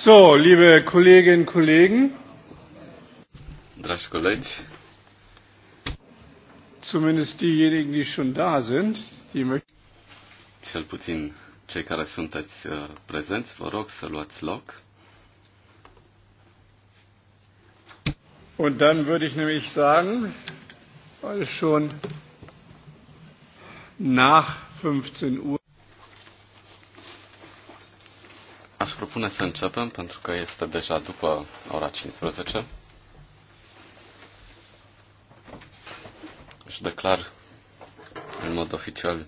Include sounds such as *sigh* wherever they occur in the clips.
So, liebe Kolleginnen und Kollegen. Dragi colegi. Zumindest diejenigen, die schon da sind, die möchten. Cel puțin cei care sunteți uh, prezenți, vă rog să luați loc. Und dann würde ich nämlich sagen, weil es schon nach 15 Uhr Aș propune să începem, pentru că este deja după ora 15. Își declar în mod oficial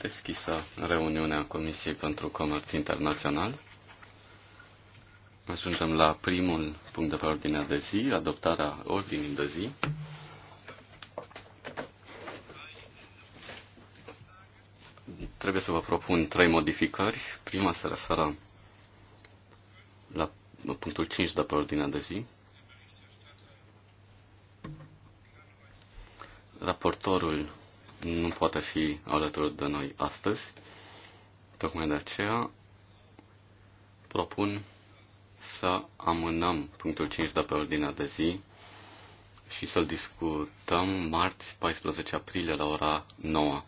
deschisă reuniunea Comisiei pentru Comerț Internațional. Ajungem la primul punct de pe ordinea de zi, adoptarea ordinii de zi. trebuie să vă propun trei modificări. Prima se referă la punctul 5 de pe ordinea de zi. Raportorul nu poate fi alături de noi astăzi. Tocmai de aceea propun să amânăm punctul 5 de pe ordinea de zi și să-l discutăm marți 14 aprilie la ora 9.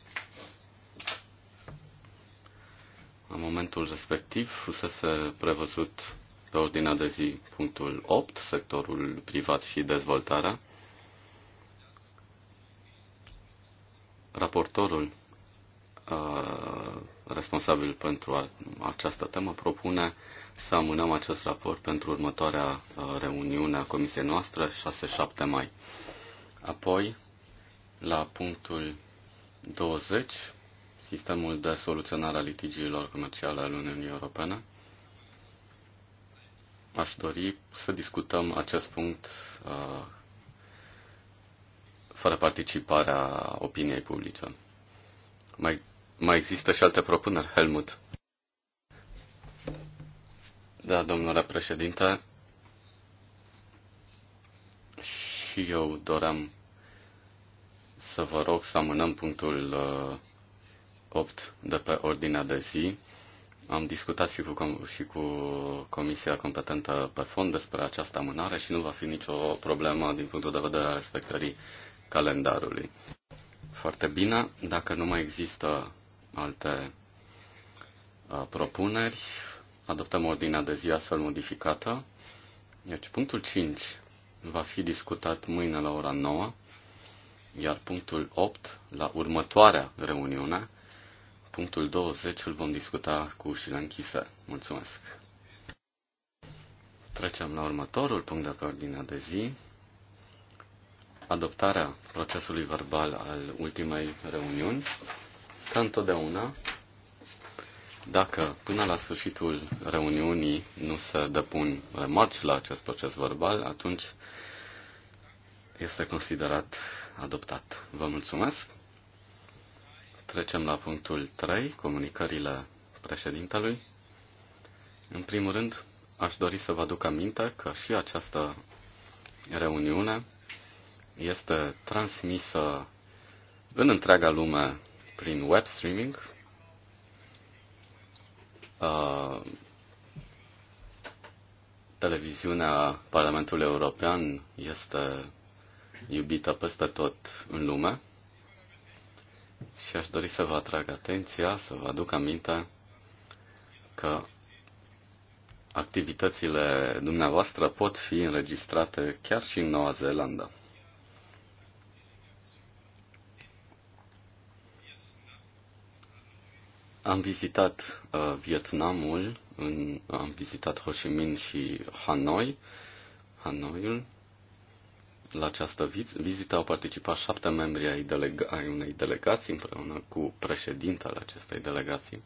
În momentul respectiv fusese prevăzut pe ordinea de zi punctul 8, sectorul privat și dezvoltarea. Raportorul responsabil pentru această temă propune să amânăm acest raport pentru următoarea reuniune a comisiei noastre, 6-7 mai. Apoi, la punctul 20, sistemul de soluționare a litigiilor comerciale al Uniunii Europene. Aș dori să discutăm acest punct uh, fără participarea opiniei publice. Mai, mai există și alte propuneri, Helmut? Da, domnule președinte, și eu doream să vă rog să amânăm punctul uh, 8 de pe ordinea de zi. Am discutat și cu, și cu Comisia competentă pe fond despre această amânare și nu va fi nicio problemă din punctul de vedere al respectării calendarului. Foarte bine. Dacă nu mai există alte uh, propuneri, adoptăm ordinea de zi astfel modificată. Deci punctul 5 va fi discutat mâine la ora 9, iar punctul 8 la următoarea reuniune Punctul 20 îl vom discuta cu ușile închise. Mulțumesc! Trecem la următorul punct de pe ordinea de zi. Adoptarea procesului verbal al ultimei reuniuni. Ca întotdeauna, dacă până la sfârșitul reuniunii nu se depun remarci la acest proces verbal, atunci este considerat adoptat. Vă mulțumesc! Trecem la punctul 3, comunicările președintelui. În primul rând, aș dori să vă aduc aminte că și această reuniune este transmisă în întreaga lume prin web streaming. Televiziunea Parlamentului European este iubită peste tot în lume și aș dori să vă atrag atenția, să vă aduc aminte că activitățile dumneavoastră pot fi înregistrate chiar și în Noua Zeelandă. Am vizitat uh, Vietnamul, în, am vizitat Ho Chi Minh și Hanoi, Hanoiul la această vizită au participat șapte membri ai, delega- ai unei delegații împreună cu președintele acestei delegații.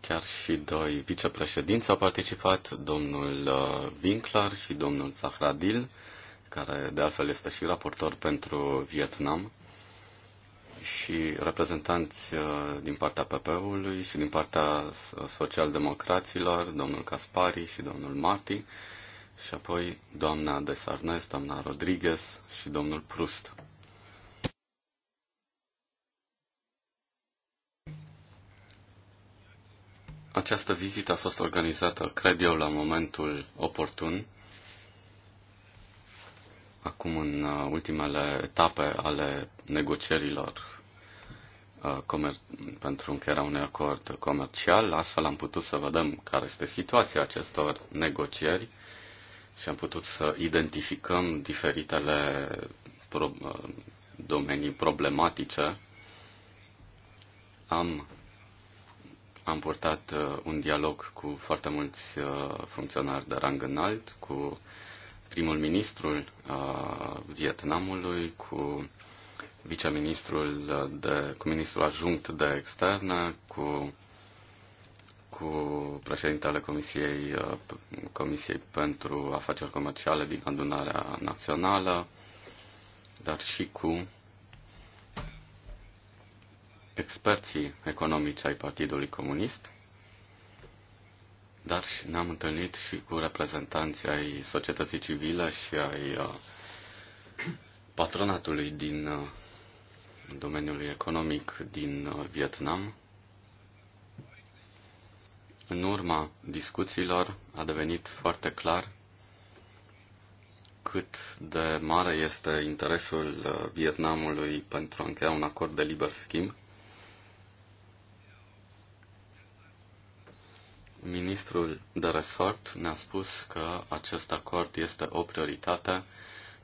Chiar și doi vicepreședinți au participat, domnul uh, Winkler și domnul Zahradil, care de altfel este și raportor pentru Vietnam, și reprezentanți uh, din partea PP-ului și din partea socialdemocraților, domnul Caspari și domnul Marti și apoi doamna Desarnes, doamna Rodriguez și domnul Prust. Această vizită a fost organizată, cred eu, la momentul oportun. Acum, în uh, ultimele etape ale negocierilor uh, pentru încheierea unui acord comercial, astfel am putut să vedem care este situația acestor negocieri și am putut să identificăm diferitele pro- uh, domenii problematice. Am, am purtat uh, un dialog cu foarte mulți uh, funcționari de rang înalt, cu primul ministrul Vietnamului, cu viceministrul de, cu ministrul ajunct de externe, cu cu președintele Comisiei, uh, Comisiei pentru Afaceri Comerciale din Adunarea Națională, dar și cu experții economici ai Partidului Comunist, dar și ne-am întâlnit și cu reprezentanții ai societății civile și ai uh, patronatului din uh, domeniul economic din Vietnam, în urma discuțiilor a devenit foarte clar cât de mare este interesul uh, Vietnamului pentru a încheia un acord de liber schimb. Ministrul de resort ne-a spus că acest acord este o prioritate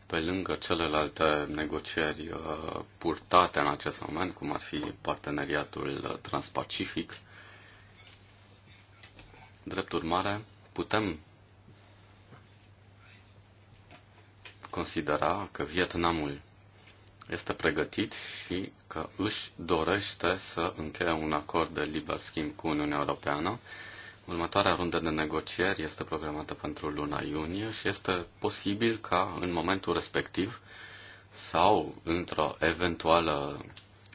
pe lângă celelalte negocieri uh, purtate în acest moment, cum ar fi parteneriatul uh, transpacific, Drept urmare, putem considera că Vietnamul este pregătit și că își dorește să încheie un acord de liber schimb cu Uniunea Europeană. Următoarea rundă de negocieri este programată pentru luna iunie și este posibil ca în momentul respectiv sau într-o eventuală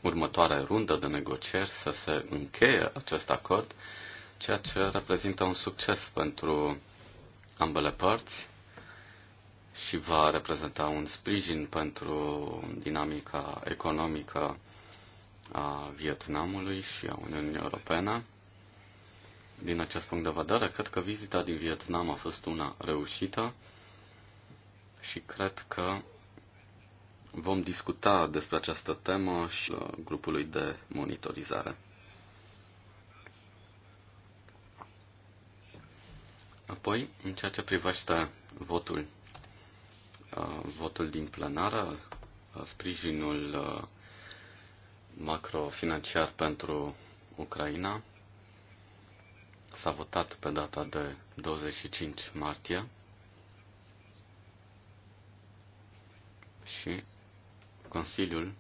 următoare rundă de negocieri să se încheie acest acord ceea ce reprezintă un succes pentru ambele părți și va reprezenta un sprijin pentru dinamica economică a Vietnamului și a Uniunii Europene. Din acest punct de vedere, cred că vizita din Vietnam a fost una reușită și cred că vom discuta despre această temă și grupului de monitorizare. Apoi, în ceea ce privește votul, uh, votul din plenară, uh, sprijinul uh, macrofinanciar pentru Ucraina, s-a votat pe data de 25 martie și Consiliul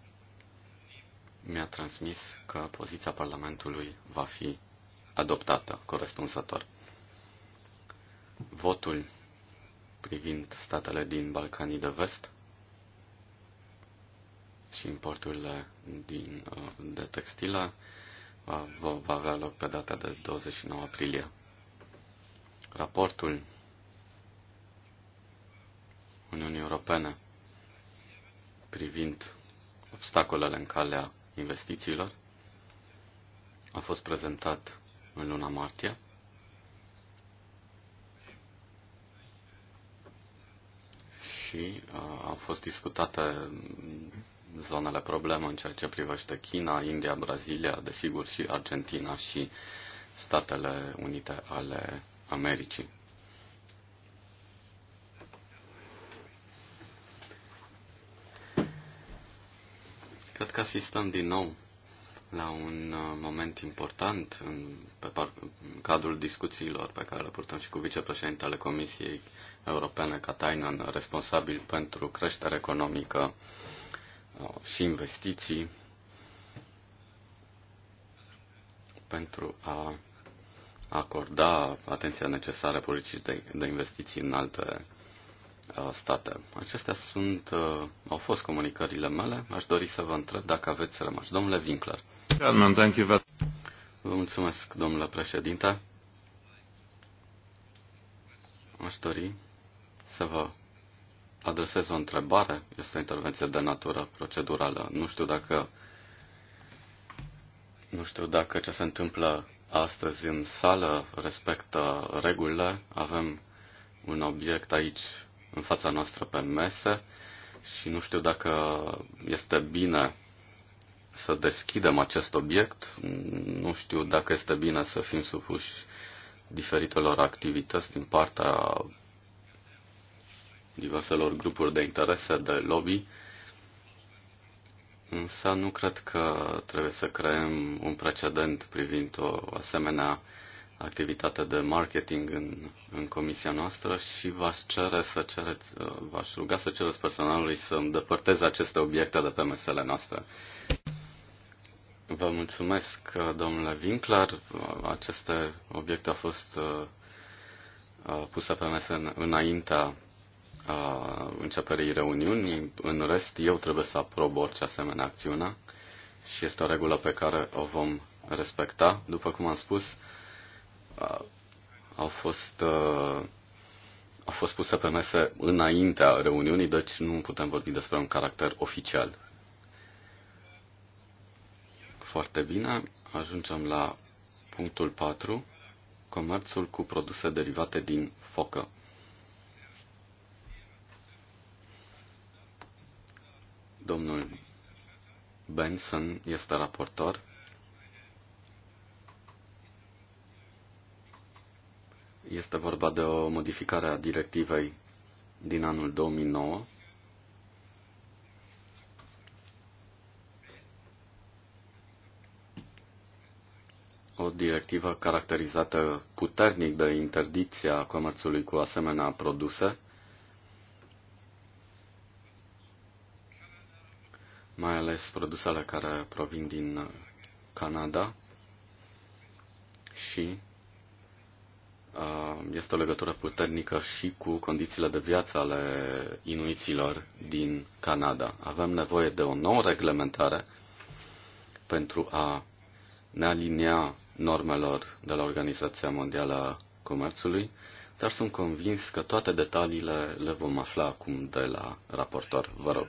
mi-a transmis că poziția Parlamentului va fi adoptată corespunzător. Votul privind statele din Balcanii de Vest și importurile din, uh, de textile va, va avea loc pe data de 29 aprilie. Raportul Uniunii Europene privind obstacolele în calea investițiilor a fost prezentat în luna martie și uh, au fost discutate zonele probleme în ceea ce privește China, India, Brazilia, desigur și Argentina și Statele Unite ale Americii. Cred că asistăm din nou la un uh, moment important în, pe par, în cadrul discuțiilor pe care le purtăm și cu vicepreședintele Comisiei Europene, Katainen, responsabil pentru creștere economică uh, și investiții, pentru a acorda atenția necesară politicii de, de investiții în alte state. Acestea sunt, uh, au fost comunicările mele. Aș dori să vă întreb dacă aveți rămas. Domnule Winkler. Vă mulțumesc, domnule președinte. Aș dori să vă adresez o întrebare. Este o intervenție de natură procedurală. Nu știu dacă nu știu dacă ce se întâmplă astăzi în sală respectă regulile. Avem un obiect aici în fața noastră pe mese și nu știu dacă este bine să deschidem acest obiect, nu știu dacă este bine să fim supuși diferitelor activități din partea diverselor grupuri de interese de lobby, însă nu cred că trebuie să creăm un precedent privind o asemenea activitate de marketing în, în comisia noastră și v-aș cere să cereți, uh, v-aș ruga să cereți personalului să îndepărteze aceste obiecte de pe mesele noastre. Vă mulțumesc, uh, domnule Winkler. Uh, aceste obiecte au fost puse pe mese înaintea începerii reuniunii. În rest, eu trebuie să aprob orice asemenea acțiune și este o regulă pe care o vom respecta. După cum am spus, au fost uh, au fost puse pe mese înaintea reuniunii, deci nu putem vorbi despre un caracter oficial. Foarte bine, ajungem la punctul 4, comerțul cu produse derivate din focă. Domnul Benson este raportor Este vorba de o modificare a directivei din anul 2009 o directivă caracterizată puternic de interdicția comerțului cu asemenea produse, mai ales produsele care provin din Canada și Uh, este o legătură puternică și cu condițiile de viață ale inuiților din Canada. Avem nevoie de o nouă reglementare pentru a ne alinia normelor de la Organizația Mondială a Comerțului, dar sunt convins că toate detaliile le vom afla acum de la raportor. Vă rog.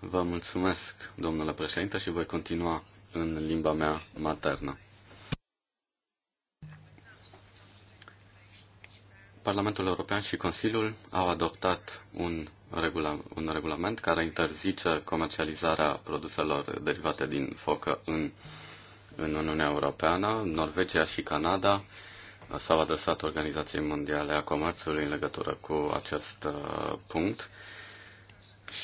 Vă mulțumesc, domnule președinte, și voi continua în limba mea maternă. Parlamentul European și Consiliul au adoptat un, regula, un regulament care interzice comercializarea produselor derivate din focă în, în Uniunea Europeană. Norvegia și Canada s-au adresat Organizației Mondiale a Comerțului în legătură cu acest uh, punct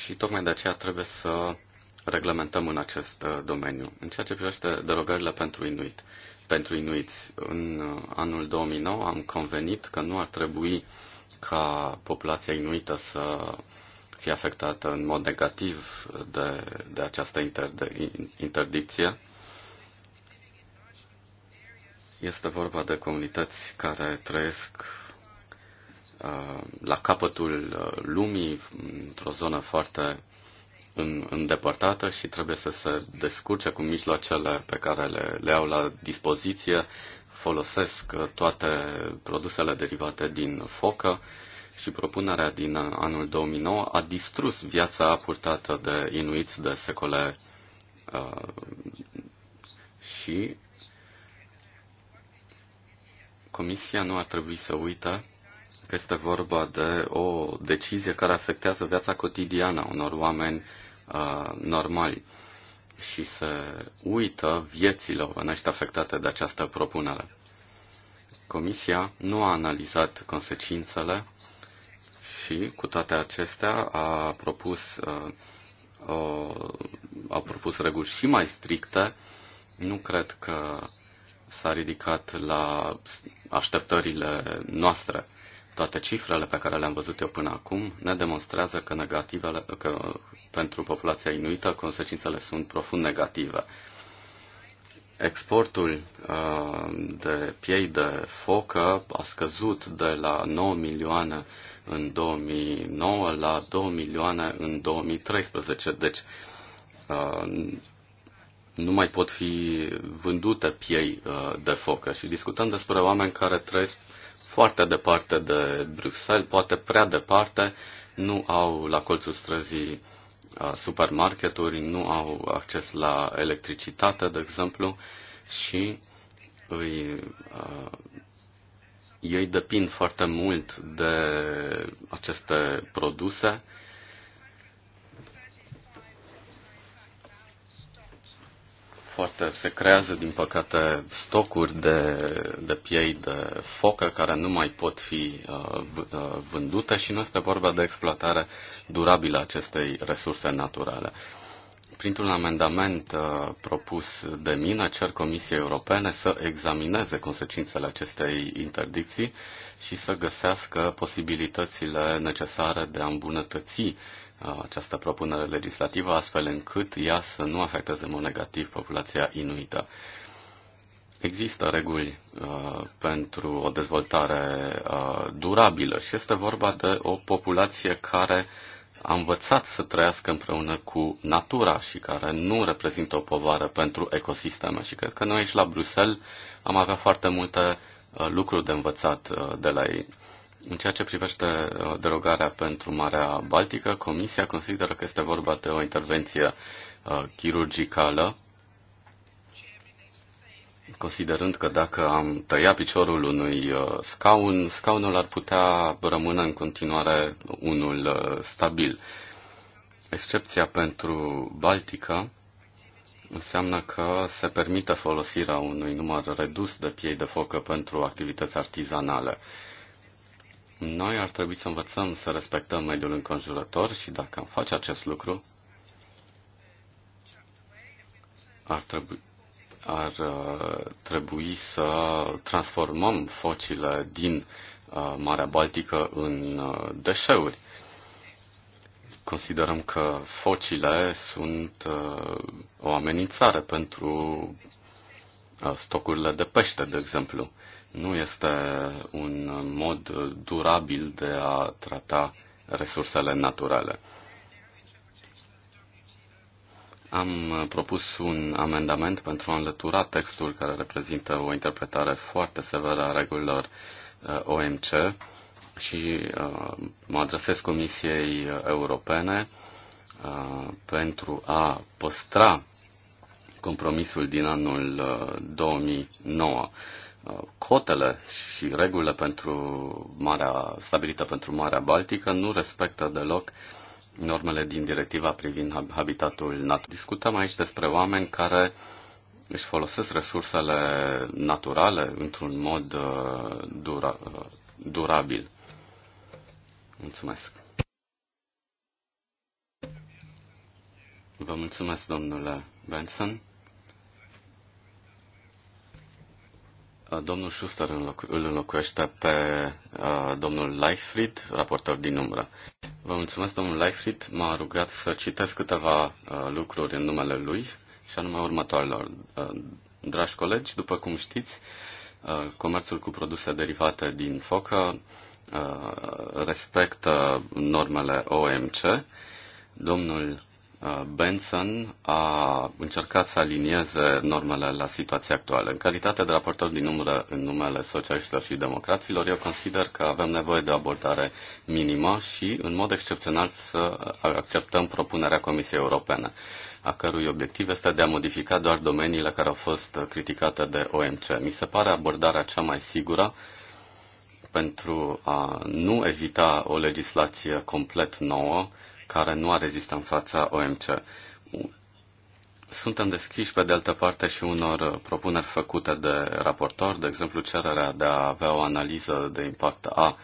și tocmai de aceea trebuie să reglementăm în acest uh, domeniu. În ceea ce privește derogările pentru Inuit, pentru inuiți. În uh, anul 2009 am convenit că nu ar trebui ca populația inuită să fie afectată în mod negativ de, de această interdicție. Este vorba de comunități care trăiesc uh, la capătul uh, lumii, într-o zonă foarte îndepărtată și trebuie să se descurce cu mijloacele pe care le, le au la dispoziție. Folosesc uh, toate produsele derivate din focă și propunerea din uh, anul 2009 a distrus viața purtată de inuiți de secole uh, și Comisia nu ar trebui să uite că este vorba de o decizie care afectează viața cotidiană a unor oameni Uh, normali și se uită viețile omenești afectate de această propunere. Comisia nu a analizat consecințele și, cu toate acestea, a propus, uh, a propus reguli și mai stricte. Nu cred că s-a ridicat la așteptările noastre toate cifrele pe care le-am văzut eu până acum ne demonstrează că, negativele, că pentru populația inuită consecințele sunt profund negative. Exportul uh, de piei de focă a scăzut de la 9 milioane în 2009 la 2 milioane în 2013. Deci uh, nu mai pot fi vândute piei uh, de focă și discutăm despre oameni care trăiesc foarte departe de Bruxelles, poate prea departe, nu au la colțul străzii uh, supermarketuri, nu au acces la electricitate, de exemplu, și îi, uh, ei depind foarte mult de aceste produse foarte, se creează, din păcate, stocuri de, de piei de focă care nu mai pot fi uh, uh, vândute și nu este vorba de exploatare durabilă a acestei resurse naturale. Printr-un amendament uh, propus de mine, cer Comisiei Europene să examineze consecințele acestei interdicții și să găsească posibilitățile necesare de a îmbunătăți Uh, această propunere legislativă, astfel încât ea să nu afecteze în mod negativ populația inuită. Există reguli uh, pentru o dezvoltare uh, durabilă și este vorba de o populație care a învățat să trăiască împreună cu natura și care nu reprezintă o povară pentru ecosisteme. Și cred că noi aici la Bruxelles am avea foarte multe uh, lucruri de învățat uh, de la ei. În ceea ce privește uh, derogarea pentru Marea Baltică, Comisia consideră că este vorba de o intervenție uh, chirurgicală, considerând că dacă am tăiat piciorul unui uh, scaun, scaunul ar putea rămâne în continuare unul stabil. Excepția pentru Baltică înseamnă că se permite folosirea unui număr redus de piei de focă pentru activități artizanale. Noi ar trebui să învățăm să respectăm mediul înconjurător și dacă am face acest lucru, ar trebui, ar uh, trebui să transformăm focile din uh, Marea Baltică în uh, deșeuri. Considerăm că focile sunt o amenințare pentru stocurile de pește, de exemplu nu este un mod durabil de a trata resursele naturale. Am propus un amendament pentru a înlătura textul care reprezintă o interpretare foarte severă a regulilor uh, OMC și uh, mă adresez Comisiei Europene uh, pentru a păstra compromisul din anul 2009 cotele și regulile pentru Marea, stabilită pentru Marea Baltică nu respectă deloc normele din directiva privind habitatul natural. Discutăm aici despre oameni care își folosesc resursele naturale într-un mod uh, dura, uh, durabil. Mulțumesc. Vă mulțumesc, domnule Benson. Uh, domnul Schuster îl înlocuiește pe uh, domnul Leifried, raportor din umbră. Vă mulțumesc, domnul Leifried. M-a rugat să citesc câteva uh, lucruri în numele lui și anume următoarelor. Uh, dragi colegi, după cum știți, uh, comerțul cu produse derivate din focă uh, respectă normele OMC. Domnul Benson a încercat să alinieze normele la situația actuală. În calitate de raportor din numără în numele socialiștilor și democraților, eu consider că avem nevoie de o abordare minimă și, în mod excepțional, să acceptăm propunerea Comisiei Europene, a cărui obiectiv este de a modifica doar domeniile care au fost criticate de OMC. Mi se pare abordarea cea mai sigură pentru a nu evita o legislație complet nouă, care nu a rezistat în fața OMC. Suntem deschiși, pe de altă parte, și unor propuneri făcute de raportor, de exemplu cererea de a avea o analiză de impact a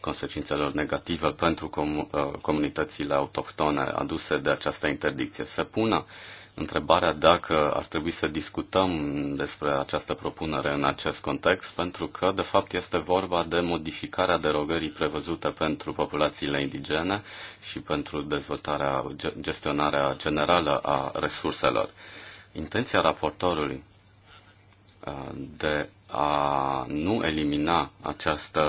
consecințelor negative pentru uh, comunitățile autohtone aduse de această interdicție. Se pună întrebarea dacă ar trebui să discutăm despre această propunere în acest context, pentru că, de fapt, este vorba de modificarea derogării prevăzute pentru populațiile indigene și pentru dezvoltarea, gestionarea generală a resurselor. Intenția raportorului de a nu elimina această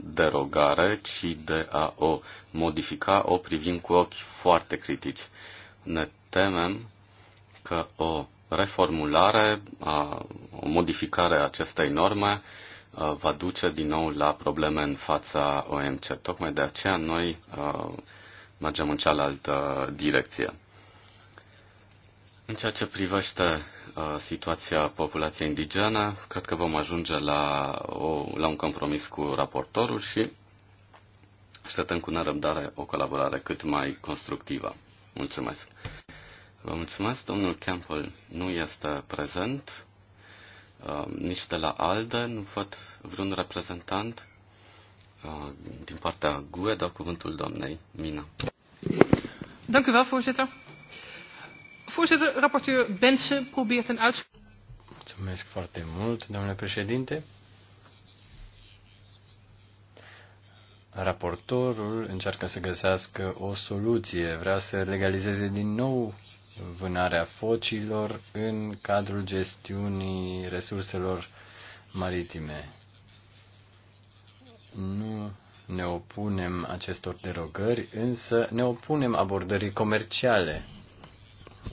derogare, ci de a o modifica, o privim cu ochi foarte critici. Ne temem că o reformulare, o modificare a acestei norme va duce din nou la probleme în fața OMC. Tocmai de aceea noi mergem în cealaltă direcție. În ceea ce privește situația populației indigene, cred că vom ajunge la, o, la un compromis cu raportorul și așteptăm cu nerăbdare o colaborare cât mai constructivă. Mulțumesc! Vă mulțumesc. Domnul Campbell nu este prezent, uh, nici de la ALDE, nu văd vreun reprezentant. Uh, din partea GUE, dar cuvântul doamnei Mina. Dank u wel, voorzitter. Voorzitter, rapporteur Bensen probeert een uitspraak. Mulțumesc foarte mult, domnule președinte. Raportorul încearcă să găsească o soluție, vrea să legalizeze din nou vânarea focilor în cadrul gestiunii resurselor maritime. Nu ne opunem acestor derogări, însă ne opunem abordării comerciale.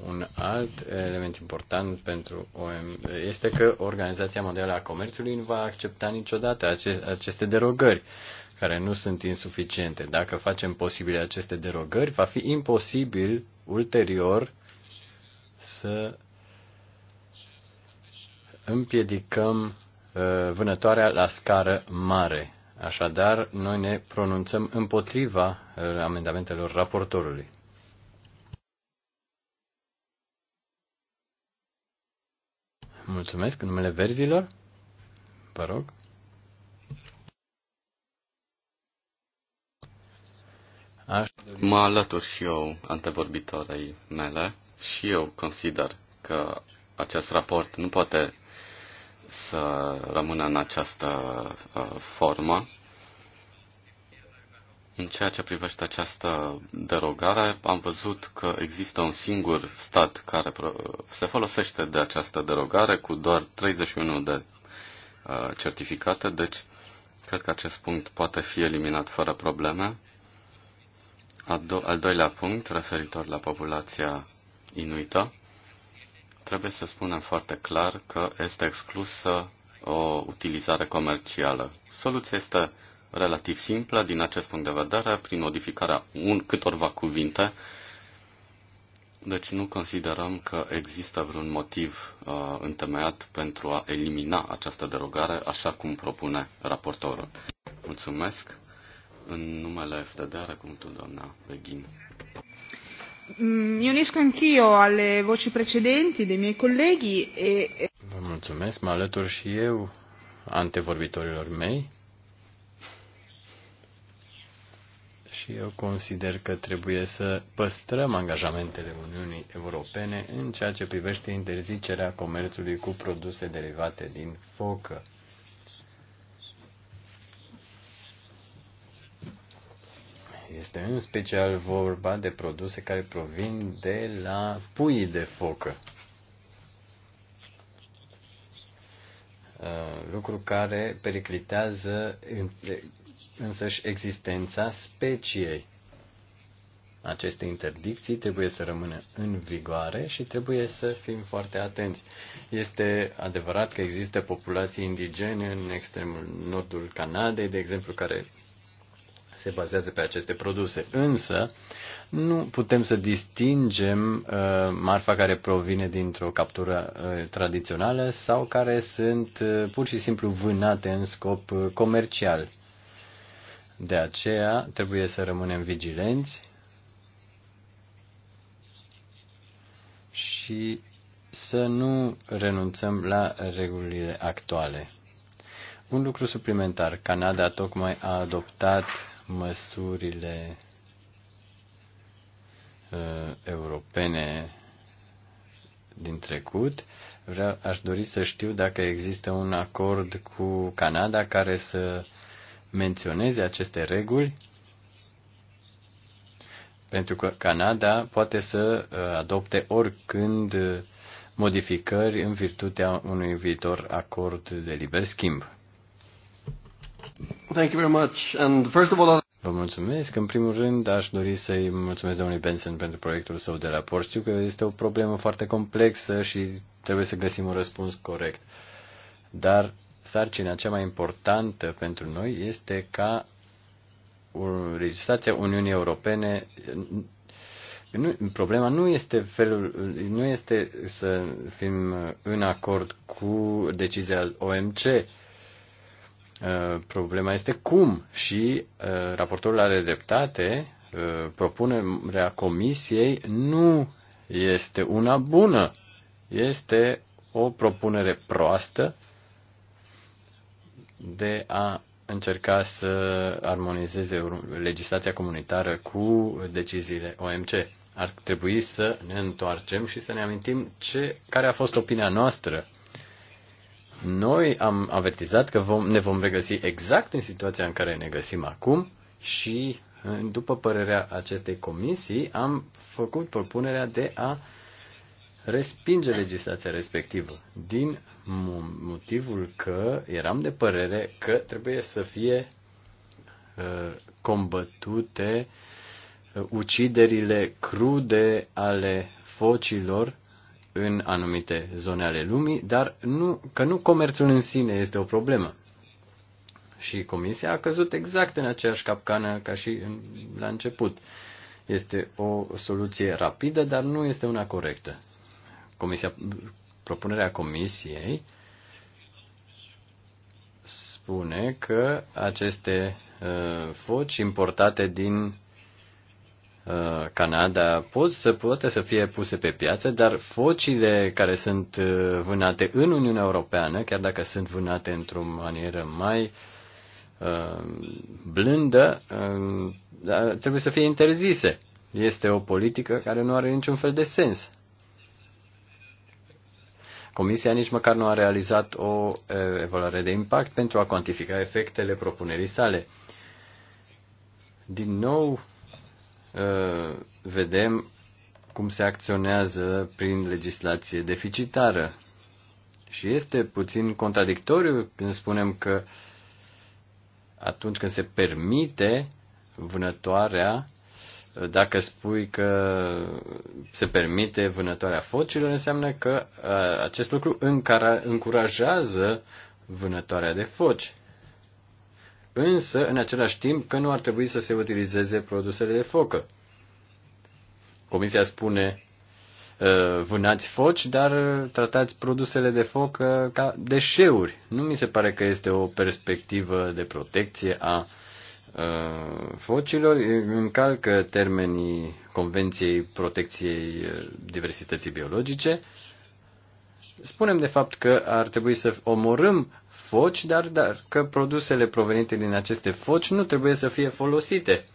Un alt element important pentru OM este că Organizația Mondială a Comerțului nu va accepta niciodată aceste derogări, care nu sunt insuficiente. Dacă facem posibile aceste derogări, va fi imposibil ulterior să împiedicăm uh, vânătoarea la scară mare. Așadar, noi ne pronunțăm împotriva uh, amendamentelor raportorului. Mulțumesc. Numele verzilor? Vă rog. Mă alătur și eu antevorbitorei mele și eu consider că acest raport nu poate să rămână în această uh, formă. În ceea ce privește această derogare, am văzut că există un singur stat care se folosește de această derogare cu doar 31 de uh, certificate, deci cred că acest punct poate fi eliminat fără probleme do- al doilea punct, referitor la populația inuită, trebuie să spunem foarte clar că este exclusă o utilizare comercială. Soluția este relativ simplă din acest punct de vedere, prin modificarea un câtorva cuvinte. Deci nu considerăm că există vreun motiv uh, întemeiat pentru a elimina această derogare, așa cum propune raportorul. Mulțumesc. În numele FDDR, cum tu, doamna Beghin. Mi unisco anch'io alle voci precedenti dei miei colleghi e... Vă mulțumesc, mă alătur și eu antevorbitorilor mei. și eu consider că trebuie să păstrăm angajamentele Uniunii Europene în ceea ce privește interzicerea comerțului cu produse derivate din focă. Este în special vorba de produse care provin de la puii de focă. Uh, lucru care periclitează însăși existența speciei. Aceste interdicții trebuie să rămână în vigoare și trebuie să fim foarte atenți. Este adevărat că există populații indigene în extremul nordul Canadei, de exemplu, care se bazează pe aceste produse. Însă, nu putem să distingem uh, marfa care provine dintr-o captură uh, tradițională sau care sunt uh, pur și simplu vânate în scop uh, comercial. De aceea, trebuie să rămânem vigilenți și să nu renunțăm la regulile actuale. Un lucru suplimentar. Canada tocmai a adoptat măsurile uh, europene din trecut. Vreau, aș dori să știu dacă există un acord cu Canada care să menționeze aceste reguli, pentru că Canada poate să uh, adopte oricând modificări în virtutea unui viitor acord de liber schimb. Thank you very much. And first of all, Vă mulțumesc. În primul rând, aș dori să-i mulțumesc domnului Benson pentru proiectul său de raport. Știu că este o problemă foarte complexă și trebuie să găsim un răspuns corect. Dar sarcina cea mai importantă pentru noi este ca registrația Uniunii Europene problema nu este felul, nu este să fim în acord cu decizia OMC, Uh, problema este cum și uh, raportorul are dreptate, uh, propunerea comisiei nu este una bună. Este o propunere proastă de a încerca să armonizeze legislația comunitară cu deciziile OMC. Ar trebui să ne întoarcem și să ne amintim ce, care a fost opinia noastră noi am avertizat că vom, ne vom regăsi exact în situația în care ne găsim acum și, după părerea acestei comisii, am făcut propunerea de a respinge legislația respectivă din motivul că eram de părere că trebuie să fie uh, combătute uh, uciderile crude ale focilor în anumite zone ale lumii, dar nu, că nu comerțul în sine este o problemă. Și Comisia a căzut exact în aceeași capcană ca și în, la început. Este o soluție rapidă, dar nu este una corectă. Comisia, propunerea Comisiei spune că aceste uh, foci importate din Uh, Canada pot să poate să fie puse pe piață, dar focile care sunt uh, vânate în Uniunea Europeană, chiar dacă sunt vânate într-o manieră mai uh, blândă, trebuie să fie interzise. Este o politică care nu are niciun fel de sens. Comisia nici măcar nu a realizat o evaluare de impact pentru a cuantifica efectele propunerii sale. Din nou, Uh, vedem cum se acționează prin legislație deficitară. Și este puțin contradictoriu când spunem că atunci când se permite vânătoarea, dacă spui că se permite vânătoarea focilor, înseamnă că uh, acest lucru încurajează vânătoarea de foci însă în același timp că nu ar trebui să se utilizeze produsele de focă. Comisia spune ă, vânați foci, dar tratați produsele de foc ca deșeuri. Nu mi se pare că este o perspectivă de protecție a ă, focilor, încalcă termenii Convenției Protecției ă, Diversității Biologice. Spunem de fapt că ar trebui să omorâm foci, dar, dar că produsele provenite din aceste foci nu trebuie să fie folosite.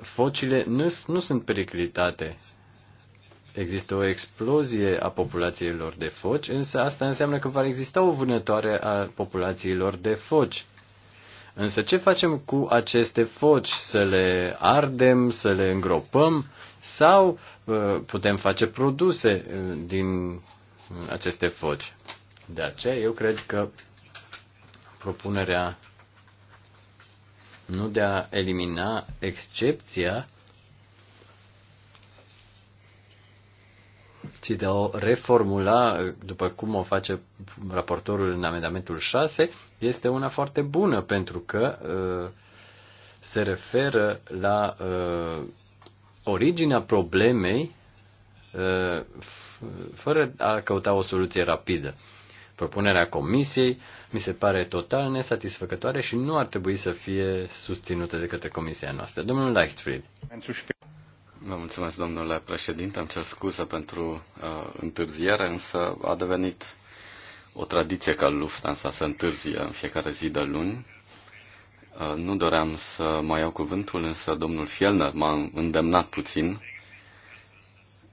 Focile nu, nu sunt periclitate. Există o explozie a populațiilor de foci, însă asta înseamnă că va exista o vânătoare a populațiilor de foci. Însă ce facem cu aceste foci? Să le ardem, să le îngropăm sau uh, putem face produse uh, din aceste foci. De aceea eu cred că propunerea nu de a elimina excepția, ci de a o reformula, după cum o face raportorul în amendamentul 6, este una foarte bună, pentru că uh, se referă la uh, originea problemei fără a căuta o soluție rapidă. Propunerea comisiei mi se pare total nesatisfăcătoare și nu ar trebui să fie susținută de către comisia noastră. Domnul Leichtfried. Vă mulțumesc, domnule președinte. am cer scuze pentru uh, întârziere, însă a devenit o tradiție ca Lufthansa să întârzie în fiecare zi de luni. Uh, nu doream să mai iau cuvântul, însă domnul Fielner m-a îndemnat puțin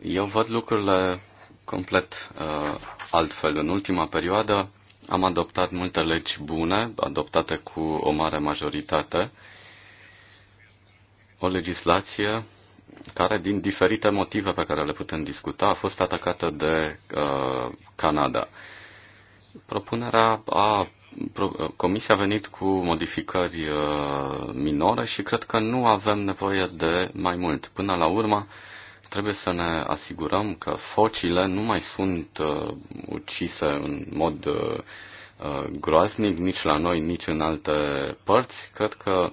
eu văd lucrurile complet uh, altfel. În ultima perioadă am adoptat multe legi bune, adoptate cu o mare majoritate, o legislație care, din diferite motive pe care le putem discuta, a fost atacată de uh, Canada. Propunerea a uh, Comisia a venit cu modificări uh, minore și cred că nu avem nevoie de mai mult. Până la urmă, Trebuie să ne asigurăm că focile nu mai sunt uh, ucise în mod uh, uh, groaznic, nici la noi, nici în alte părți. Cred că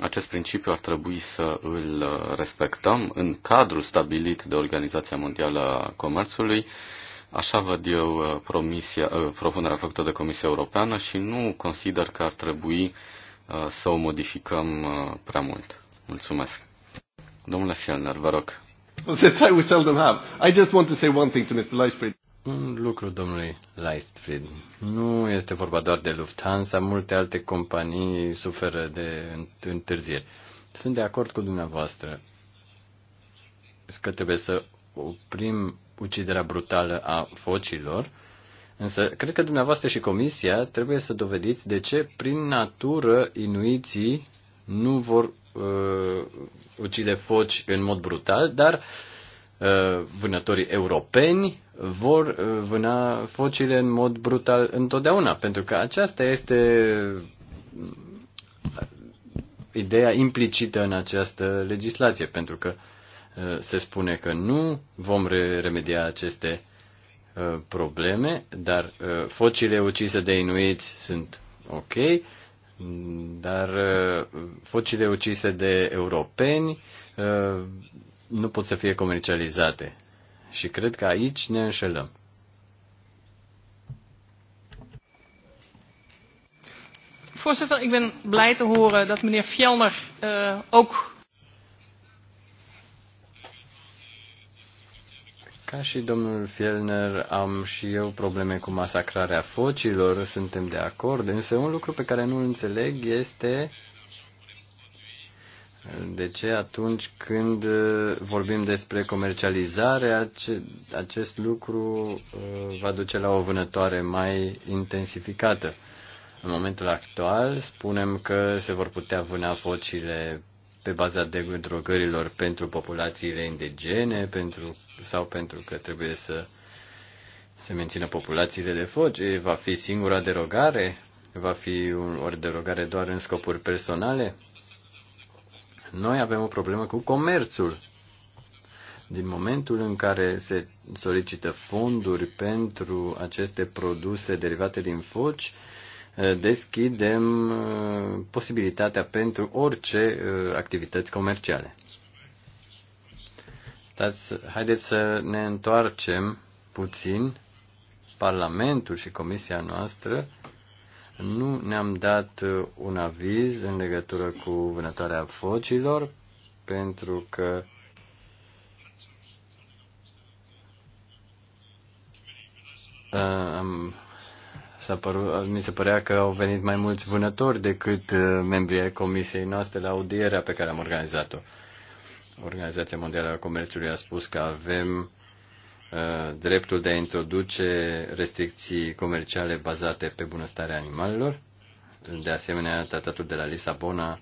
acest principiu ar trebui să îl uh, respectăm în cadrul stabilit de Organizația Mondială a Comerțului. Așa văd eu uh, promisia, propunerea făcută de Comisia Europeană și nu consider că ar trebui să o modificăm prea mult. Mulțumesc. Domnule Fielner, vă rog. Un lucru, domnului Lightfried. Nu este vorba doar de Lufthansa, multe alte companii suferă de întârzieri. Sunt de acord cu dumneavoastră că trebuie să oprim uciderea brutală a focilor, însă cred că dumneavoastră și comisia trebuie să dovediți de ce, prin natură, inuiții nu vor uh, ucide foci în mod brutal, dar uh, vânătorii europeni vor uh, vâna focile în mod brutal întotdeauna, pentru că aceasta este uh, ideea implicită în această legislație, pentru că uh, se spune că nu vom remedia aceste uh, probleme, dar uh, focile ucise de inuiți sunt ok, dar uh, focile ucise de europeni uh, nu pot să fie comercializate. Și cred că aici ne înșelăm. Voorzitter, ik ben blij te horen dat meneer Fjellner uh, ook Ca și domnul Fielner, am și eu probleme cu masacrarea focilor, suntem de acord, însă un lucru pe care nu-l înțeleg este de ce atunci când uh, vorbim despre comercializare, acest lucru uh, va duce la o vânătoare mai intensificată. În momentul actual spunem că se vor putea vâna focile pe baza drogărilor pentru populațiile indigene pentru, sau pentru că trebuie să se mențină populațiile de foci. Va fi singura derogare? Va fi o derogare doar în scopuri personale? Noi avem o problemă cu comerțul. Din momentul în care se solicită fonduri pentru aceste produse derivate din foci, uh, deschidem uh, posibilitatea pentru orice uh, activități comerciale. Stați, haideți să ne întoarcem puțin. Parlamentul și Comisia noastră nu ne-am dat uh, un aviz în legătură cu vânătoarea focilor, pentru că am S-a părut, mi se părea că au venit mai mulți vânători decât uh, membrii ai comisiei noastre la audierea pe care am organizat-o. Organizația Mondială a Comerțului a spus că avem uh, dreptul de a introduce restricții comerciale bazate pe bunăstarea animalelor. De asemenea, tratatul de la Lisabona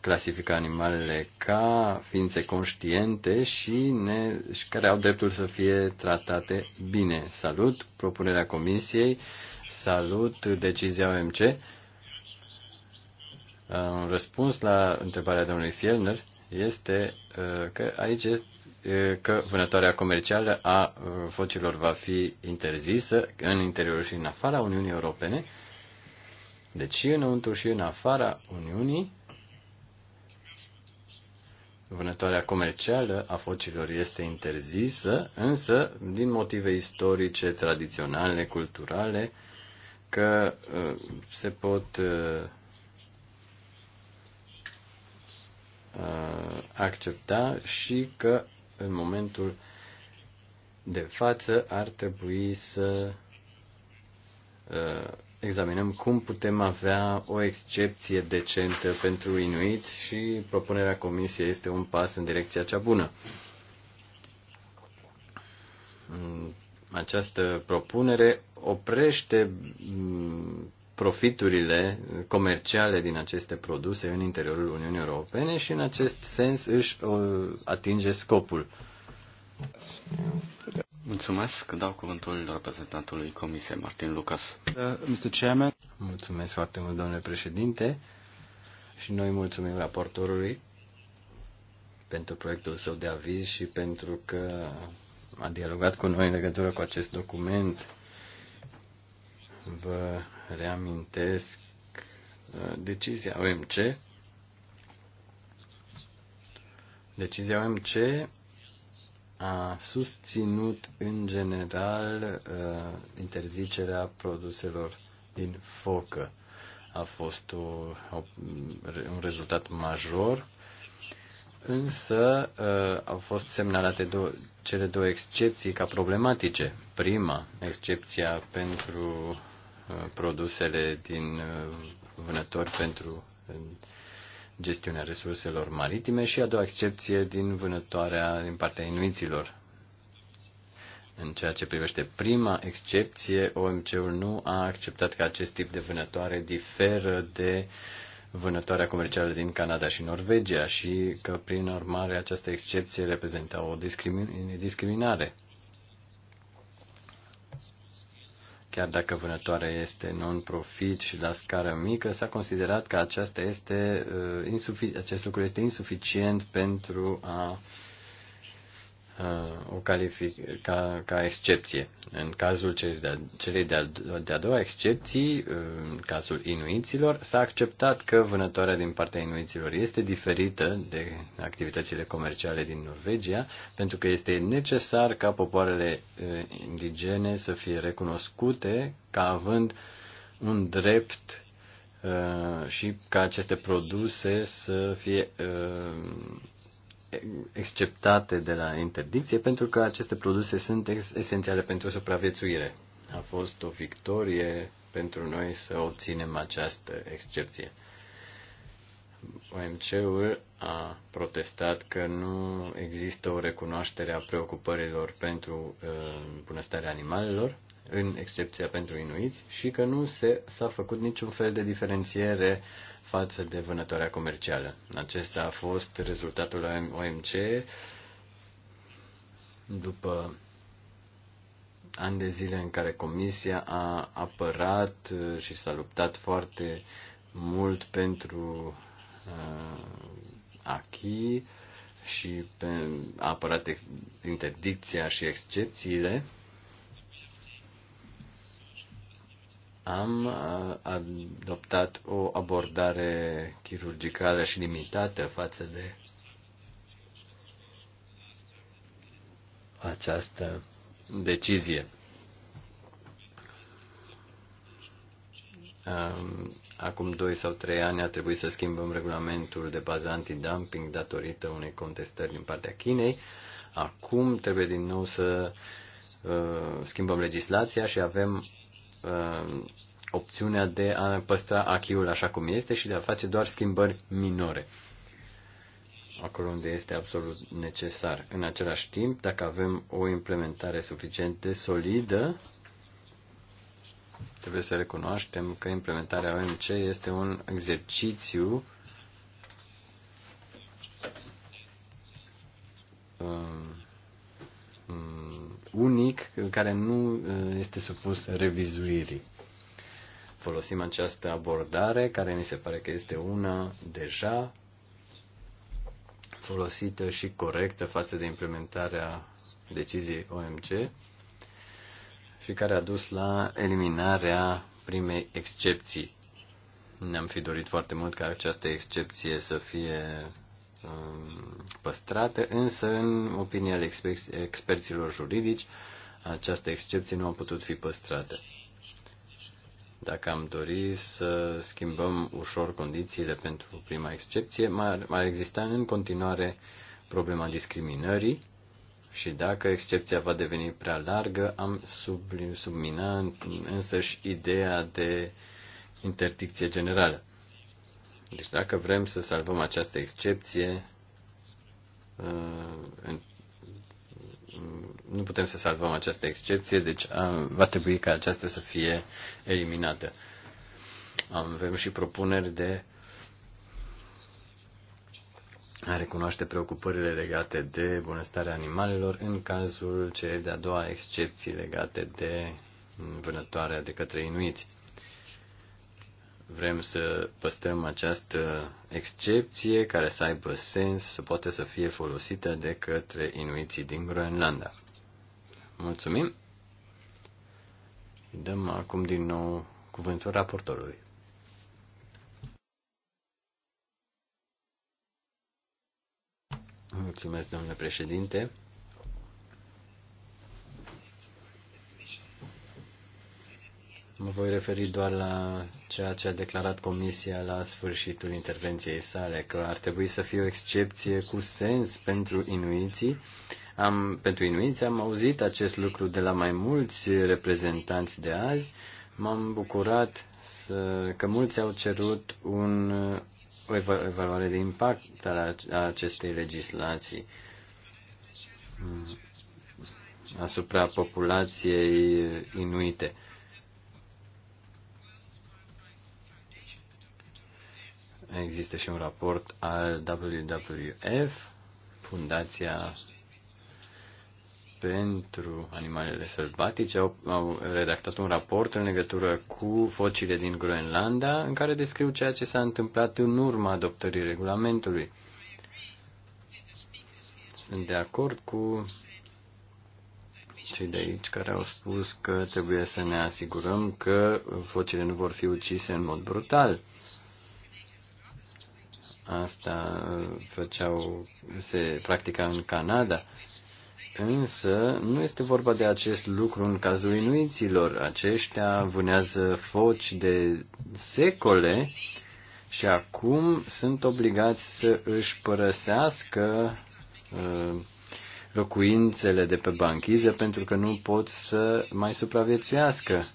clasifică animalele ca ființe conștiente și, ne, și care au dreptul să fie tratate bine. Salut propunerea Comisiei salut decizia OMC. Un răspuns la întrebarea domnului Fielner este uh, că aici este uh, că vânătoarea comercială a uh, focilor va fi interzisă în interiorul și în afara Uniunii Europene, deci și înăuntru și în afara Uniunii, vânătoarea comercială a focilor este interzisă, însă, din motive istorice, tradiționale, culturale, că uh, se pot uh, uh, accepta și că în momentul de față ar trebui să examinăm cum putem avea o excepție decentă pentru inuiți și propunerea comisiei este un pas în direcția cea bună. Această propunere oprește mm, profiturile comerciale din aceste produse în interiorul Uniunii Europene și în acest sens își atinge scopul. Mulțumesc. Dau cuvântul reprezentantului Comisiei, Martin Lucas. Uh, Mr. Chairman. Mulțumesc foarte mult, domnule președinte. Și noi mulțumim raportorului pentru proiectul său de aviz și pentru că a dialogat cu noi în legătură cu acest document vă reamintesc uh, decizia OMC. Decizia OMC a susținut în general uh, interzicerea produselor din focă. A fost o, un rezultat major, însă uh, au fost semnalate dou- cele două excepții ca problematice. Prima, excepția pentru Uh, produsele din uh, vânători pentru uh, gestiunea resurselor maritime și a doua excepție din vânătoarea din partea inuiților. În ceea ce privește prima excepție, OMC-ul nu a acceptat că acest tip de vânătoare diferă de vânătoarea comercială din Canada și Norvegia și că, prin urmare, această excepție reprezenta o discriminare. Chiar dacă vânătoarea este non-profit și la scară mică, s-a considerat că aceasta este, uh, insufi- acest lucru este insuficient pentru a uh, Uh, o calific, ca, ca excepție. În cazul celei de-a de de doua excepții, uh, în cazul inuiților, s-a acceptat că vânătoarea din partea inuiților este diferită de activitățile comerciale din Norvegia, pentru că este necesar ca popoarele uh, indigene să fie recunoscute ca având un drept și ca aceste produse să fie exceptate de la interdicție pentru că aceste produse sunt esențiale pentru supraviețuire. A fost o victorie pentru noi să obținem această excepție. OMC-ul a protestat că nu există o recunoaștere a preocupărilor pentru uh, bunăstarea animalelor, în excepția pentru inuiți, și că nu se, s-a făcut niciun fel de diferențiere uh, față de vânătoarea comercială. Acesta a fost rezultatul OMC după ani de zile în care Comisia a apărat uh, și s-a luptat foarte mult pentru uh, achi și pe, a apărat interdicția și excepțiile am uh, adoptat o abordare chirurgicală și limitată față de această decizie. Acum 2 sau 3 ani a trebuit să schimbăm regulamentul de bază antidumping datorită unei contestări din partea Chinei. Acum trebuie din nou să uh, schimbăm legislația și avem uh, opțiunea de a păstra achiul așa cum este și de a face doar schimbări minore acolo unde este absolut necesar. În același timp, dacă avem o implementare suficient de solidă, trebuie să recunoaștem că implementarea OMC este un exercițiu unic care nu uh, este supus revizuirii. Folosim această abordare care ni se pare că este una deja folosită și corectă față de implementarea deciziei OMC și care a dus la eliminarea primei excepții. Ne-am fi dorit foarte mult ca această excepție să fie Um, păstrate, însă, în opinia experților juridici, această excepție nu a putut fi păstrată. Dacă am dori să schimbăm ușor condițiile pentru prima excepție, ar, exista în continuare problema discriminării și dacă excepția va deveni prea largă, am subminat însăși ideea de interdicție generală. Deci dacă vrem să salvăm această excepție, uh, nu putem să salvăm această excepție, deci uh, va trebui ca aceasta să fie eliminată. Avem și propuneri de a recunoaște preocupările legate de bunăstarea animalelor în cazul celei de-a doua excepții legate de vânătoarea de către inuiți. Vrem să păstrăm această excepție care să aibă sens, să poată să fie folosită de către inuiții din Groenlanda. Mulțumim! Dăm acum din nou cuvântul raportorului. Mulțumesc, domnule președinte. Mă voi referi doar la ceea ce a declarat Comisia la sfârșitul intervenției sale, că ar trebui să fie o excepție cu sens pentru inuiții. Am, pentru inuiți am auzit acest lucru de la mai mulți reprezentanți de azi. M-am bucurat să, că mulți au cerut un, o evaluare de impact a, a acestei legislații asupra populației inuite. Există și un raport al WWF, Fundația pentru animalele sălbatice au, au redactat un raport în legătură cu focile din Groenlanda, în care descriu ceea ce s-a întâmplat în urma adoptării regulamentului. Sunt de acord cu cei de aici care au spus că trebuie să ne asigurăm că focile nu vor fi ucise în mod brutal. Asta uh, făceau, se practica în Canada. Însă nu este vorba de acest lucru în cazul inuiților. Aceștia vânează foci de secole și acum sunt obligați să își părăsească uh, locuințele de pe banchiză pentru că nu pot să mai supraviețuiască.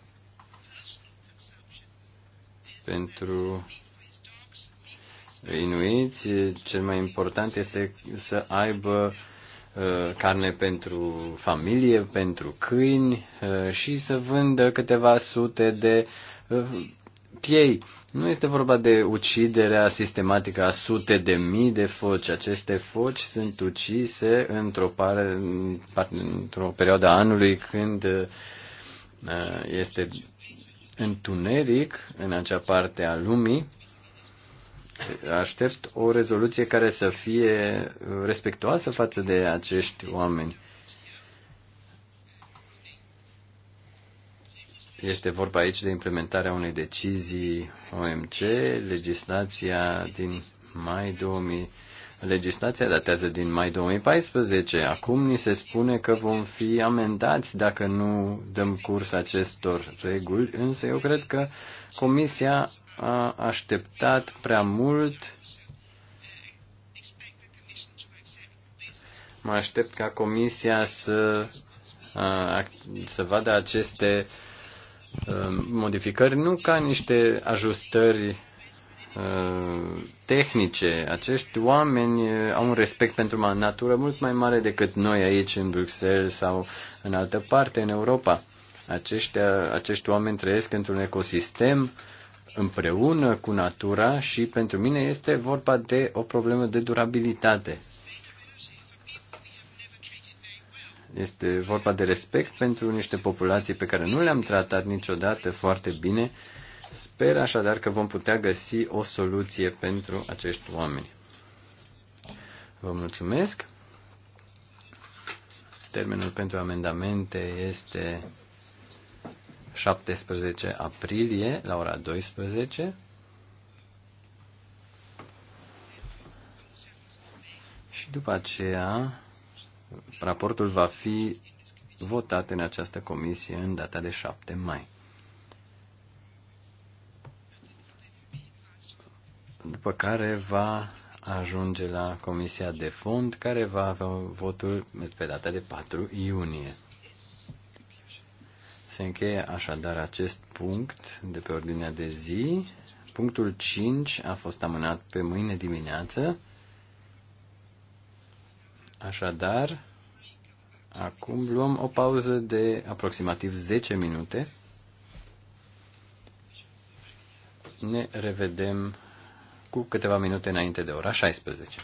Pentru inuiți, cel mai important este să aibă uh, carne pentru familie, pentru câini uh, și să vândă câteva sute de uh, piei. Nu este vorba de uciderea sistematică a sute de mii de foci. Aceste foci sunt ucise într-o, pare, într-o perioadă a anului când este întuneric în acea parte a lumii aștept o rezoluție care să fie respectuoasă față de acești oameni. Este vorba aici de implementarea unei decizii OMC, legislația din mai 2000. Legislația datează din mai 2014. Acum ni se spune că vom fi amendați dacă nu dăm curs acestor reguli, însă eu cred că Comisia a așteptat prea mult. Mă aștept ca Comisia să, să vadă aceste modificări nu ca niște ajustări tehnice. Acești oameni au un respect pentru natură mult mai mare decât noi aici în Bruxelles sau în altă parte în Europa. Aceștia, acești oameni trăiesc într-un ecosistem uh, împreună cu natura și pentru mine este vorba de o problemă de durabilitate. Este vorba de respect pentru niște populații pe care nu le-am tratat niciodată foarte bine. Sper așadar că vom putea găsi o soluție pentru acești oameni. Vă mulțumesc. Termenul pentru amendamente este 17 aprilie la ora 12 și după aceea raportul va fi votat în această comisie în data de 7 mai. După care va ajunge la Comisia de Fond, care va avea votul pe data de 4 iunie. Se încheie așadar acest punct de pe ordinea de zi. Punctul 5 a fost amânat pe mâine dimineață. Așadar, acum luăm o pauză de aproximativ 10 minute. Ne revedem cu câteva minute înainte de ora 16.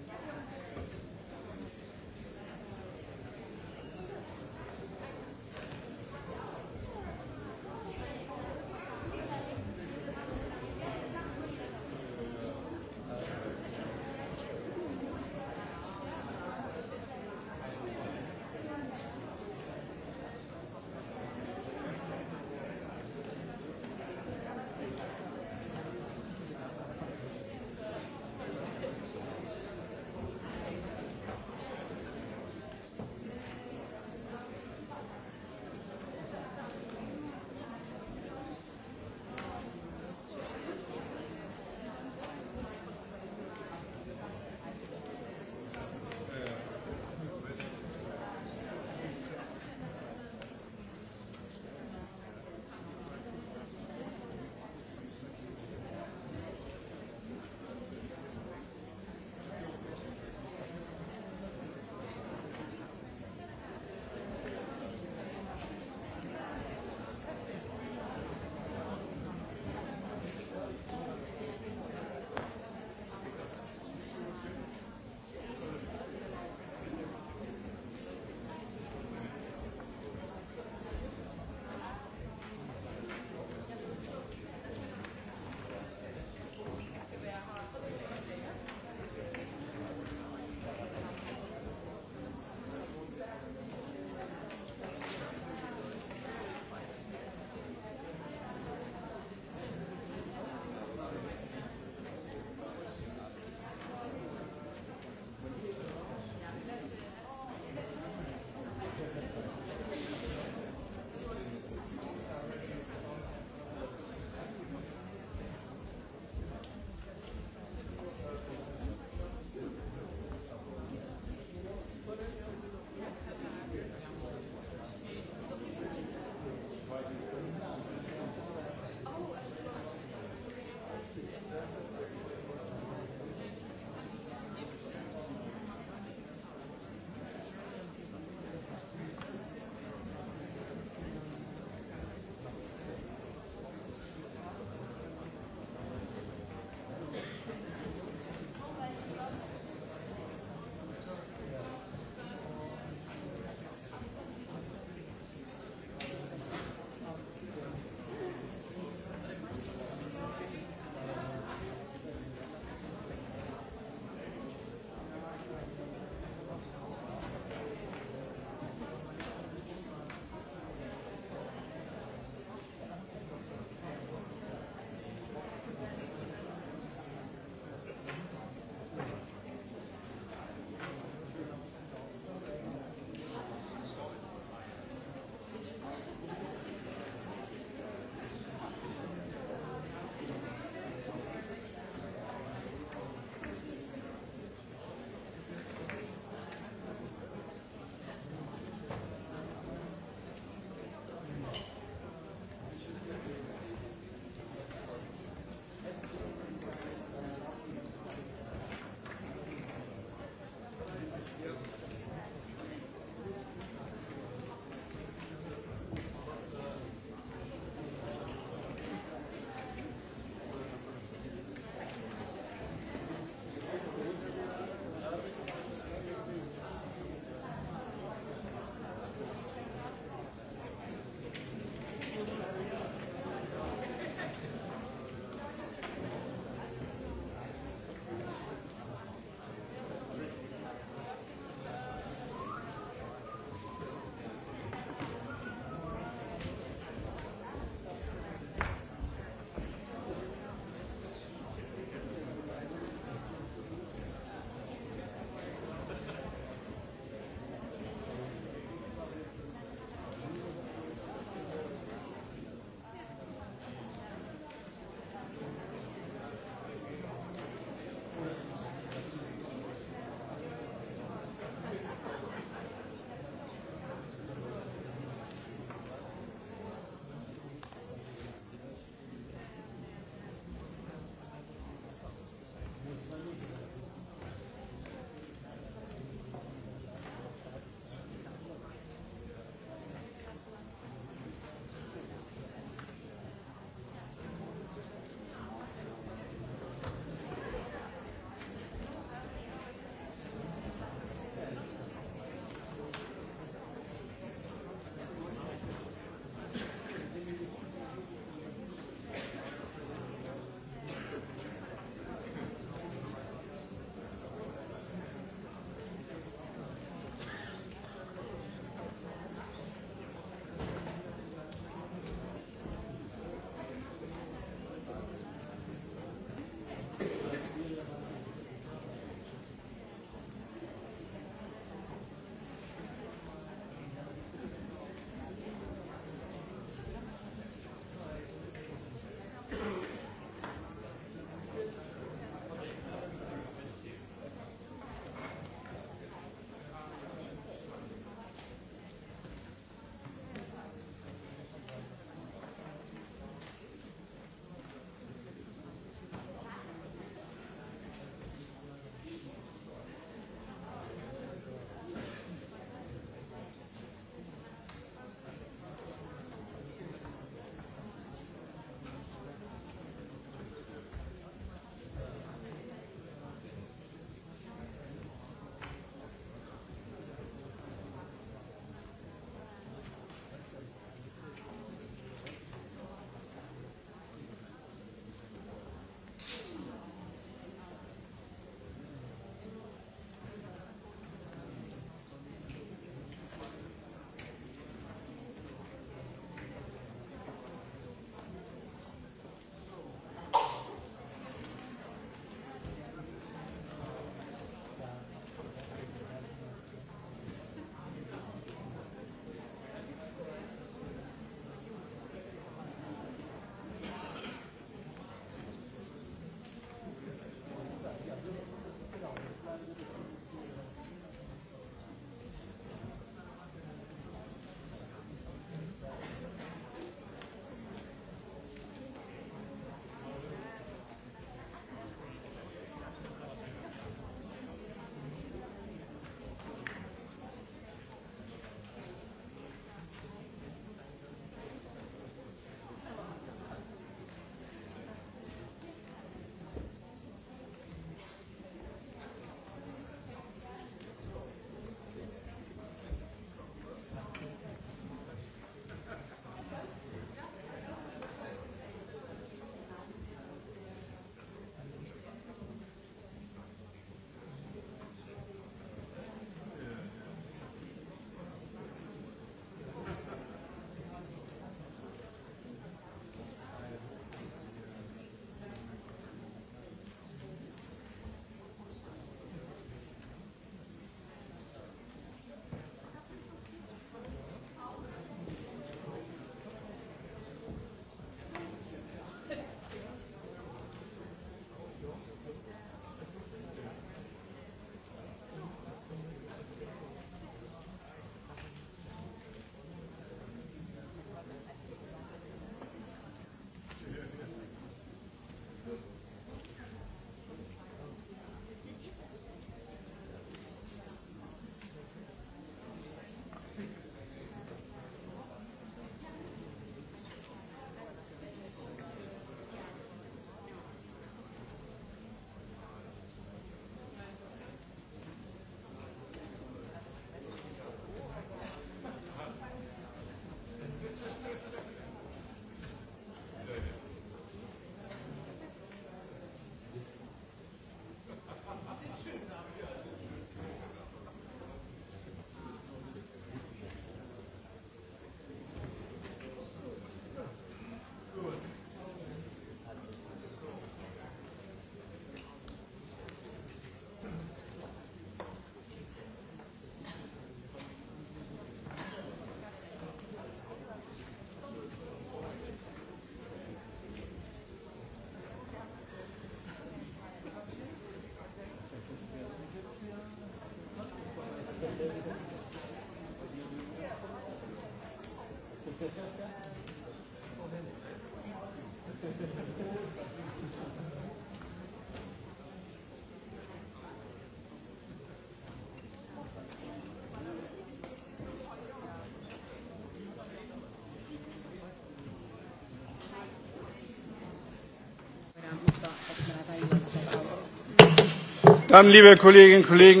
Dann, liebe Kolleginnen und Kollegen,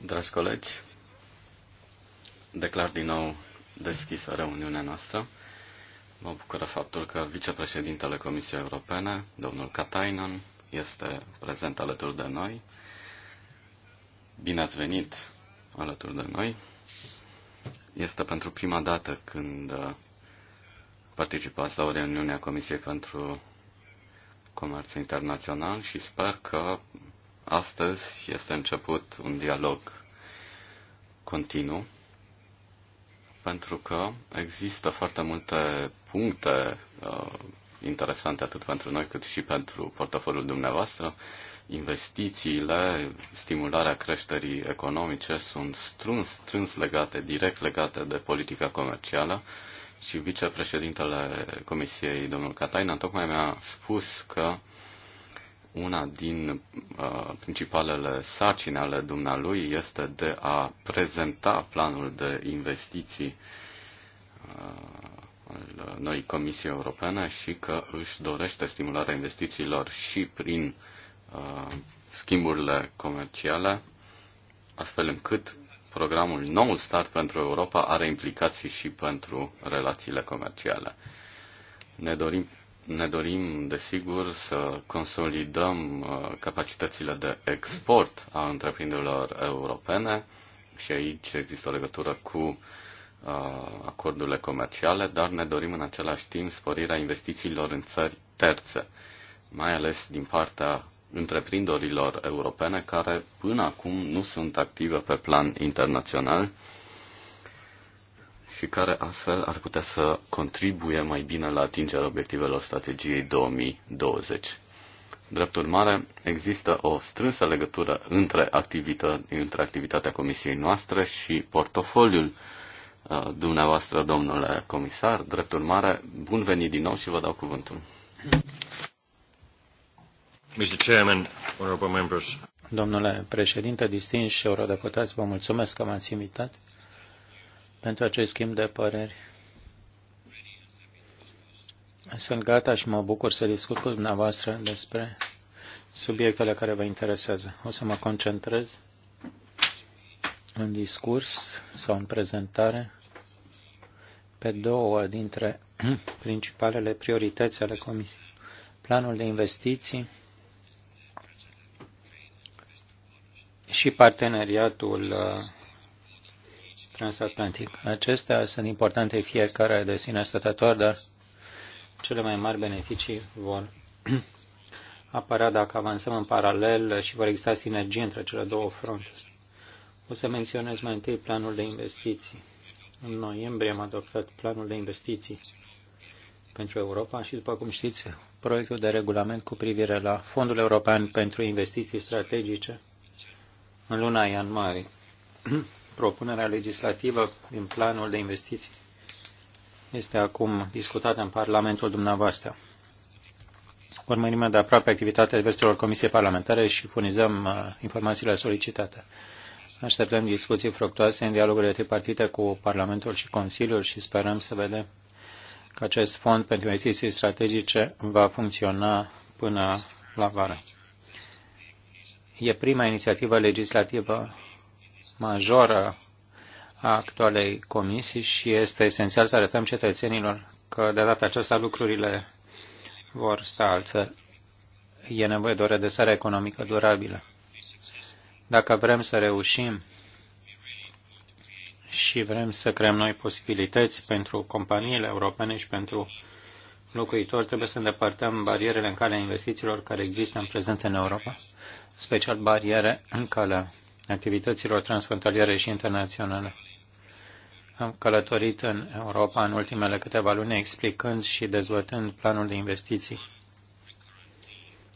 Dragi colegi, declar din nou deschisă reuniunea noastră. Mă bucură faptul că vicepreședintele Comisiei Europene, domnul Katainen, este prezent alături de noi. Bine ați venit alături de noi. Este pentru prima dată când uh, participați la o reuniune a Comisiei pentru Comerț Internațional și sper că Astăzi este început un dialog continuu, pentru că există foarte multe puncte uh, interesante atât pentru noi cât și pentru portofoliul dumneavoastră. Investițiile, stimularea creșterii economice sunt strâns, strâns legate, direct legate de politica comercială și vicepreședintele Comisiei, domnul Katainen, tocmai mi-a spus că una din Uh, principalele sarcini ale dumnealui este de a prezenta planul de investiții uh, al noi Comisii Europene și că își dorește stimularea investițiilor și prin uh, schimburile comerciale, astfel încât programul Noul Start pentru Europa are implicații și pentru relațiile comerciale. Ne dorim ne dorim, desigur, să consolidăm uh, capacitățile de export a întreprinderilor europene și aici există o legătură cu uh, acordurile comerciale, dar ne dorim în același timp sporirea investițiilor în țări terțe, mai ales din partea întreprinderilor europene care până acum nu sunt active pe plan internațional și care astfel ar putea să contribuie mai bine la atingerea obiectivelor strategiei 2020. Drept urmare, există o strânsă legătură între, activită, între activitatea comisiei noastre și portofoliul uh, dumneavoastră, domnule comisar. Drept urmare, bun venit din nou și vă dau cuvântul. Mr. Chairman, honorable members. Domnule președinte, distinși eurodeputați, vă mulțumesc că m-ați invitat pentru acest schimb de păreri. Sunt gata și mă bucur să discut cu dumneavoastră despre subiectele care vă interesează. O să mă concentrez în discurs sau în prezentare pe două dintre *clears throat* principalele priorități ale Comisiei. Planul de investiții și parteneriatul uh, transatlantic. Acestea sunt importante fiecare de sine stătător, dar cele mai mari beneficii vor *clears throat* apărea dacă avansăm în paralel și vor exista sinergii între cele două fronte. O să menționez mai întâi planul de investiții. În noiembrie am adoptat planul de investiții pentru Europa și, după cum știți, proiectul de regulament cu privire la Fondul European pentru Investiții Strategice în luna ianuarie. *clears throat* Propunerea legislativă din planul de investiții este acum discutată în Parlamentul dumneavoastră. Urmărim de aproape activitatea diverselor comisii parlamentare și furnizăm uh, informațiile solicitate. Așteptăm discuții fructoase în dialogurile tripartite cu Parlamentul și Consiliul și sperăm să vedem că acest fond pentru investiții strategice va funcționa până la vară. E prima inițiativă legislativă majoră a actualei comisii și este esențial să arătăm cetățenilor că de data aceasta lucrurile vor sta altfel. E nevoie de o redesare economică durabilă. Dacă vrem să reușim și vrem să creăm noi posibilități pentru companiile europene și pentru locuitori, trebuie să îndepărtăm barierele în calea investițiilor care există în prezent în Europa, special bariere în calea activităților transfrontaliere și internaționale. Am călătorit în Europa în ultimele câteva luni explicând și dezvoltând planul de investiții.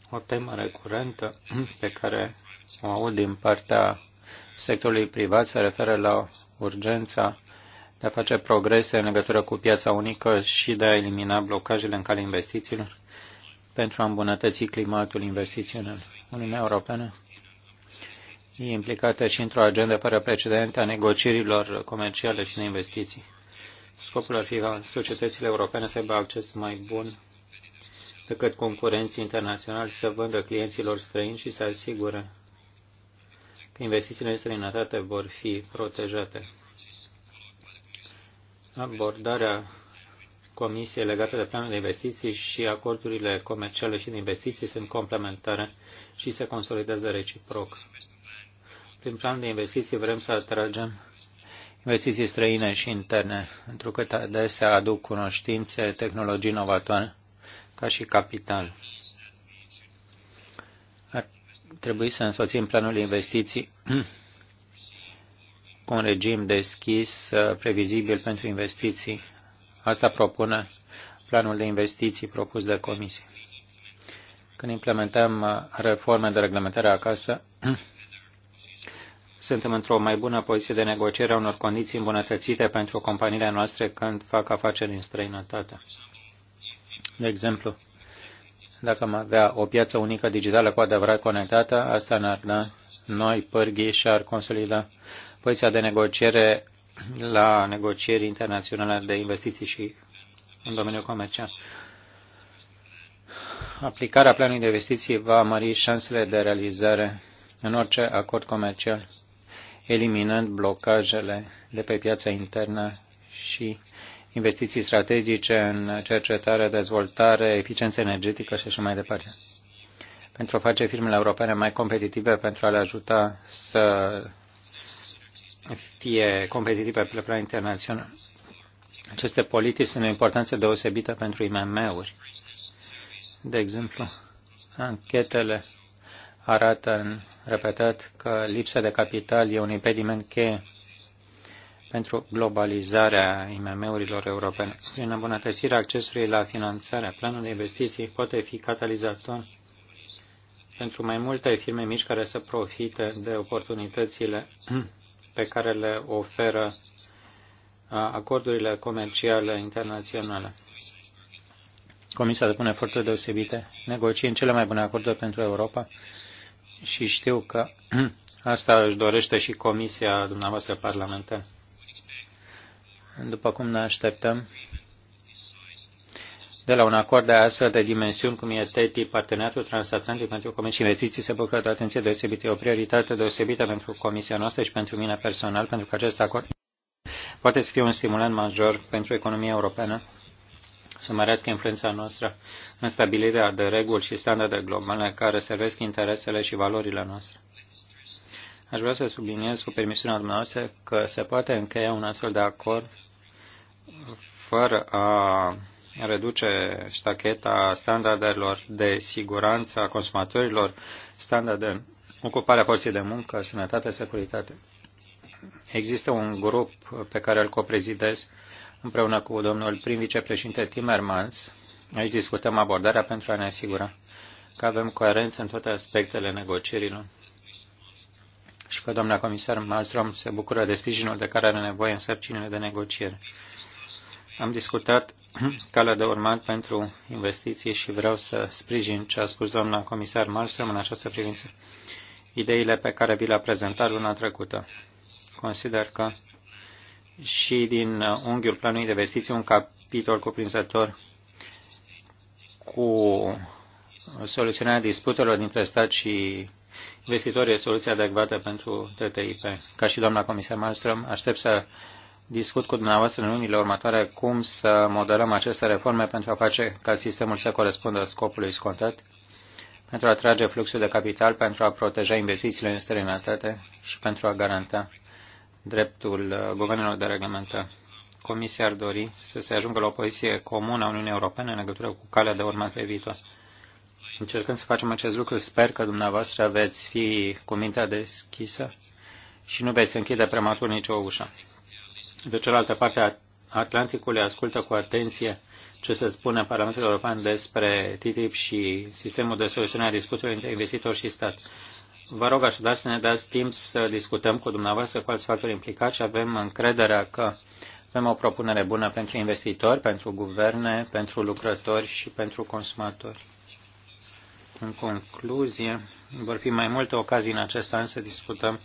O temă recurentă *clears throat* pe care o aud din partea sectorului privat se referă la urgența de a face progrese în legătură cu piața unică și de a elimina blocajele în calea investițiilor pentru a îmbunătăți climatul investițional. Uniunea Europeană e implicată și într-o agendă fără precedent a negocierilor comerciale și de investiții. Scopul ar fi ca societățile europene să aibă acces mai bun decât concurenții internaționali să vândă clienților străini și să asigure că investițiile în străinătate vor fi protejate. Abordarea Comisiei legate de planul de investiții și acordurile comerciale și de investiții sunt complementare și se consolidează reciproc prin plan de investiții vrem să atragem investiții străine și interne, pentru că adesea aduc cunoștințe, tehnologii inovatoare, ca și capital. Ar trebui să însoțim planul investiții *clears throat* cu un regim deschis, previzibil pentru investiții. Asta propune planul de investiții propus de comisie. Când implementăm reforme de reglementare acasă, *clears throat* suntem într-o mai bună poziție de negociere a unor condiții îmbunătățite pentru companiile noastre când fac afaceri în străinătate. De exemplu, dacă am avea o piață unică digitală cu adevărat conectată, asta ne-ar da noi pârghii și ar consolida poziția de negociere la negocieri internaționale de investiții și în domeniul comercial. Aplicarea planului de investiții va mări șansele de realizare în orice acord comercial eliminând blocajele de pe piața internă și investiții strategice în cercetare, dezvoltare, eficiență energetică și așa mai departe. Pentru a face firmele europene mai competitive, pentru a le ajuta să fie competitive pe plan internațional. Aceste politici sunt o importanță deosebită pentru IMM-uri. De exemplu, anchetele arată în repetat că lipsa de capital e un impediment cheie pentru globalizarea IMM-urilor europene. Prin îmbunătățirea accesului la finanțare, planul de investiții poate fi catalizator pentru mai multe firme mici care să profite de oportunitățile *clears throat* pe care le oferă acordurile comerciale internaționale. Comisia depune eforturi deosebite, în cele mai bune acorduri pentru Europa și știu că *clears throat* asta își dorește și comisia dumneavoastră parlamentară. După cum ne așteptăm, de la un acord de astfel de dimensiuni, cum e TTIP, Parteneriatul Transatlantic pentru Comerț și Investiții, se bucură de o atenție deosebită. E o prioritate deosebită pentru Comisia noastră și pentru mine personal, pentru că acest acord poate să fie un stimulant major pentru economia europeană să mărească influența noastră în stabilirea de reguli și standarde globale care servesc interesele și valorile noastre. Aș vrea să subliniez cu permisiunea dumneavoastră că se poate încheia un astfel de acord fără a reduce ștacheta standardelor de siguranță a consumatorilor, standarde ocuparea forței de muncă, sănătate, securitate. Există un grup pe care îl coprezidez împreună cu domnul prim vicepreședinte Timmermans. Aici discutăm abordarea pentru a ne asigura că avem coerență în toate aspectele negocierilor și că doamna comisar Malmström se bucură de sprijinul de care are nevoie în sărcinile de negociere. Am discutat *clears throat* calea de urmat pentru investiții și vreau să sprijin ce a spus doamna comisar Malmström în această privință, ideile pe care vi le-a prezentat luna trecută. Consider că și din uh, unghiul planului de investiții un capitol cuprinzător cu soluționarea disputelor dintre stat și investitori e soluția adecvată pentru TTIP. Ca și doamna comisar Malmström, aștept să discut cu dumneavoastră în lunile următoare cum să modelăm aceste reforme pentru a face ca sistemul să corespundă scopului scontat, pentru a atrage fluxul de capital, pentru a proteja investițiile în străinătate și pentru a garanta dreptul uh, guvernelor de reglementare. Comisia ar dori să se ajungă la o poziție comună a Uniunii Europene în legătură cu calea de urmat pe viitor. Încercând să facem acest lucru, sper că dumneavoastră veți fi cu mintea deschisă și nu veți închide prematur nicio ușă. De cealaltă parte Atlanticul Atlanticului ascultă cu atenție ce se spune Parlamentul European despre TTIP și sistemul de soluționare a discuțiilor între investitor și stat. Vă rog așadar să ne dați timp să discutăm cu dumneavoastră, cu alți factori implicați și avem încrederea că avem o propunere bună pentru investitori, pentru guverne, pentru lucrători și pentru consumatori. În concluzie, vor fi mai multe ocazii în acest an să discutăm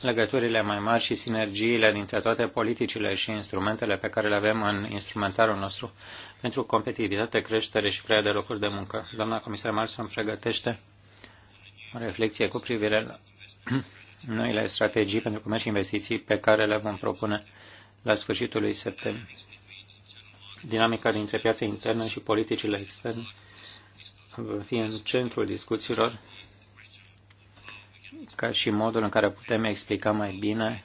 legăturile mai mari și sinergiile dintre toate politicile și instrumentele pe care le avem în instrumentarul nostru pentru competitivitate, creștere și crearea de locuri de muncă. Doamna comisar Marson pregătește o reflexie cu privire la *clears throat* noile strategii pentru comerț și investiții pe care le vom propune la sfârșitul lui septembrie. Dinamica dintre piața internă și politicile externe va fi în centrul discuțiilor, ca și modul în care putem explica mai bine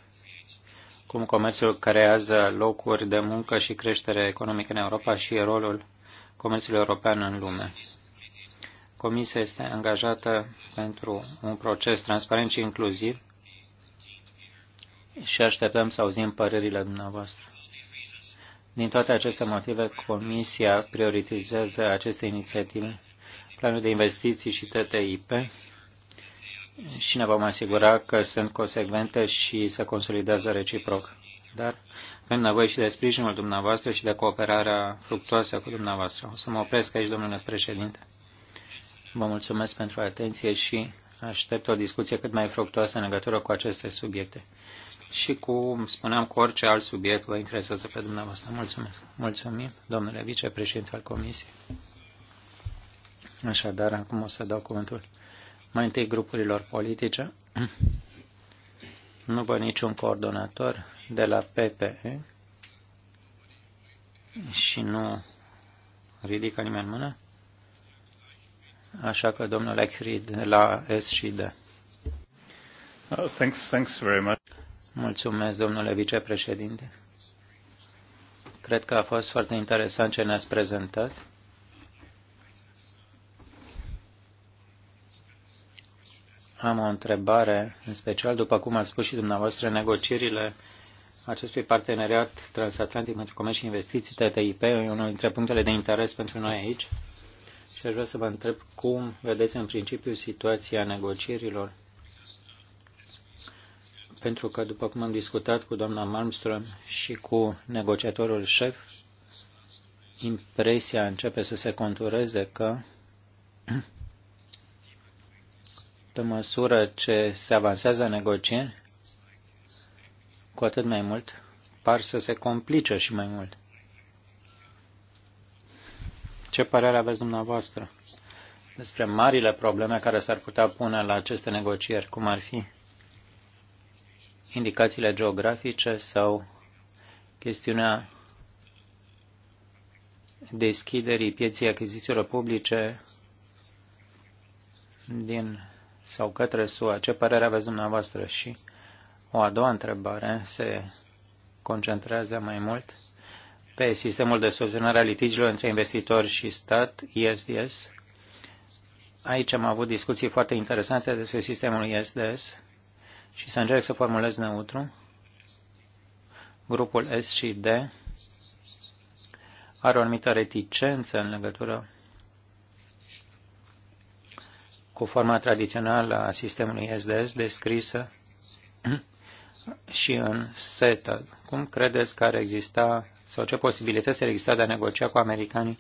cum comerțul creează locuri de muncă și creștere economică în Europa și rolul comerțului european în lume. Comisia este angajată pentru un proces transparent și inclusiv și așteptăm să auzim părerile dumneavoastră. Din toate aceste motive, Comisia prioritizează aceste inițiative, planul de investiții și TTIP și ne vom asigura că sunt consecvente și se consolidează reciproc. Dar avem nevoie și de sprijinul dumneavoastră și de cooperarea fructuoasă cu dumneavoastră. O să mă opresc aici, domnule președinte. Vă mulțumesc pentru atenție și aștept o discuție cât mai fructoasă în legătură cu aceste subiecte. Și cu, spuneam, cu orice alt subiect vă interesează pe dumneavoastră. Mulțumesc. Mulțumim, domnule vicepreședinte al Comisiei. Așadar, acum o să dau cuvântul mai întâi grupurilor politice. Nu văd niciun coordonator de la PPE și nu ridică nimeni mână. Așa că, domnul Echrid, la S și D. Uh, thanks, thanks very much. Mulțumesc, domnule vicepreședinte. Cred că a fost foarte interesant ce ne-ați prezentat. Am o întrebare, în special, după cum ați spus și dumneavoastră, negocierile acestui parteneriat transatlantic pentru comerț și investiții, TTIP, e unul dintre punctele de interes pentru noi aici. Și aș vrea să vă întreb cum vedeți în principiu situația negocierilor. Pentru că, după cum am discutat cu doamna Malmström și cu negociatorul șef, impresia începe să se contureze că pe măsură ce se avansează negocieri, cu atât mai mult, par să se complice și mai mult. Ce părere aveți dumneavoastră despre marile probleme care s-ar putea pune la aceste negocieri, cum ar fi indicațiile geografice sau chestiunea deschiderii pieții achizițiilor publice din sau către SUA. Ce părere aveți dumneavoastră? Și o a doua întrebare se concentrează mai mult pe sistemul de soluționare a litigiilor între investitori și stat, ISDS. Aici am avut discuții foarte interesante despre sistemul ISDS și să încerc să formulez neutru. Grupul S și D are o anumită reticență în legătură cu forma tradițională a sistemului SDS descrisă *clears throat* și în SETA. Cum credeți că ar exista sau ce posibilități ar exista de a negocia cu americanii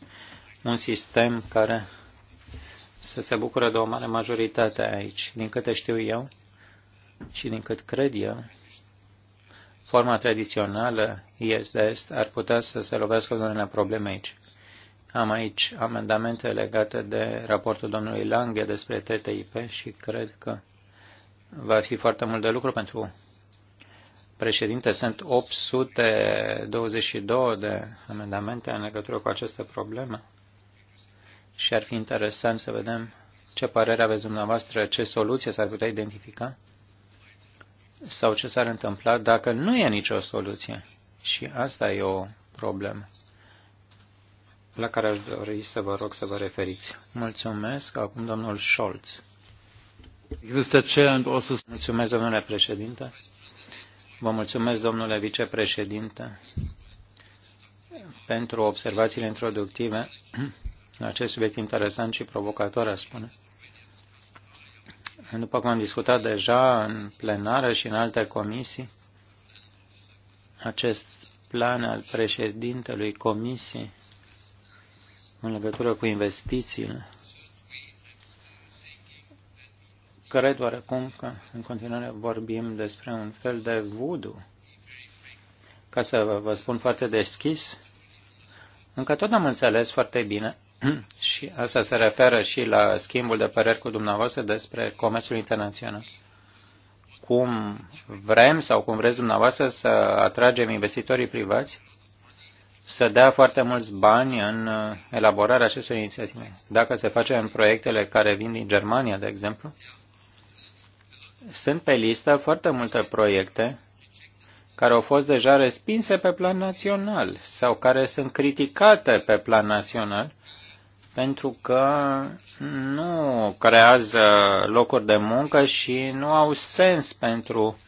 un sistem care să se bucură de o mare majoritate aici. Din câte știu eu și din cât cred eu, forma tradițională ISDS ar putea să se lovească de unele probleme aici. Am aici amendamente legate de raportul domnului Lange despre TTIP și cred că va fi foarte mult de lucru pentru președinte, sunt 822 de amendamente în legătură cu aceste probleme și ar fi interesant să vedem ce părere aveți dumneavoastră, ce soluție s-ar putea identifica sau ce s-ar întâmpla dacă nu e nicio soluție. Și asta e o problemă la care aș dori să vă rog să vă referiți. Mulțumesc. Acum domnul Scholz. Mulțumesc, domnule președinte. Vă mulțumesc, domnule vicepreședinte, pentru observațiile introductive la acest subiect interesant și provocator, aș spune. După cum am discutat deja în plenară și în alte comisii, acest plan al președintelui comisiei în legătură cu investițiile cred oarecum că în continuare vorbim despre un fel de voodoo. Ca să vă spun foarte deschis, încă tot am înțeles foarte bine *clears throat* și asta se referă și la schimbul de păreri cu dumneavoastră despre comerțul internațional. Cum vrem sau cum vreți dumneavoastră să atragem investitorii privați să dea foarte mulți bani în uh, elaborarea acestor inițiative. Dacă se face în proiectele care vin din Germania, de exemplu, sunt pe listă foarte multe proiecte care au fost deja respinse pe plan național sau care sunt criticate pe plan național pentru că nu creează locuri de muncă și nu au sens pentru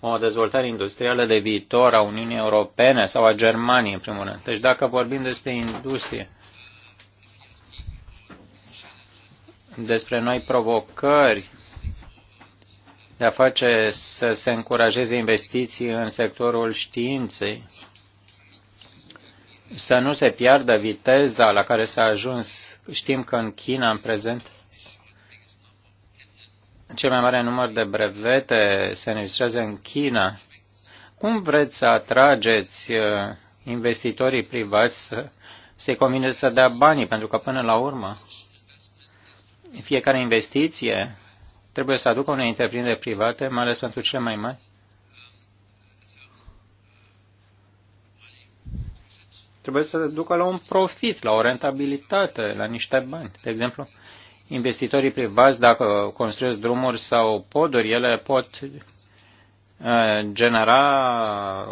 o dezvoltare industrială de viitor a Uniunii Europene sau a Germaniei, în primul rând. Deci dacă vorbim despre industrie, despre noi provocări de a face să se încurajeze investiții în sectorul științei, să nu se piardă viteza la care s-a ajuns. Știm că în China, în prezent, cel mai mare număr de brevete se înregistrează în China. Cum vreți să atrageți uh, investitorii privați să se convine să dea banii? Pentru că, până la urmă, fiecare investiție trebuie să aducă unei întreprinderi private, mai ales pentru cele mai mari? Trebuie să ducă la un profit, la o rentabilitate, la niște bani. De exemplu, investitorii privați, dacă construiesc drumuri sau poduri, ele pot uh, genera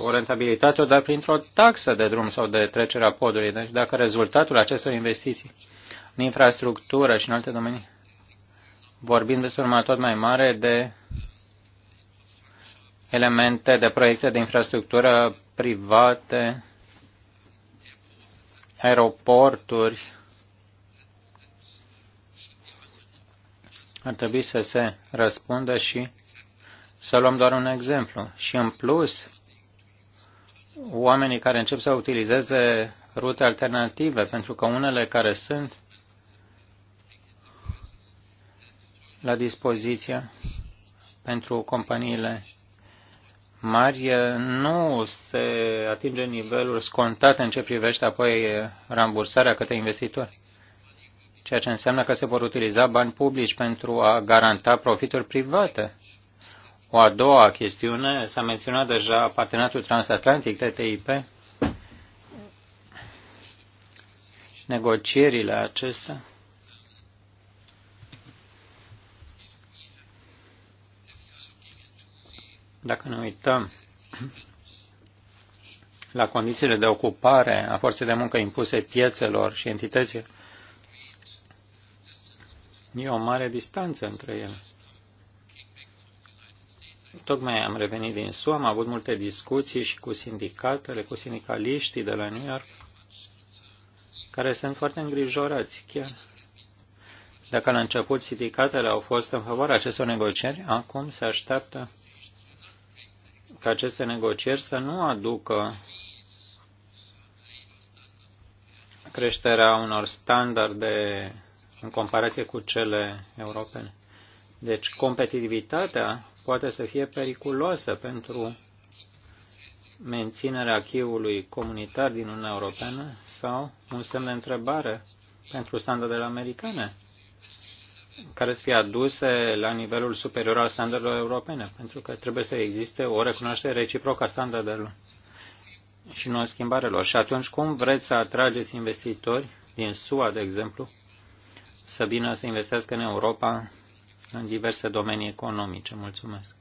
o rentabilitate doar printr-o taxă de drum sau de trecerea podului. Deci dacă rezultatul acestor investiții în infrastructură și în alte domenii vorbim despre un tot mai mare de elemente de proiecte de infrastructură private, aeroporturi. Ar trebui să se răspundă și să luăm doar un exemplu. Și în plus, oamenii care încep să utilizeze rute alternative, pentru că unele care sunt la dispoziție pentru companiile mari nu se atinge nivelul scontat în ce privește apoi rambursarea către investitori, ceea ce înseamnă că se vor utiliza bani publici pentru a garanta profituri private. O a doua chestiune, s-a menționat deja parteneriatul transatlantic TTIP, negocierile acestea Dacă ne uităm la condițiile de ocupare a forței de muncă impuse piețelor și entităților, e o mare distanță între ele. Tocmai am revenit din SUA, am avut multe discuții și cu sindicatele, cu sindicaliștii de la New York, care sunt foarte îngrijorați chiar. Dacă la început sindicatele au fost în favoarea acestor negocieri, acum se așteaptă ca aceste negocieri să nu aducă creșterea unor standarde în comparație cu cele europene. Deci competitivitatea poate să fie periculoasă pentru menținerea chiului comunitar din Uniunea Europeană sau un semn de întrebare pentru standardele americane care să fie aduse la nivelul superior al standardelor europene, pentru că trebuie să existe o recunoaștere reciprocă a standardelor și nu a schimbarelor. Și atunci cum vreți să atrageți investitori din SUA, de exemplu, să vină să investească în Europa în diverse domenii economice? Mulțumesc.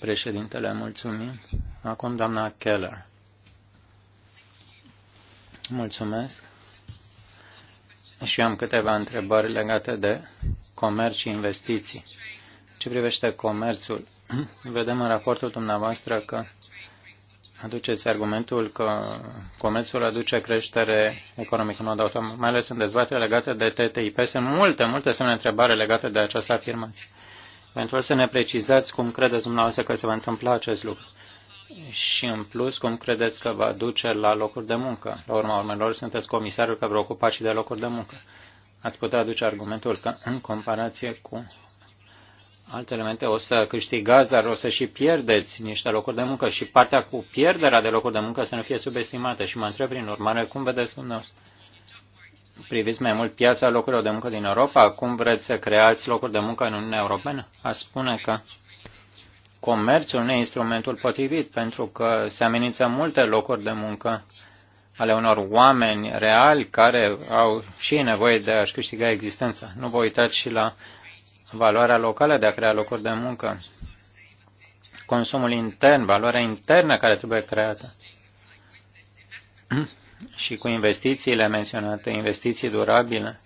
Președintele, mulțumim. Acum doamna Keller. Mulțumesc și am câteva întrebări legate de comerț și investiții. Ce privește comerțul, *clears throat* vedem în raportul dumneavoastră că aduceți argumentul că comerțul aduce creștere economică, nu adaută, mai ales în dezbatere legate de TTIP. Sunt multe, multe semne întrebare legate de această afirmație. Pentru să ne precizați cum credeți dumneavoastră că se va întâmpla acest lucru și, în plus, cum credeți că vă duce la locuri de muncă? La urma urmelor, sunteți comisarul că vă ocupați și de locuri de muncă. Ați putea aduce argumentul că, în comparație cu alte elemente, o să câștigați, dar o să și pierdeți niște locuri de muncă și partea cu pierderea de locuri de muncă să nu fie subestimată. Și mă întreb, prin urmare, cum vedeți dumneavoastră? Priviți mai mult piața locurilor de muncă din Europa? Cum vreți să creați locuri de muncă în Uniunea Europeană? A spune că comerțul nu e instrumentul potrivit, pentru că se amenință multe locuri de muncă ale unor oameni reali care au și nevoie de a-și câștiga existența. Nu vă uitați și la valoarea locală de a crea locuri de muncă, consumul intern, valoarea internă care trebuie creată. *clears throat* și cu investițiile menționate, investiții durabile,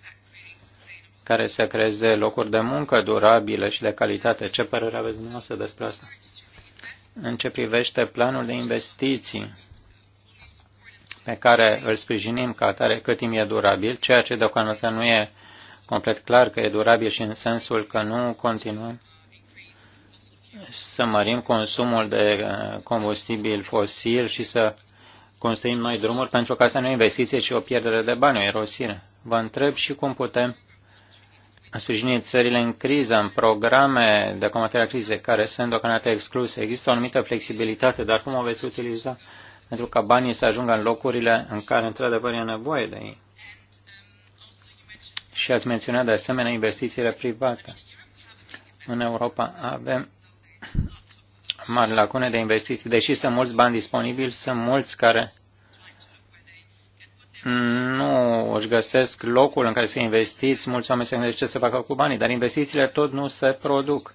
care să creeze locuri de muncă durabile și de calitate. Ce părere aveți dumneavoastră despre asta? În ce privește planul de investiții pe care îl sprijinim ca atare cât timp e durabil, ceea ce deocamdată nu e complet clar că e durabil și în sensul că nu continuăm să mărim consumul de uh, combustibil fosil și să construim noi drumuri, pentru că asta nu e investiție, ci o pierdere de bani, o erosire. Vă întreb și cum putem a sprijinit țările în criză, în programe de combatere a crizei care sunt deocamdată excluse. Există o anumită flexibilitate, dar cum o veți utiliza pentru ca banii să ajungă în locurile în care într-adevăr e nevoie de ei? Și ați menționat de asemenea investițiile private. În Europa avem mari lacune de investiții. Deși sunt mulți bani disponibili, sunt mulți care nu își găsesc locul în care să fie investiți, mulți oameni se gândesc ce să facă cu banii, dar investițiile tot nu se produc.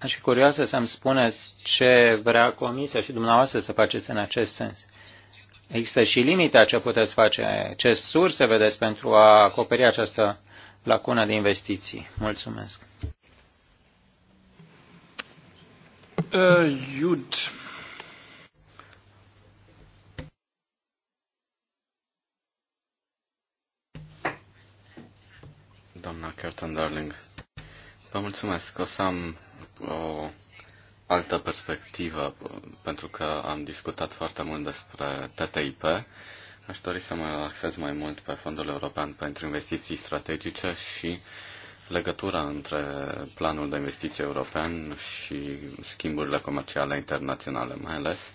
Aș fi curioasă să-mi spuneți ce vrea Comisia și dumneavoastră să faceți în acest sens. Există și limita ce puteți face, ce surse vedeți pentru a acoperi această lacună de investiții. Mulțumesc. Uh, doamna Curtin Darling. Vă mulțumesc. O să am o altă perspectivă, pentru că am discutat foarte mult despre TTIP. Aș dori să mă axez mai mult pe Fondul European pentru Investiții Strategice și legătura între planul de investiții european și schimburile comerciale internaționale, mai ales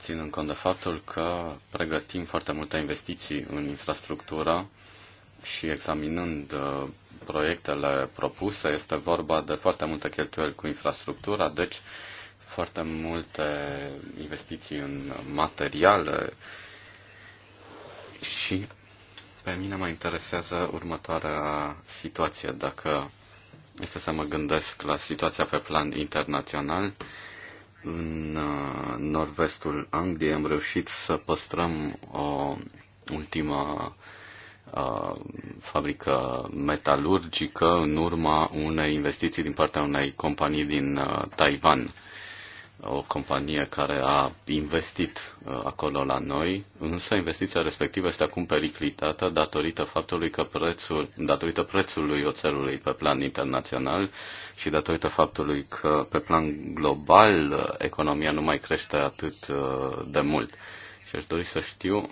ținând cont de faptul că pregătim foarte multe investiții în infrastructură și examinând uh, proiectele propuse, este vorba de foarte multe cheltuieli cu infrastructura, deci foarte multe investiții în materiale și pe mine mă interesează următoarea situație. Dacă este să mă gândesc la situația pe plan internațional, în uh, nord-vestul Angliei am reușit să păstrăm o ultima Uh, fabrică metalurgică în urma unei investiții din partea unei companii din uh, Taiwan. O companie care a investit uh, acolo la noi, însă investiția respectivă este acum periclitată datorită faptului că prețul, datorită prețului oțelului pe plan internațional și datorită faptului că pe plan global economia nu mai crește atât de mult. Și aș dori să știu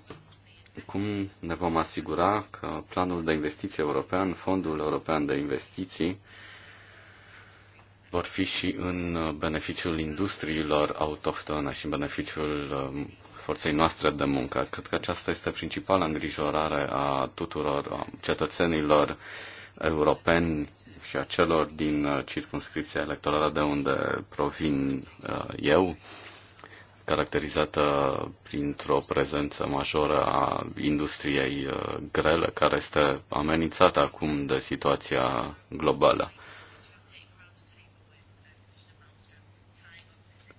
cum ne vom asigura că planul de investiții european, fondul european de investiții, vor fi și în beneficiul industriilor autohtone și în beneficiul um, forței noastre de muncă. Cred că aceasta este principala îngrijorare a tuturor um, cetățenilor europeni și a celor din uh, circunscripția electorală de unde provin uh, eu caracterizată printr-o prezență majoră a industriei uh, grele, care este amenințată acum de situația globală.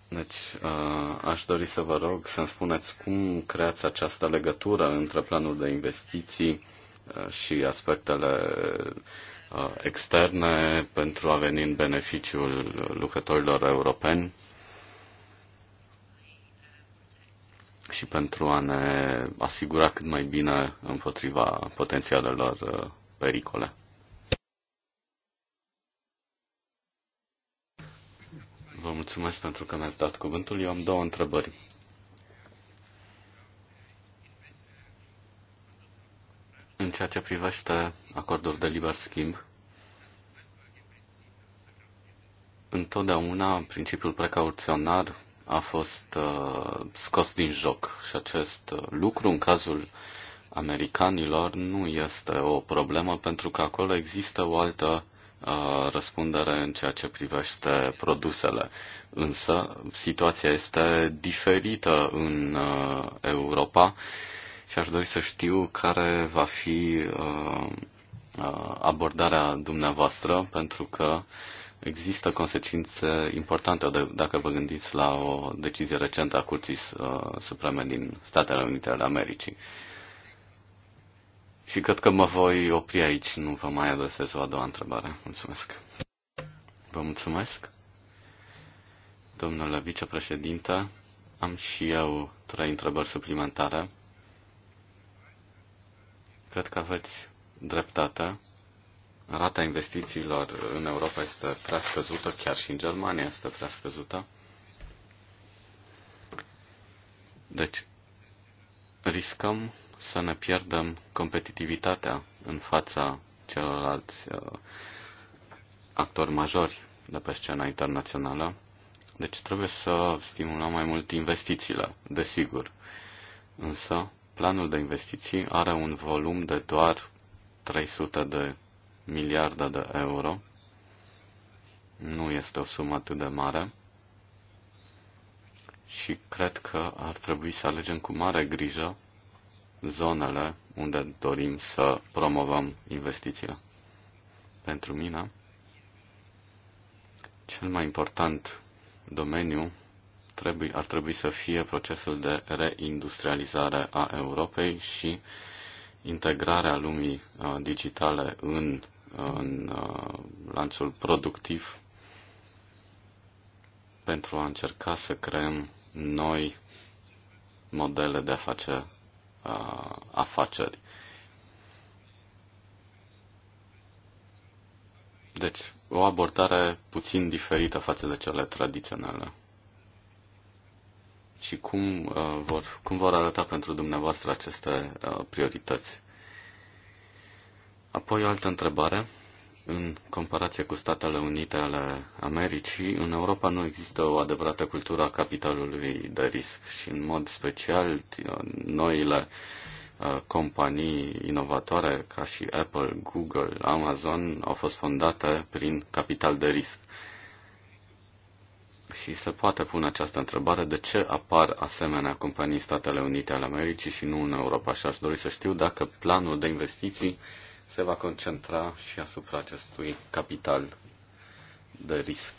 Deci, uh, aș dori să vă rog să-mi spuneți cum creați această legătură între planul de investiții uh, și aspectele externe pentru a veni în beneficiul lucrătorilor europeni și pentru a ne asigura cât mai bine împotriva potențialelor uh, pericole. Vă mulțumesc pentru că mi-ați dat cuvântul. Eu am două întrebări. În ceea ce privește acordul de liber schimb, întotdeauna principiul precauționar a fost uh, scos din joc și acest uh, lucru în cazul americanilor nu este o problemă pentru că acolo există o altă uh, răspundere în ceea ce privește produsele. Însă situația este diferită în uh, Europa și aș dori să știu care va fi uh, uh abordarea dumneavoastră pentru că uh, Există consecințe importante dacă vă gândiți la o decizie recentă a Curții uh, Supreme din Statele Unite ale Americii. Și cred că mă voi opri aici, nu vă mai adresez o a doua întrebare. Mulțumesc. Vă mulțumesc. Domnule vicepreședinte, am și eu trei întrebări suplimentare. Cred că aveți dreptate rata investițiilor în Europa este prea scăzută, chiar și în Germania este prea scăzută. Deci, riscăm să ne pierdem competitivitatea în fața celorlalți uh, actori majori de pe scena internațională. Deci trebuie să stimulăm mai mult investițiile, desigur. Însă, planul de investiții are un volum de doar 300 de miliarde de euro. Nu este o sumă atât de mare și cred că ar trebui să alegem cu mare grijă zonele unde dorim să promovăm investițiile. Pentru mine, cel mai important domeniu trebuie, ar trebui să fie procesul de reindustrializare a Europei și integrarea lumii uh, digitale în, uh, în uh, lanțul productiv pentru a încerca să creăm noi modele de a face afaceri. Deci, o abordare puțin diferită față de cele tradiționale și cum, uh, vor, cum vor arăta pentru dumneavoastră aceste uh, priorități. Apoi o altă întrebare. În comparație cu Statele Unite ale Americii, în Europa nu există o adevărată cultură a capitalului de risc și, în mod special, uh, noile uh, companii inovatoare ca și Apple, Google, Amazon au fost fondate prin capital de risc. Și se poate pune această întrebare de ce apar asemenea companii în Statele Unite ale Americii și nu în Europa. Și aș dori să știu dacă planul de investiții se va concentra și asupra acestui capital de risc.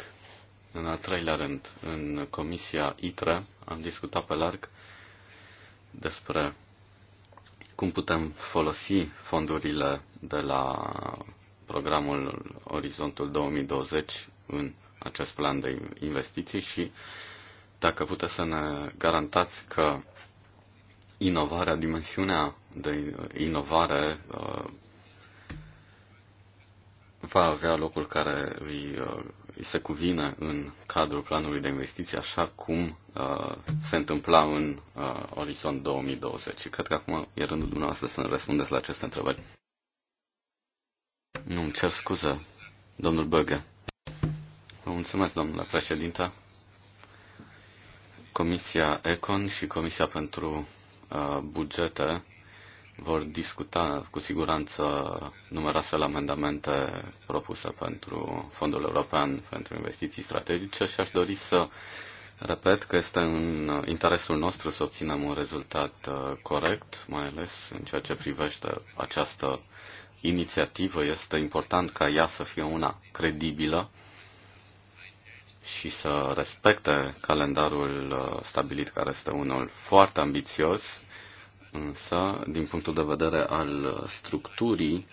În al treilea rând, în Comisia ITRE am discutat pe larg despre cum putem folosi fondurile de la programul Orizontul 2020 în acest plan de investiții și dacă puteți să ne garantați că inovarea, dimensiunea de inovare uh, va avea locul care îi, uh, îi se cuvine în cadrul planului de investiții, așa cum uh, se întâmpla în uh, Orizont 2020. cred că acum e rândul dumneavoastră să răspundeți la aceste întrebări. Nu, îmi cer scuze, domnul Băgă. Vă mulțumesc, domnule președinte. Comisia Econ și Comisia pentru uh, Bugete vor discuta cu siguranță numeroasele amendamente propuse pentru Fondul European pentru Investiții Strategice și aș dori să repet că este în interesul nostru să obținem un rezultat uh, corect, mai ales în ceea ce privește această inițiativă. Este important ca ea să fie una credibilă și să respecte calendarul uh, stabilit, care este unul foarte ambițios, însă, din punctul de vedere al structurii,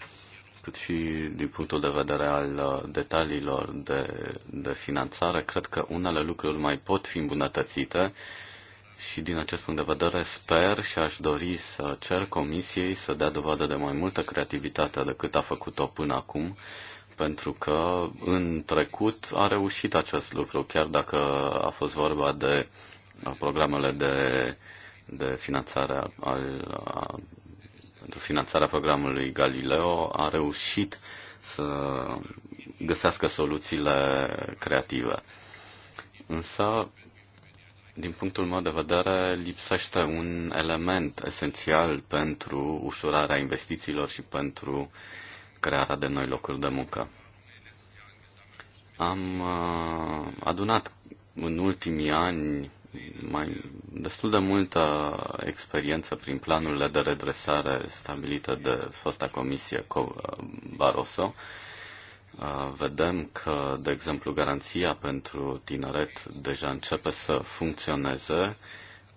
cât și din punctul de vedere al uh, detaliilor de, de finanțare, cred că unele lucruri mai pot fi îmbunătățite și din acest punct de vedere sper și aș dori să cer comisiei să dea dovadă de mai multă creativitate decât a făcut-o până acum pentru că în trecut a reușit acest lucru, chiar dacă a fost vorba de programele de, de finanțare al, a, pentru finanțarea programului Galileo, a reușit să găsească soluțiile creative. Însă, din punctul meu de vedere, lipsește un element esențial pentru ușurarea investițiilor și pentru uh, crearea de noi locuri de muncă. Am uh, adunat în ultimii ani mai destul de multă experiență prin planurile de redresare stabilite de fosta comisie uh, Barroso. Uh, vedem că, de exemplu, garanția pentru tineret deja începe să funcționeze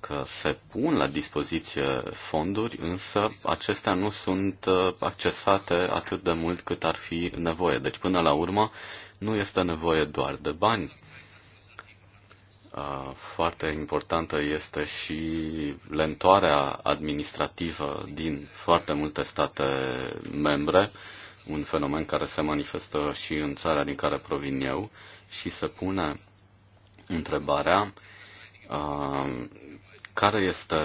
că se pun la dispoziție fonduri, însă acestea nu sunt uh, accesate atât de mult cât ar fi nevoie. Deci, până la urmă, nu este nevoie doar de bani. Uh, foarte importantă este și lentoarea administrativă din foarte multe state membre, un fenomen care se manifestă și în țara din care provin eu și se pune întrebarea uh, care este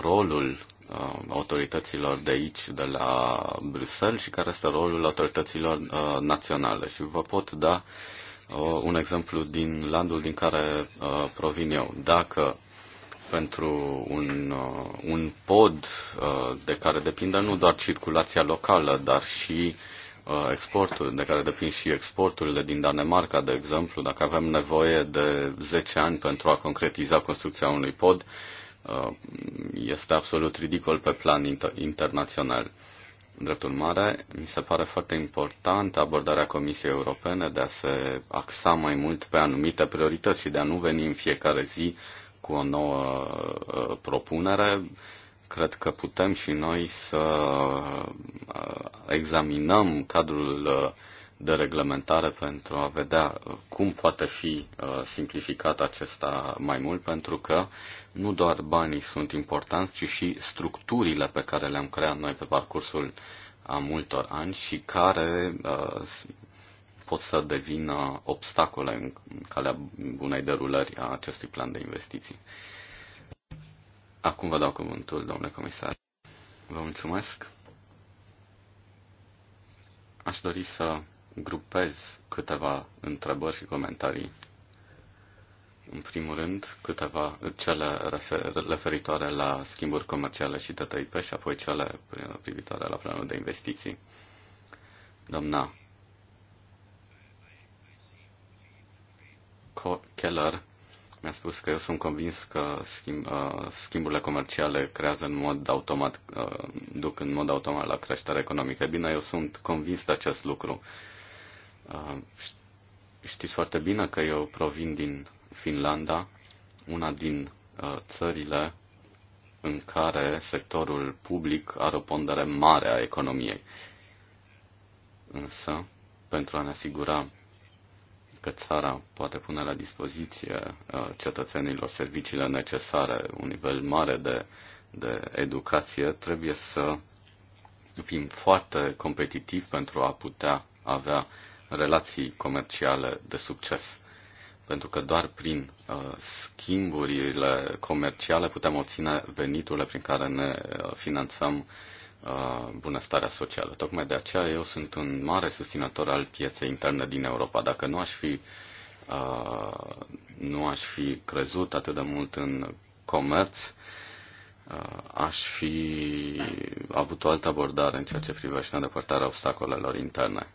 rolul uh, autorităților de aici, de la Bruxelles, și care este rolul autorităților uh, naționale? Și vă pot da uh, un exemplu din landul din care provin eu. Dacă pentru un, un pod de care depinde nu doar circulația locală, dar și exportul, de care depind și exporturile din Danemarca, de exemplu, dacă avem nevoie de 10 ani pentru a concretiza construcția unui pod, Uh, este absolut ridicol pe plan inter- internațional. În drept urmare, mi se pare foarte important abordarea Comisiei Europene de a se axa mai mult pe anumite priorități și de a nu veni în fiecare zi cu o nouă uh, propunere. Cred că putem și noi să uh, examinăm cadrul de reglementare pentru a vedea cum poate fi simplificat acesta mai mult, pentru că nu doar banii sunt importanți, ci și structurile pe care le-am creat noi pe parcursul a multor ani și care uh, pot să devină obstacole în calea bunei derulări a acestui plan de investiții. Acum vă dau cuvântul, domnule comisar. Vă mulțumesc. Aș dori să grupez câteva întrebări și comentarii în primul rând, câteva cele referitoare la schimburi comerciale și TTIP și apoi cele privitoare la planul de investiții. Doamna Keller mi-a spus că eu sunt convins că schimb, uh, schimburile comerciale creează în mod automat, uh, duc în mod automat la creșterea economică. Bine, eu sunt convins de acest lucru. Uh, Știți foarte bine că eu provin din Finlanda, una din uh, țările în care sectorul public are o pondere mare a economiei. Însă, pentru a ne asigura că țara poate pune la dispoziție uh, cetățenilor serviciile necesare, un nivel mare de, de educație, trebuie să fim foarte competitivi pentru a putea avea relații comerciale de succes. Pentru că doar prin uh, schimburile comerciale putem obține veniturile prin care ne uh, finanțăm uh, bunăstarea socială. Tocmai de aceea eu sunt un mare susținător al pieței interne din Europa. Dacă nu aș fi, nu aș fi crezut atât de mult în comerț, aș fi avut o altă abordare în ceea ce privește îndepărtarea obstacolelor interne.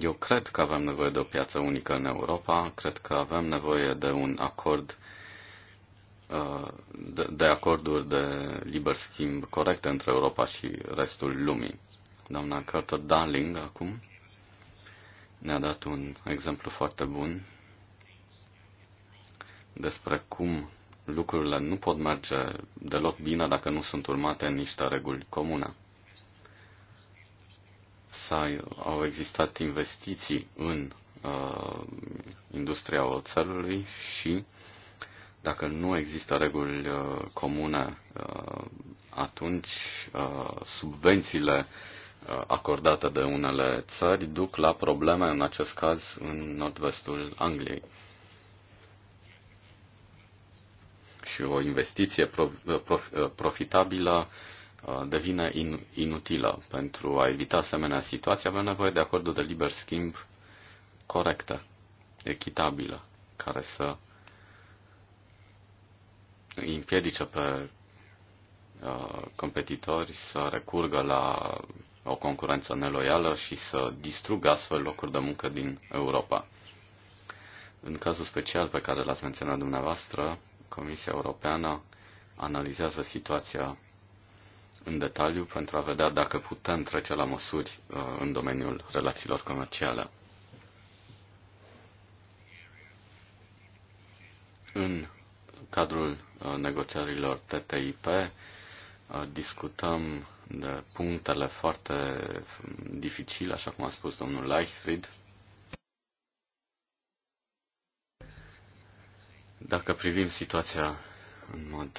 Eu cred că avem nevoie de o piață unică în Europa, cred că avem nevoie de un acord uh, de, de acorduri de liber schimb corecte între Europa și restul lumii. Doamna Carter Darling acum ne-a dat un exemplu foarte bun despre cum lucrurile nu pot merge deloc bine dacă nu sunt urmate niște reguli comune au existat investiții în uh, industria oțelului și dacă nu există reguli uh, comune, uh, atunci uh, subvențiile uh, acordate de unele țări duc la probleme, în acest caz, în nord-vestul Angliei. Și o investiție prof- prof, profitabilă uh, Uh, devine inutilă. Pentru a evita asemenea situații avem nevoie de acordul de liber schimb corectă, echitabilă, care să împiedice pe uh, competitori să recurgă la o concurență neloială și să distrugă astfel locuri de muncă din Europa. În cazul special pe care l-ați menționat dumneavoastră, Comisia Europeană analizează situația în detaliu pentru a vedea dacă putem trece la măsuri uh, în domeniul relațiilor comerciale. În cadrul uh, negocierilor TTIP uh, discutăm de punctele foarte mm, dificile, așa cum a spus domnul Leichfried, Dacă privim situația în mod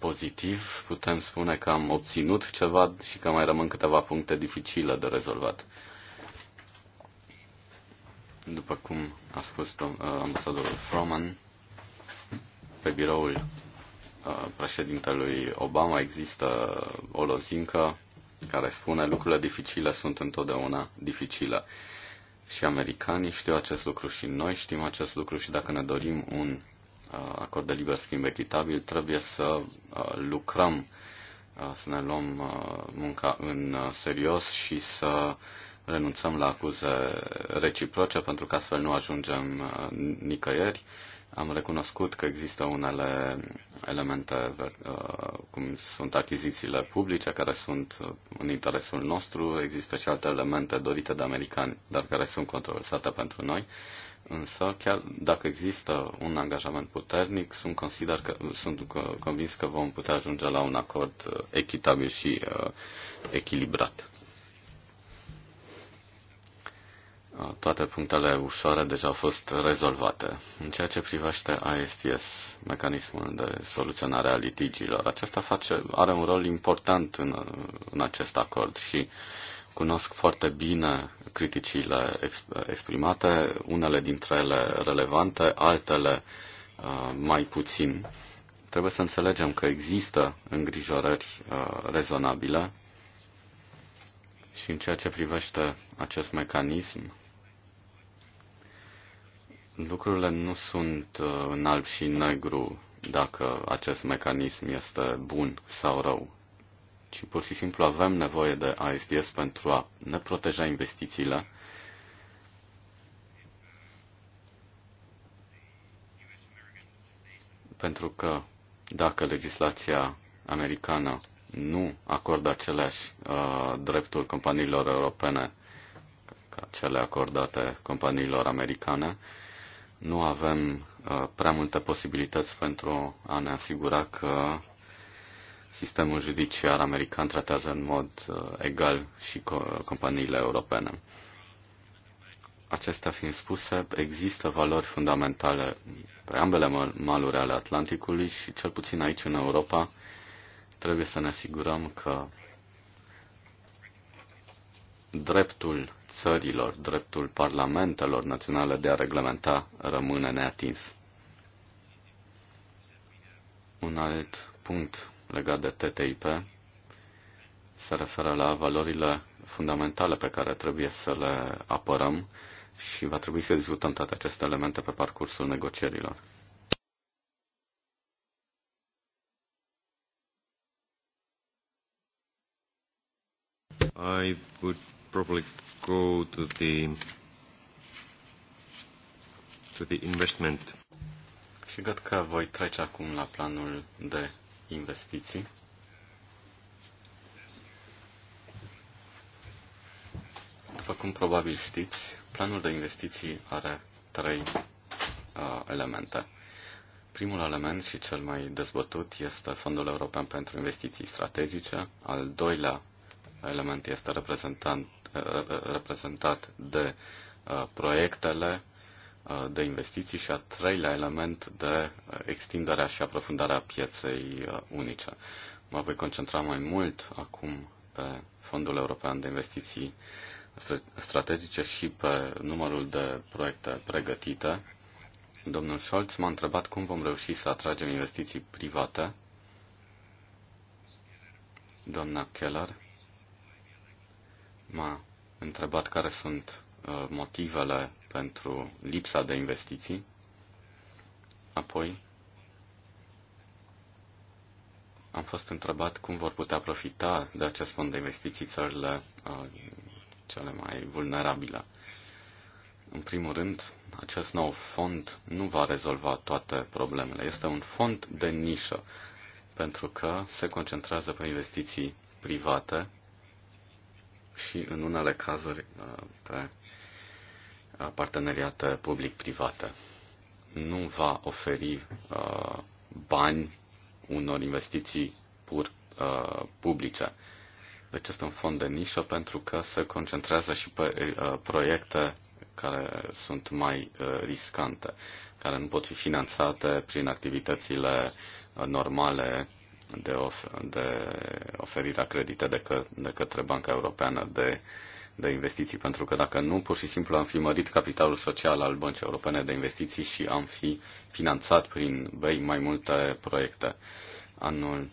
pozitiv. Putem spune că am obținut ceva și că mai rămân câteva puncte dificile de rezolvat. După cum a spus ambasadorul Froman, pe biroul președintelui Obama există o lozincă care spune lucrurile dificile sunt întotdeauna dificile. Și americanii știu acest lucru și noi știm acest lucru și dacă ne dorim un acord de liber schimb echitabil, trebuie să uh, lucrăm, uh, să ne luăm uh, munca în serios și să renunțăm la acuze reciproce, pentru că astfel nu ajungem nicăieri. Am recunoscut că există unele elemente, cum sunt achizițiile publice, care sunt în interesul nostru, există și alte elemente dorite de americani, dar care sunt controversate pentru noi Însă, chiar dacă există un angajament puternic, sunt, consider că, sunt convins că vom putea ajunge la un acord uh, echitabil și uh, echilibrat. Uh, toate punctele ușoare deja au fost rezolvate. În ceea ce privește ASTS, mecanismul de soluționare a litigiilor, acesta face, are un rol important în, în acest acord și Cunosc foarte bine criticile exprimate, unele dintre ele relevante, altele uh, mai puțin. Trebuie să înțelegem că există îngrijorări uh, rezonabile și în ceea ce privește acest mecanism, lucrurile nu sunt uh, în alb și negru dacă acest mecanism este bun sau rău ci deci, pur și simplu avem nevoie de ISDS pentru a ne proteja investițiile. Pentru că dacă legislația americană nu acordă aceleași uh, drepturi companiilor europene ca cele acordate companiilor americane, nu avem uh, prea multe posibilități pentru a ne asigura că sistemul judiciar american tratează în mod uh, egal și companiile europene. Acestea fiind spuse, există valori fundamentale pe ambele maluri ale Atlanticului și cel puțin aici în Europa trebuie să ne asigurăm că dreptul țărilor, dreptul parlamentelor naționale de a reglementa rămâne neatins. Un alt punct legat de TTIP se referă la valorile fundamentale pe care trebuie să le apărăm și va trebui să discutăm toate aceste elemente pe parcursul negocierilor. I would probably go to the to the investment. Și cred că voi trece acum la planul de investiții. După cum probabil știți, planul de investiții are trei uh, elemente. Primul element și cel mai dezbătut este Fondul European pentru Investiții Strategice. Al doilea element este reprezentat, uh, uh, uh, reprezentat de proiectele de investiții și a treilea element de extinderea și aprofundarea pieței unice. Mă voi concentra mai mult acum pe Fondul European de Investiții Strategice și pe numărul de proiecte pregătite. Domnul Scholz m-a întrebat cum vom reuși să atragem investiții private. Doamna Keller m-a întrebat care sunt motivele pentru lipsa de investiții, apoi am fost întrebat cum vor putea profita de acest fond de investiții țările uh, cele mai vulnerabile. În primul rând, acest nou fond nu va rezolva toate problemele. Este un fond de nișă, pentru că se concentrează pe investiții private și, în unele cazuri, uh, pe parteneriată public privată Nu va oferi uh, bani unor investiții pur uh, publice. Deci este un fond de nișă pentru că se concentrează și pe uh, proiecte care sunt mai uh, riscante, care nu pot fi finanțate prin activitățile uh, normale de, of- de oferirea credite de, că- de către Banca Europeană de uh, de investiții, pentru că dacă nu, pur și simplu am fi mărit capitalul social al Băncii Europene de Investiții și am fi finanțat prin BEI mai multe proiecte. Anul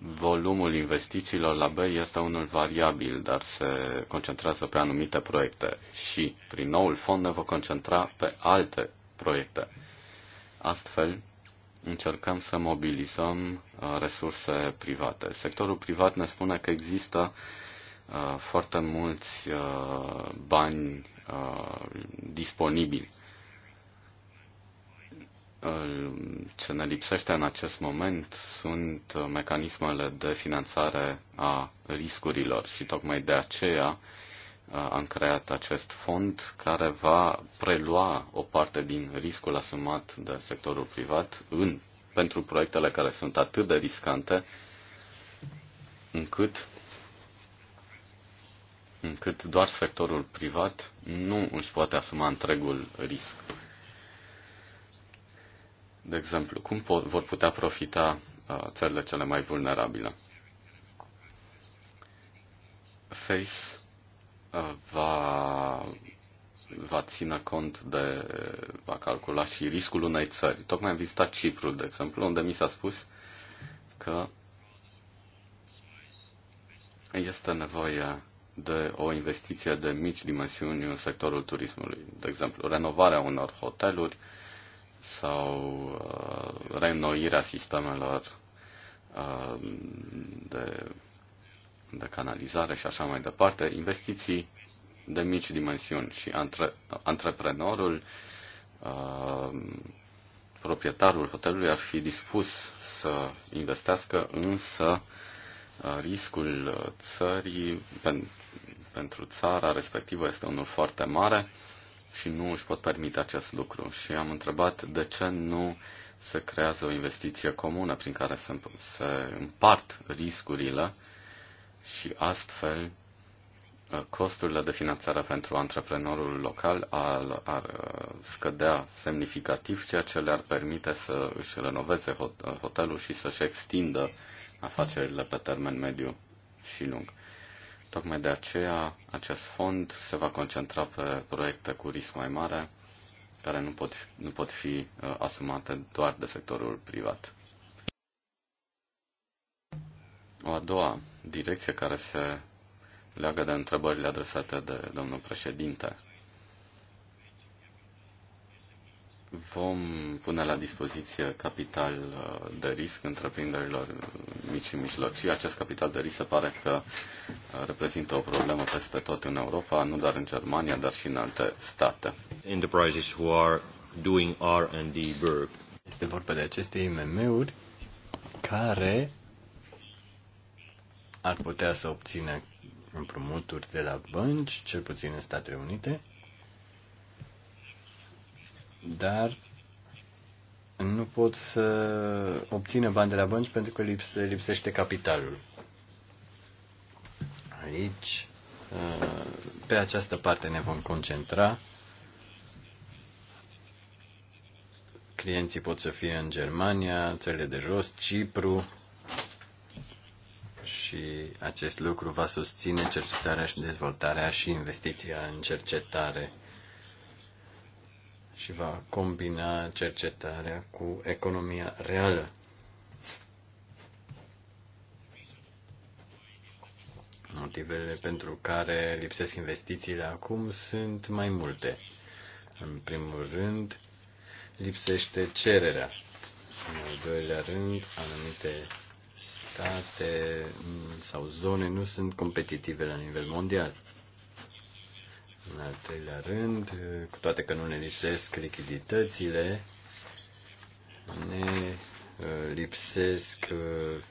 volumul investițiilor la BEI este unul variabil, dar se concentrează pe anumite proiecte și prin noul fond ne vom concentra pe alte proiecte. Astfel, încercăm să mobilizăm uh, resurse private. Sectorul privat ne spune că există uh, foarte mulți uh, bani disponibili. Ce ne lipsește în acest moment sunt mecanismele de finanțare a riscurilor și tocmai de aceea am creat acest fond care va prelua o parte din riscul asumat de sectorul privat în, pentru proiectele care sunt atât de riscante încât încât doar sectorul privat nu își poate asuma întregul risc. De exemplu, cum pot, vor putea profita uh, țările cele mai vulnerabile? Face va, va ține cont de, va calcula și riscul unei țări. Tocmai am vizitat Cipru, de exemplu, unde mi s-a spus că este nevoie de o investiție de mici dimensiuni în sectorul turismului, de exemplu, renovarea unor hoteluri sau uh, reînnoirea sistemelor uh, de de canalizare și așa mai departe, investiții de mici dimensiuni și antre, antreprenorul, uh, proprietarul hotelului ar fi dispus să investească, însă uh, riscul țării pen, pentru țara respectivă este unul foarte mare și nu își pot permite acest lucru. Și am întrebat de ce nu se creează o investiție comună prin care se, se împart riscurile uh, și astfel uh, costurile de finanțare pentru antreprenorul local ar, ar uh, scădea semnificativ, ceea ce le-ar permite să își renoveze uh, hotelul și să-și extindă afacerile pe termen mediu și lung. Tocmai de aceea, acest fond se va concentra pe proiecte cu risc mai mare, care nu pot, nu pot fi asumate doar de sectorul privat. O a doua direcție care se leagă de întrebările adresate de domnul președinte. Vom pune la dispoziție capital uh, de risc întreprinderilor mici și mijlocii. Acest capital de risc se pare că uh, reprezintă o problemă peste tot în Europa, nu doar în Germania, dar și în alte state. Enterprises who are doing R&D work. Este vorba de aceste IMM-uri care ar putea să obțină împrumuturi de la bănci, cel puțin în Statele Unite, dar nu pot să obțină bani de la bănci pentru că lipse, lipsește capitalul. Aici, pe această parte ne vom concentra. Clienții pot să fie în Germania, țările de jos, Cipru, și acest lucru va susține cercetarea și dezvoltarea și investiția în cercetare și va combina cercetarea cu economia reală. Motivele pentru care lipsesc investițiile acum sunt mai multe. În primul rând, lipsește cererea. În al doilea rând, anumite state sau zone nu sunt competitive la nivel mondial. În al treilea rând, cu toate că nu ne lipsesc lichiditățile, ne uh, lipsesc uh,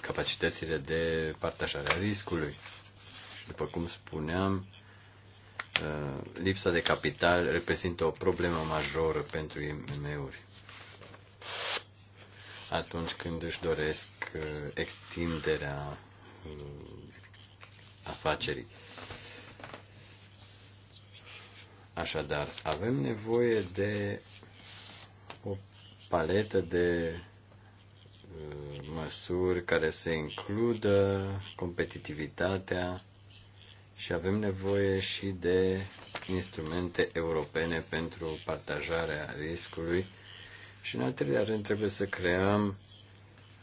capacitățile de partajare a riscului. După cum spuneam, uh, lipsa de capital reprezintă o problemă majoră pentru IMM-uri atunci când își doresc uh, extinderea uh, afacerii. Așadar, avem nevoie de o paletă de uh, măsuri care să includă competitivitatea și avem nevoie și de instrumente europene pentru partajarea riscului și în al treilea rând trebuie să creăm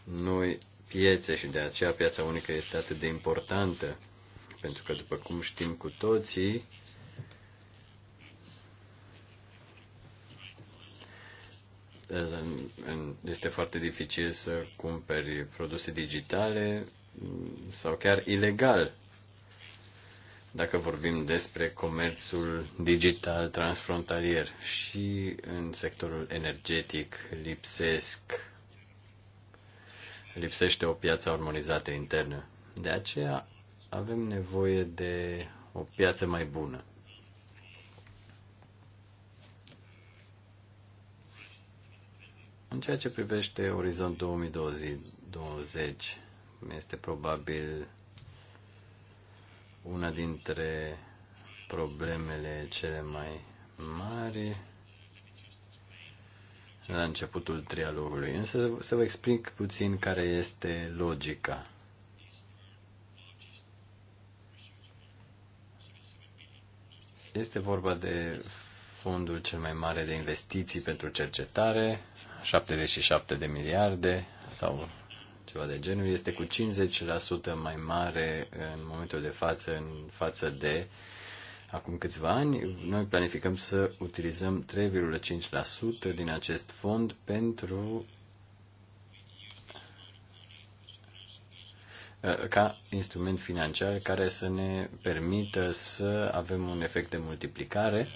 noi piețe și de aceea piața unică este atât de importantă. Pentru că, după cum știm cu toții, este foarte dificil să cumperi produse digitale sau chiar ilegal dacă vorbim despre comerțul digital transfrontalier și în sectorul energetic lipsesc, lipsește o piață armonizată internă. De aceea avem nevoie de o piață mai bună. În ceea ce privește Orizont 2020, este probabil una dintre problemele cele mai mari la începutul trialogului. Însă să vă explic puțin care este logica. Este vorba de fondul cel mai mare de investiții pentru cercetare, 77 de miliarde sau ceva de genul, este cu 50% mai mare în momentul de față, în față de acum câțiva ani. Noi planificăm să utilizăm 3,5% din acest fond pentru uh, ca instrument financiar care să ne permită să avem un efect de multiplicare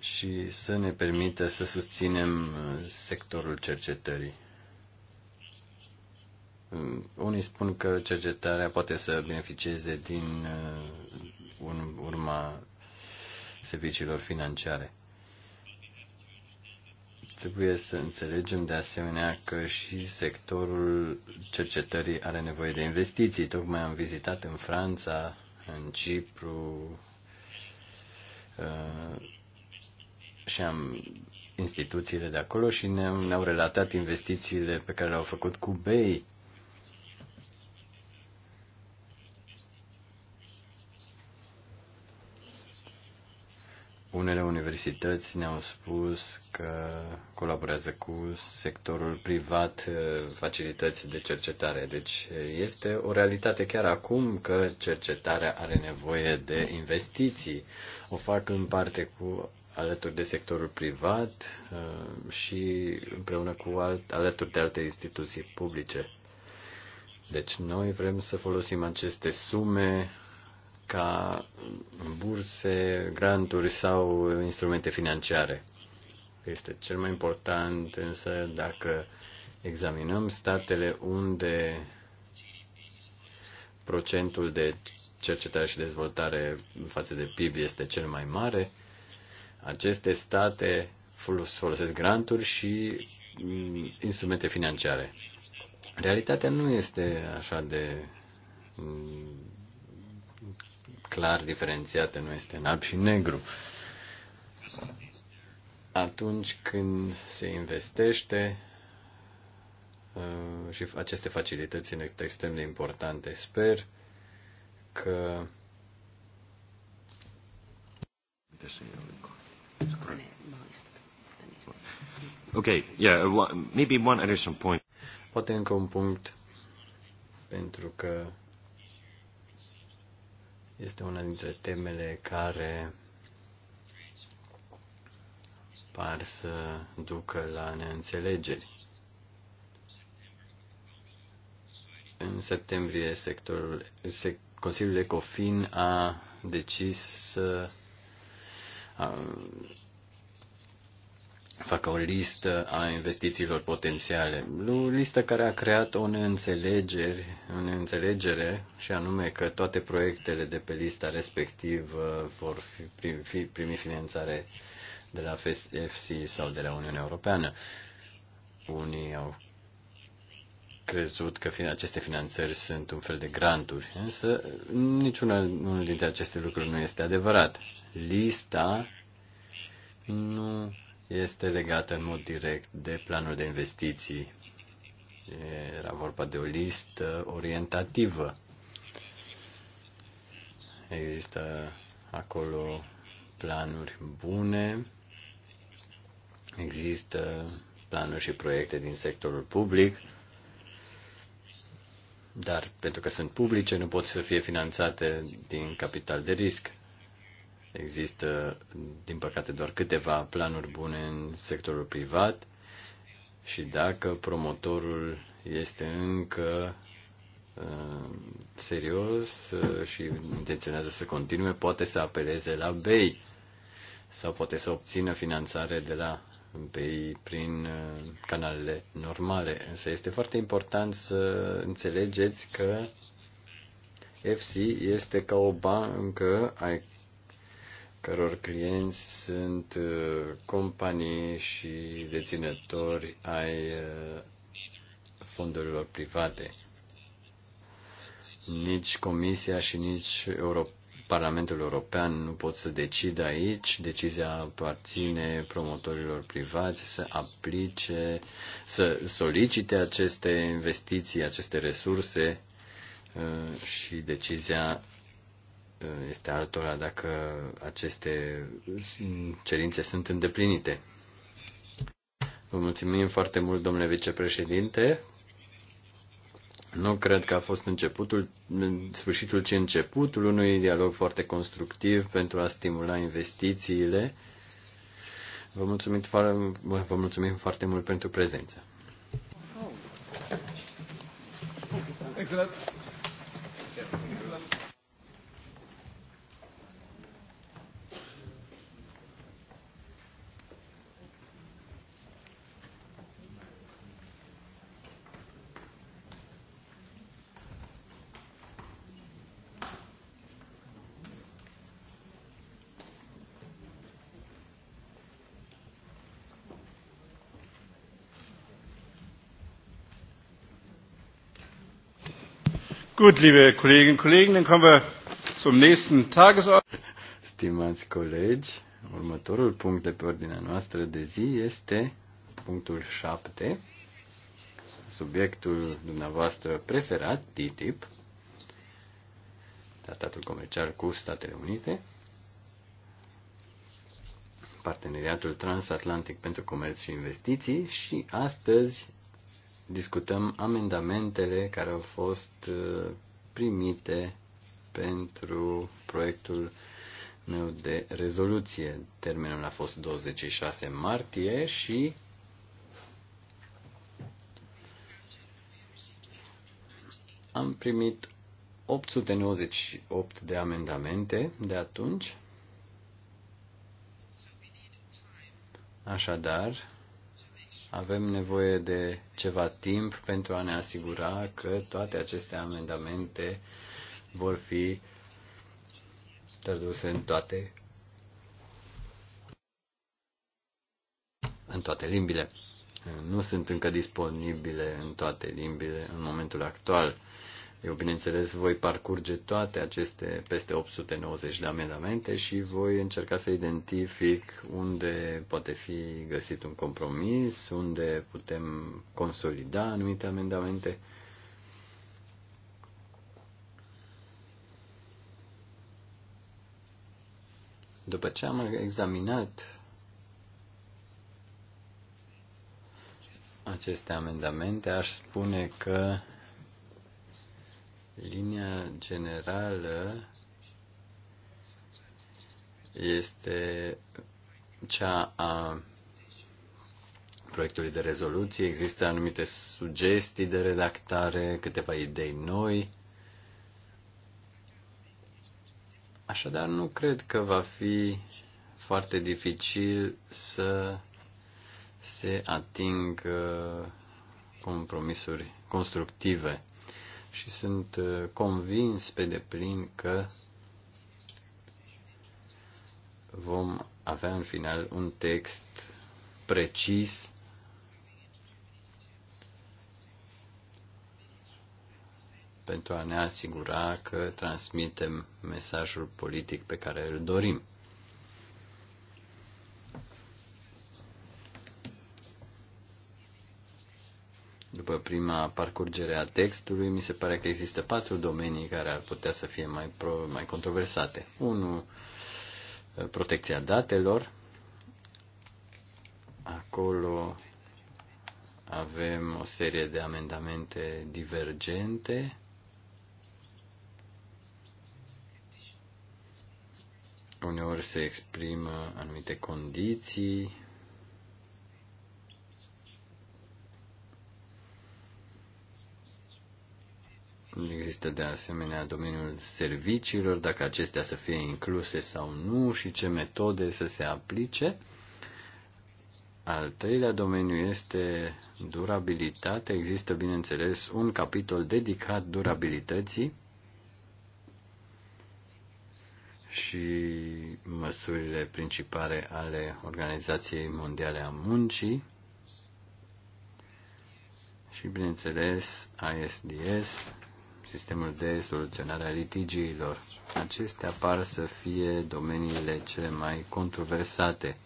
și să ne permită să susținem uh, sectorul cercetării. Mm, unii spun că cercetarea poate să beneficieze din uh, urma serviciilor financiare. Trebuie să înțelegem de asemenea că și sectorul cercetării are nevoie de investiții. Tocmai am vizitat în Franța, în Cipru, uh, și am instituțiile de acolo și ne-au, ne-au relatat investițiile pe care le-au făcut cu BEI. Unele universități ne-au spus că colaborează cu sectorul privat uh, facilități de cercetare. Deci uh, este o realitate chiar acum că cercetarea are nevoie de investiții. O fac în parte cu alături de sectorul privat uh, și împreună cu alt, alături de alte instituții publice. Deci noi vrem să folosim aceste sume ca burse, granturi sau instrumente financiare. Este cel mai important însă dacă examinăm statele unde procentul de cercetare și dezvoltare față de PIB este cel mai mare, aceste state folosesc granturi și mm, instrumente financiare. Realitatea nu este așa de mm, clar diferențiată, nu este în alb și negru. Atunci când se investește uh, și aceste facilități sunt extrem de importante. Sper că Okay, yeah, uh, maybe one additional point. Poate încă un punct, pentru că este una dintre temele care par să ducă la neînțelegeri. În septembrie, sectorul, sec, Consiliul Ecofin a decis să facă o listă a investițiilor potențiale. O listă care a creat o neînțelegere, o neînțelegere și anume că toate proiectele de pe lista respectivă vor fi, fi, primi finanțare de la FSC sau de la Uniunea Europeană. Unii au crezut că aceste finanțări sunt un fel de granturi, însă niciunul dintre aceste lucruri nu este adevărat lista nu este legată în mod direct de planul de investiții. Era vorba de o listă orientativă. Există acolo planuri bune, există planuri și proiecte din sectorul public, dar pentru că sunt publice nu pot să fie finanțate din capital de risc. Există, din păcate, doar câteva planuri bune în sectorul privat și dacă promotorul este încă uh, serios uh, și intenționează să continue, poate să apeleze la BEI sau poate să obțină finanțare de la BEI prin uh, canalele normale. Însă este foarte important să înțelegeți că FC este ca o bancă căror clienți sunt uh, companii și deținători ai uh, fondurilor private. Nici Comisia și nici Euro- Parlamentul European nu pot să decidă aici, decizia aparține promotorilor privați să aplice, să solicite aceste investiții, aceste resurse uh, și decizia Uh, este altora dacă aceste cerințe sunt îndeplinite. Vă mulțumim foarte mult, domnule vicepreședinte. Nu cred că a fost începutul, sfârșitul ce începutul unui dialog foarte constructiv pentru a stimula investițiile. Vă mulțumim, vă mulțumim foarte mult pentru prezență. Excellent. Gut, liebe Kolleginnen und Kollegen, dann kommen wir zum nächsten Tagesordnungspunkt. Stimați colegi, următorul punct de pe ordinea noastră de zi este punctul 7, subiectul dumneavoastră preferat, TTIP, Tratatul Comercial cu Statele Unite, Parteneriatul Transatlantic pentru Comerț și Investiții și astăzi discutăm amendamentele care au fost uh, primite pentru proiectul meu de rezoluție. Termenul a fost 26 martie și am primit 898 de amendamente de atunci. Așadar, avem nevoie de ceva timp pentru a ne asigura că toate aceste amendamente vor fi traduse în toate în toate limbile. Nu sunt încă disponibile în toate limbile în momentul actual. Eu, bineînțeles, voi parcurge toate aceste peste 890 de amendamente și voi încerca să identific unde poate fi găsit un compromis, unde putem consolida anumite amendamente. După ce am examinat aceste amendamente, aș spune că linia generală este cea a proiectului de rezoluție. Există anumite sugestii de redactare, câteva idei noi. Așadar, nu cred că va fi foarte dificil să se atingă compromisuri constructive și sunt uh, convins pe deplin că vom avea în final un text precis pentru a ne asigura că transmitem mesajul politic pe care îl dorim. După prima parcurgere a textului, mi se pare că există patru domenii care ar putea să fie mai, pro, mai controversate. 1. Protecția datelor. Acolo avem o serie de amendamente divergente. Uneori se exprimă anumite condiții, Există de asemenea domeniul serviciilor, dacă acestea să fie incluse sau nu și ce metode să se aplice. Al treilea domeniu este durabilitatea. Există, bineînțeles, un capitol dedicat durabilității și măsurile principale ale Organizației Mondiale a Muncii și, bineînțeles, ISDS sistemul de soluționare a litigiilor. Acestea par să fie domeniile cele mai controversate.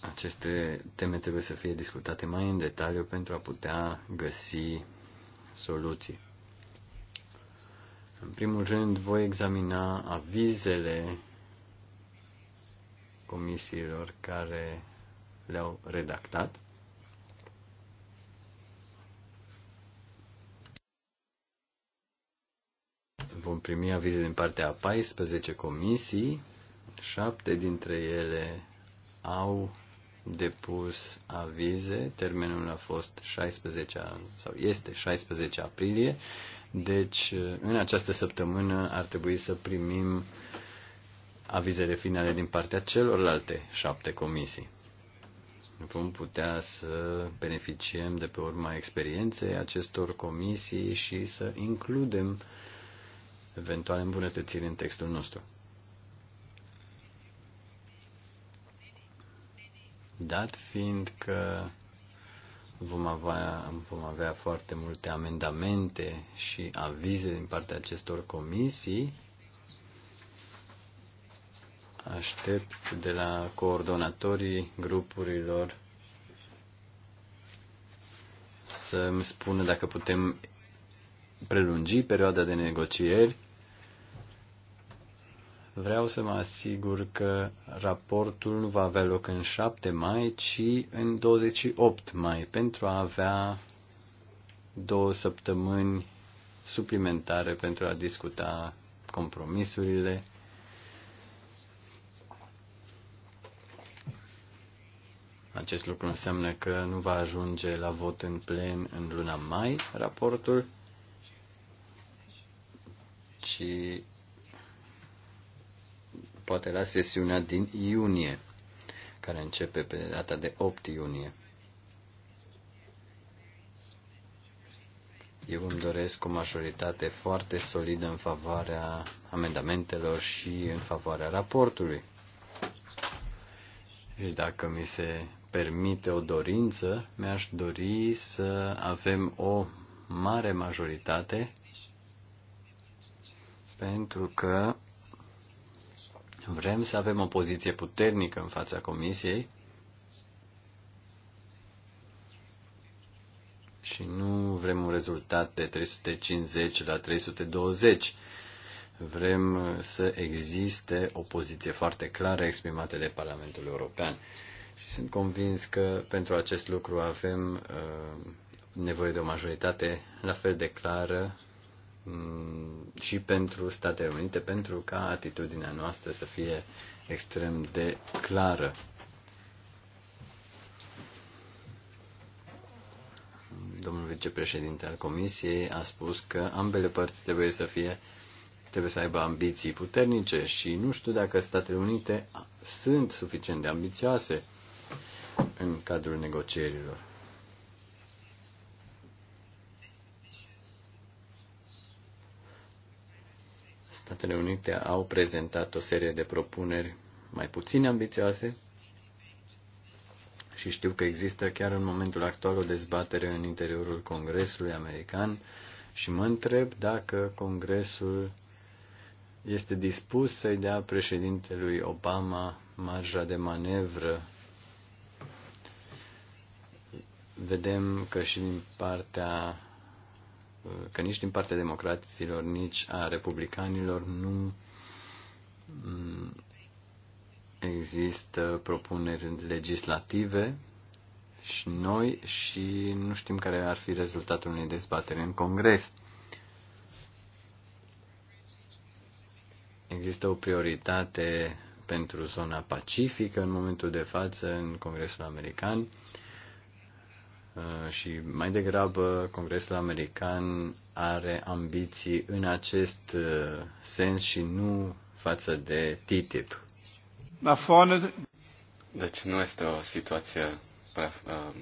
Aceste teme trebuie să fie discutate mai în detaliu pentru a putea găsi soluții. În primul rând, voi examina avizele comisiilor care le-au redactat vom primi avize din partea a 14 comisii, șapte dintre ele au depus avize, termenul a fost 16 sau este 16 aprilie, deci în această săptămână ar trebui să primim avizele finale din partea celorlalte șapte comisii. Vom putea să beneficiem de pe urma experienței acestor comisii și să includem uh, eventuale îmbunătățiri în textul nostru. Dat fiind că vom avea, vom avea foarte multe amendamente și avize din partea acestor comisii, aștept de la coordonatorii grupurilor să îmi spună dacă putem prelungi perioada de negocieri, vreau să mă asigur că raportul nu va avea loc în 7 mai, ci în 28 mai, pentru a avea două săptămâni suplimentare pentru a discuta compromisurile. Acest lucru înseamnă că nu va ajunge la vot în plen în luna mai raportul, și poate la sesiunea din iunie, care începe pe data de 8 iunie. Eu îmi doresc o majoritate foarte solidă în favoarea amendamentelor și în favoarea raportului. Și dacă mi se permite o dorință, mi-aș dori să avem o mare majoritate pentru că vrem să avem o poziție puternică în fața Comisiei și nu vrem un rezultat de 350 la 320. Vrem să existe o poziție foarte clară exprimată de Parlamentul European. Și sunt convins că pentru acest lucru avem uh, nevoie de o majoritate la fel de clară Mm, și pentru Statele Unite, pentru ca atitudinea noastră să fie extrem de clară. Domnul vicepreședinte al Comisiei a spus că ambele părți trebuie să fie trebuie să aibă ambiții puternice și nu știu dacă Statele Unite sunt suficient de ambițioase în cadrul negocierilor. Statele Unite au prezentat o serie de propuneri mai puțin ambițioase și știu că există chiar în momentul actual o dezbatere în interiorul Congresului American și mă întreb dacă Congresul este dispus să-i dea președintelui Obama marja de manevră. Vedem că și din partea că nici din partea democraților, nici a republicanilor nu mm, există propuneri legislative și noi și nu știm care ar fi rezultatul unei dezbatere în Congres. Există o prioritate pentru zona pacifică în momentul de față în Congresul American Uh, și mai degrabă Congresul American are ambiții în acest uh, sens și nu față de TTIP. Deci nu este o situație prea, uh,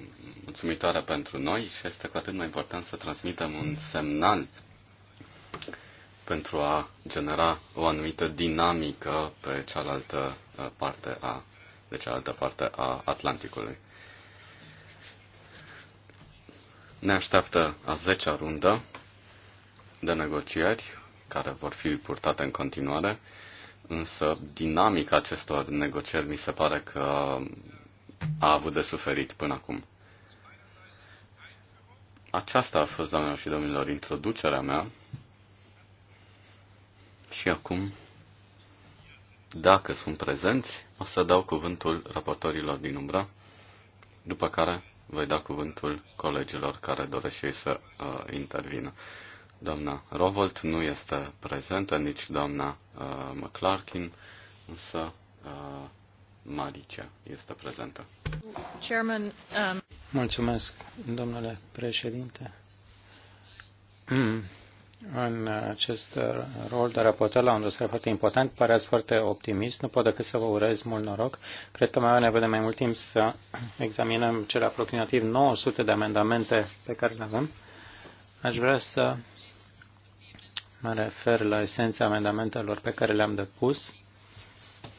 mulțumitoare pentru noi și este cu atât mai important să transmitem un semnal pentru a genera o anumită dinamică pe cealaltă uh, parte a, de cealaltă parte a Atlanticului. Ne așteaptă a 10-a rundă de negocieri care vor fi purtate în continuare, însă dinamica acestor negocieri mi se pare că a avut de suferit până acum. Aceasta a fost, doamnelor și domnilor, introducerea mea. Și acum, dacă sunt prezenți, o să dau cuvântul raportorilor din umbra, după care voi da cuvântul colegilor care doresc ei să uh, intervină. Doamna Rovolt nu este prezentă, nici doamna uh, McClarkin, însă uh, Madice este prezentă. Chairman, um... Mulțumesc, domnule președinte. Mm în acest rol de raportor la un dosar foarte important. Păreați foarte optimist, nu pot decât să vă urez mult noroc. Cred că mai avem nevoie de mai mult timp să examinăm cele aproximativ 900 de amendamente pe care le avem. Aș vrea să mă refer la esența amendamentelor pe care le-am depus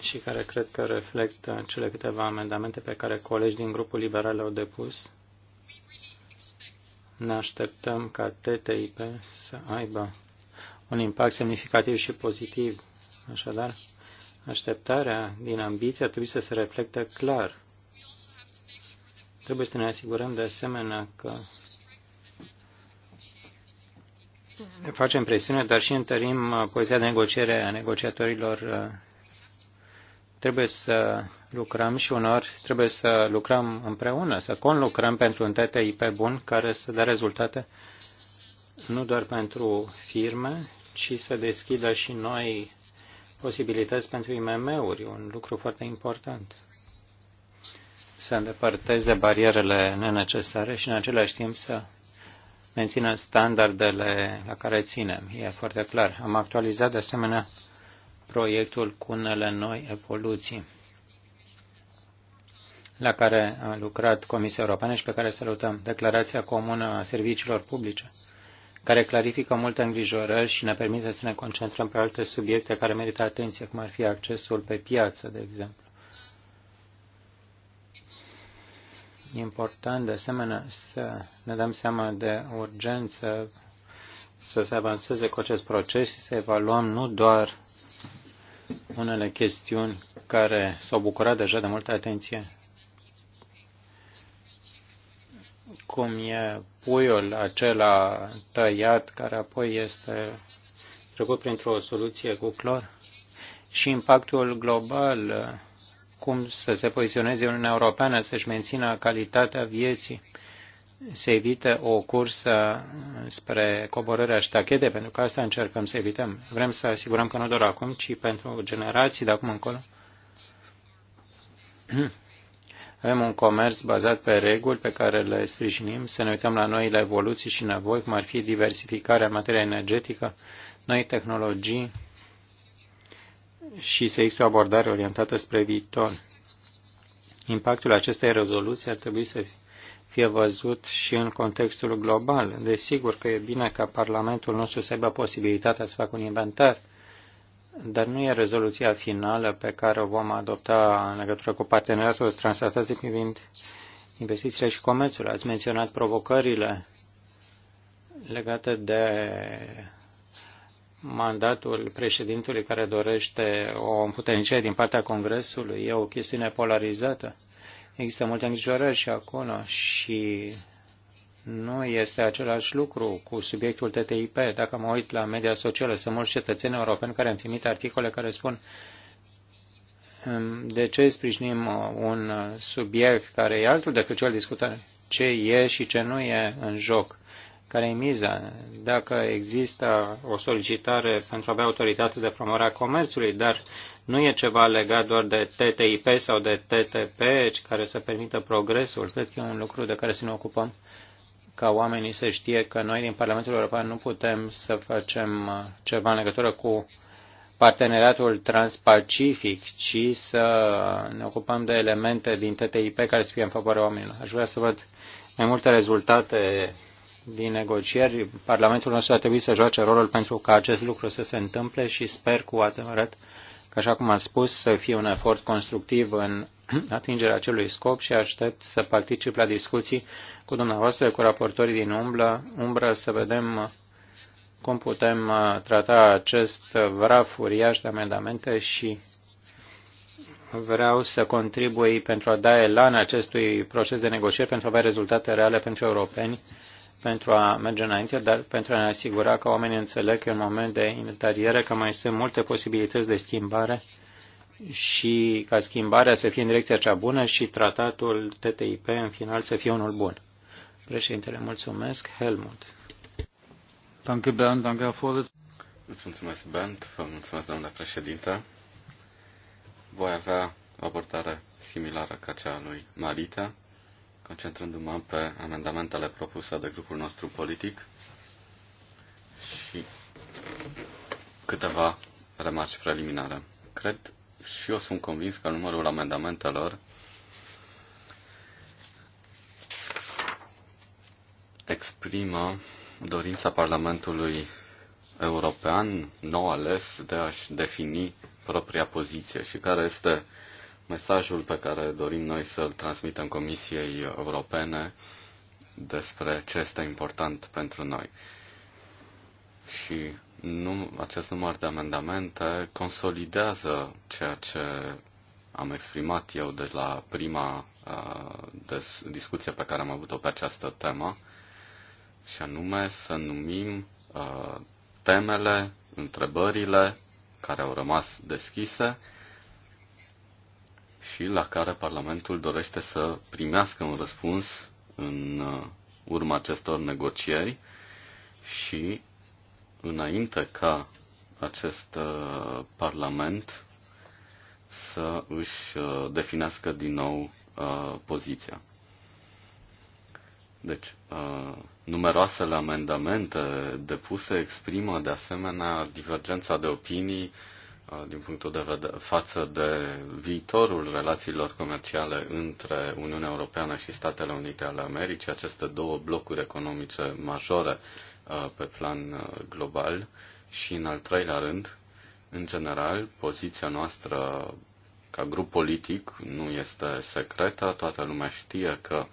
și care cred că reflectă cele câteva amendamente pe care colegi din grupul liberal le-au depus ne așteptăm ca TTIP să aibă un impact semnificativ și pozitiv. Așadar, așteptarea din ambiție ar trebui să se reflecte clar. Trebuie să ne asigurăm de asemenea că facem presiune, dar și întărim poziția de negociere a negociatorilor Trebuie să lucrăm și unor trebuie să lucrăm împreună, să conlucrăm pentru un TTIP bun care să dea rezultate nu doar pentru firme, ci să deschidă și noi posibilități pentru IMM-uri, un lucru foarte important. Să îndepărteze barierele nenecesare și în același timp să mențină standardele la care ținem. E foarte clar. Am actualizat de asemenea proiectul cu noi evoluții la care a lucrat Comisia Europeană și pe care salutăm declarația comună a serviciilor publice, care clarifică multe îngrijorări și ne permite să ne concentrăm pe alte subiecte care merită atenție, cum ar fi accesul pe piață, de exemplu. E important, de asemenea, să ne dăm seama de urgență să se avanseze cu acest proces și să evaluăm nu doar unele chestiuni care s-au bucurat deja de multă atenție, cum e puiul acela tăiat care apoi este trecut printr-o soluție cu clor și impactul global, cum să se poziționeze Uniunea Europeană, să-și mențină calitatea vieții se evite o cursă spre coborârea ștachete, pentru că asta încercăm să evităm. Vrem să asigurăm că nu doar acum, ci pentru generații de acum încolo. *clears throat* Avem un comerț bazat pe reguli pe care le sprijinim, să ne uităm la noile evoluții și nevoi, cum ar fi diversificarea materiei energetică, noi tehnologii și să există o abordare orientată spre viitor. Impactul acestei rezoluții ar trebui să fie fie văzut și în contextul global. Desigur că e bine ca Parlamentul nostru să aibă posibilitatea să facă un inventar, dar nu e rezoluția finală pe care o vom adopta în legătură cu parteneriatul transatlantic privind investițiile și comerțul. Ați menționat provocările legate de mandatul președintului care dorește o împuternicire din partea Congresului. E o chestiune polarizată Există multe îngrijorări și acolo și nu este același lucru cu subiectul TTIP. Dacă mă uit la media socială, sunt mulți cetățeni europeni care îmi trimit articole care spun de ce sprijinim uh, un uh, subiect care e altul decât cel discutat, ce e și ce nu e în joc, care e miza, dacă există o solicitare pentru a avea autoritate de promovare a comerțului, dar nu e ceva legat doar de TTIP sau de TTP care să permită progresul. Cred că e un lucru de care să ne ocupăm ca oamenii să știe că noi din Parlamentul European nu putem să facem uh, ceva în legătură cu parteneriatul transpacific, ci să ne ocupăm de elemente din TTIP care să fie în favoarea oamenilor. Aș vrea să văd mai multe rezultate din negocieri. Parlamentul nostru a trebuit să joace rolul pentru ca acest lucru să se întâmple și sper cu adevărat așa cum am spus, să fie un efort constructiv în *clears throat* atingerea acelui scop și aștept să particip la discuții cu dumneavoastră, cu raportorii din umbră, umbră să vedem cum putem uh, trata acest vraf uriaș de amendamente și vreau să contribui pentru a da elan acestui proces de negocieri, pentru a avea rezultate reale pentru europeni pentru a merge înainte, dar pentru a ne asigura că oamenii înțeleg că în moment de inventariere că mai sunt multe posibilități de schimbare și ca schimbarea să fie în direcția cea bună și tratatul TTIP în final să fie unul bun. Președintele, mulțumesc. Helmut. Danke, Bernd. Danke, Herr Îți mulțumesc, Bernd. Vă mulțumesc, doamna președinte. Voi avea o abordare similară ca cea a lui Marita concentrându-mă pe amendamentele propuse de grupul nostru politic și câteva remarci preliminare. Cred și eu sunt convins că numărul amendamentelor exprimă dorința Parlamentului European nou ales de a-și defini propria poziție și care este uh, Mesajul pe care dorim noi să-l transmitem Comisiei Europene despre ce este important pentru noi. Și nu, acest număr de amendamente consolidează ceea ce am exprimat eu de la prima uh, des, discuție pe care am avut-o pe această temă, și anume să numim temele, întrebările care au rămas deschise și la care Parlamentul dorește să primească un răspuns în uh, urma acestor negocieri și înainte ca acest uh, Parlament să își uh, definească din nou poziția. Deci, numeroasele amendamente depuse exprimă de asemenea divergența de opinii Uh, din punctul de vedere față de viitorul relațiilor comerciale între Uniunea Europeană și Statele Unite ale Americii, aceste două blocuri economice majore uh, pe plan uh, global și, în al treilea rând, în general, poziția noastră ca grup politic nu este secretă, toată lumea știe că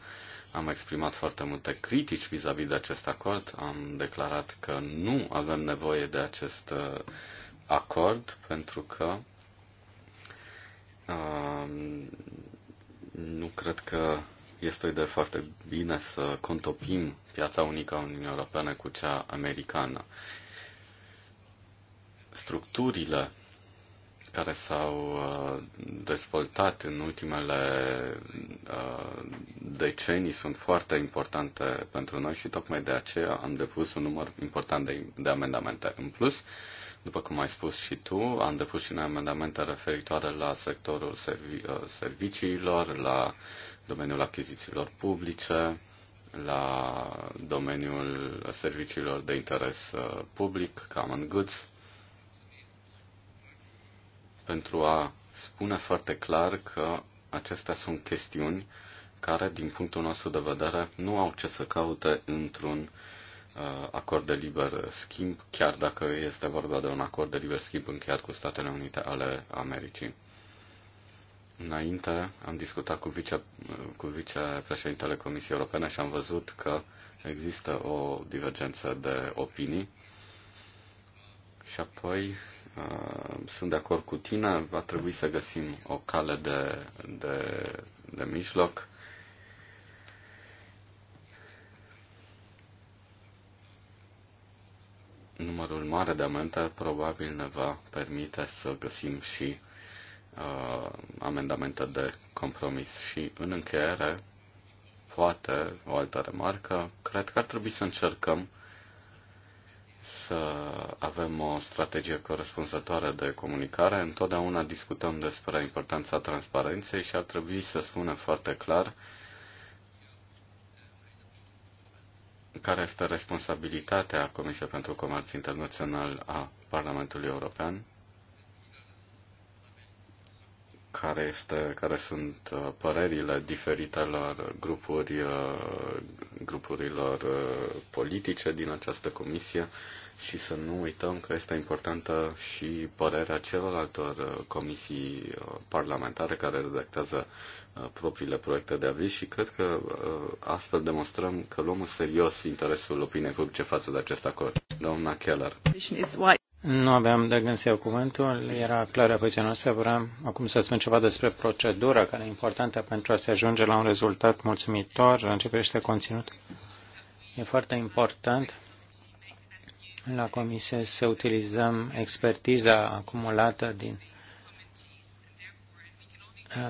am exprimat foarte multe critici vis-a-vis -vis de acest acord, am declarat că nu avem nevoie de acest acord pentru că um, nu cred că este o idee foarte bine să contopim piața unică a Uniunii Europene cu cea americană. Structurile care s-au uh, dezvoltat în ultimele uh, decenii sunt foarte importante pentru noi și tocmai de aceea am depus un număr important de, de amendamente. În plus, după cum ai spus și tu, am depus și noi amendamente referitoare la sectorul servi- uh, serviciilor, la domeniul achizițiilor publice, la domeniul serviciilor de interes uh, public, common goods, pentru a spune foarte clar că acestea sunt chestiuni care, din punctul nostru de vedere, nu au ce să caute într-un uh, Uh, acord de liber schimb, chiar dacă este vorba de un acord de liber schimb încheiat cu Statele Unite ale Americii. Înainte am discutat cu, vice, cu vicepreședintele Comisiei Europene și am văzut că există o divergență de opinii. Și apoi uh, sunt de acord cu tine, va trebui să găsim o cale de, de, de mijloc numărul mare de amende probabil ne va permite să găsim și uh, amendamente de compromis. Și în încheiere, poate o altă remarcă, cred că ar trebui să încercăm să avem o strategie corespunzătoare de comunicare. Întotdeauna discutăm despre importanța transparenței și ar trebui să spunem foarte clar uh, care este responsabilitatea Comisiei pentru Comerț Internațional a Parlamentului European, care, este, care sunt uh, părerile diferitelor grupuri, uh, grupurilor uh, politice din această comisie, și să nu uităm că este importantă și părerea celorlaltor uh, comisii uh, parlamentare care redactează uh, propriile proiecte de aviz și cred că astfel demonstrăm că luăm în serios interesul opiniei publice față de acest acord. Doamna Keller. Nu aveam de gând să iau cuvântul, era clară poziția noastră, vreau acum să spun ceva despre procedura care e importantă pentru a se ajunge la un rezultat mulțumitor, începește conținut. E foarte important la comisie să utilizăm expertiza acumulată din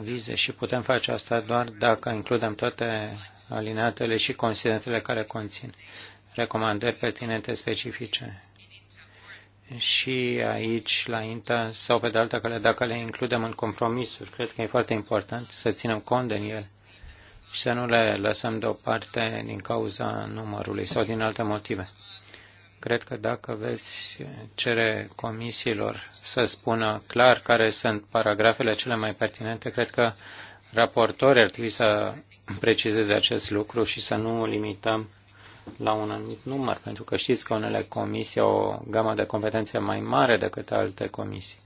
vize și putem face asta doar dacă includem toate alineatele și considerentele care conțin recomandări pertinente specifice. Și aici, la INTA, sau pe de altă cale, dacă le includem în compromisuri, cred că e foarte important să ținem cont de ele și să nu le lăsăm deoparte din cauza numărului sau din alte motive. Cred că dacă veți cere comisiilor să spună clar care sunt paragrafele cele mai pertinente, cred că raportorii ar trebui să precizeze acest lucru și să nu limităm la un anumit număr, pentru că știți că unele comisii au o gamă de competențe mai mare decât alte comisii.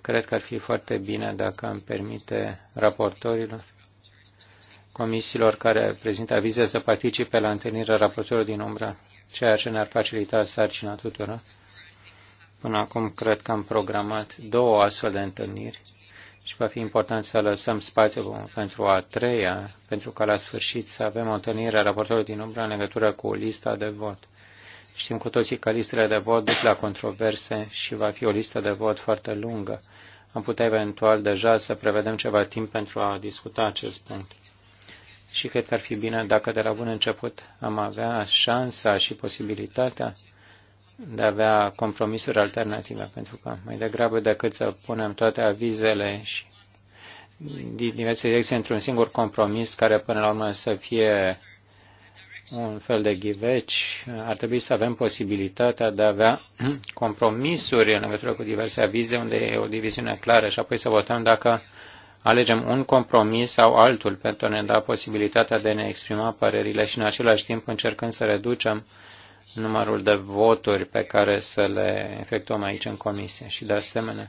Cred că ar fi foarte bine dacă îmi permite raportorilor, comisiilor care prezintă avize să participe la întâlnirea raportorilor din umbră ceea ce ne-ar facilita sarcina tuturor. Până acum cred că am programat două astfel de întâlniri și va fi important să lăsăm spațiu pentru a treia, pentru ca la sfârșit să avem o întâlnire a raportorului din umbră în legătură cu lista de vot. Știm cu toții că listele de vot duc la controverse și va fi o listă de vot foarte lungă. Am putea eventual deja să prevedem ceva timp pentru a discuta acest punct și cred că ar fi bine dacă de la bun început am avea șansa și posibilitatea de a avea compromisuri alternative, pentru că mai degrabă decât să punem toate avizele și din diverse direcții într-un singur compromis care până la urmă să fie un fel de ghiveci, ar trebui să avem posibilitatea de a avea *clears throat* compromisuri în legătură cu diverse avize unde e o diviziune clară și apoi să votăm dacă alegem un compromis sau altul pentru a ne da posibilitatea de a ne exprima părerile și în același timp încercând să reducem numărul de voturi pe care să le efectuăm aici în comisie. Și de asemenea,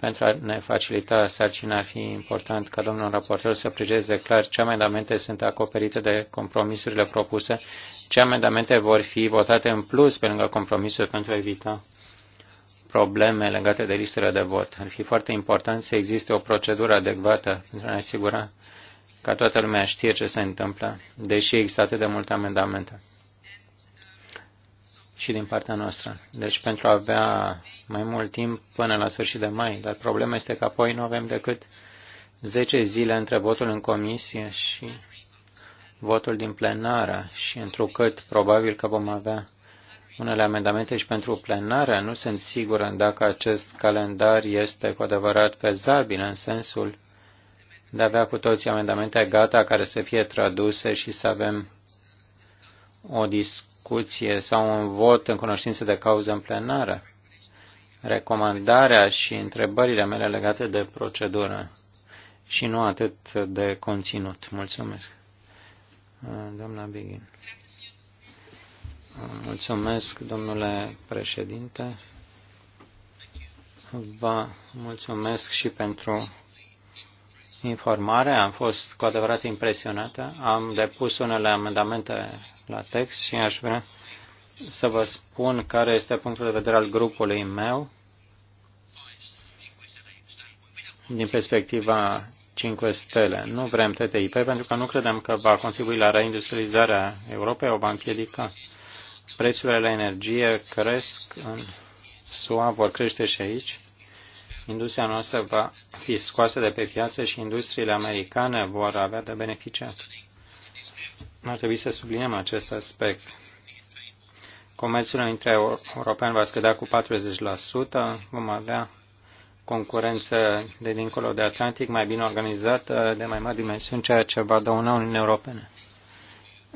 pentru a ne facilita sarcina, ar fi important ca domnul raportor să prigeze clar ce amendamente sunt acoperite de compromisurile propuse, ce amendamente vor fi votate în plus pe lângă compromisuri pentru a evita probleme legate de listele de vot. Ar fi foarte important să existe o procedură adecvată pentru a ne asigura ca toată lumea știe ce se întâmplă, deși există atât de multe amendamente și din partea noastră. Deci pentru a avea mai mult timp până la sfârșit de mai. Dar problema este că apoi nu avem decât 10 zile între votul în comisie și votul din plenară și întrucât probabil că vom avea unele amendamente și pentru plenară. Nu sunt sigură dacă acest calendar este cu adevărat fezabil în sensul de a avea cu toții amendamente gata care să fie traduse și să avem o discuție sau un vot în cunoștință de cauză în plenară. Recomandarea și întrebările mele legate de procedură și nu atât de conținut. Mulțumesc. Doamna Begin. Mulțumesc, domnule președinte. Vă mulțumesc și pentru informare. Am fost cu adevărat impresionată. Am depus unele amendamente la text și aș vrea să vă spun care este punctul de vedere al grupului meu din perspectiva 5 stele. Nu vrem TTIP pentru că nu credem că va contribui la reindustrializarea Europei, o va împiedica. Prețurile la energie cresc în SUA, vor crește și aici. Industria noastră va fi scoasă de pe piață și industriile americane vor avea de beneficiat. Ar trebui să subliniem acest aspect. Comerțul între european va scădea cu 40%, vom avea concurență de dincolo de Atlantic mai bine organizată, de mai mari dimensiuni, ceea ce va dăuna Uniunii Europene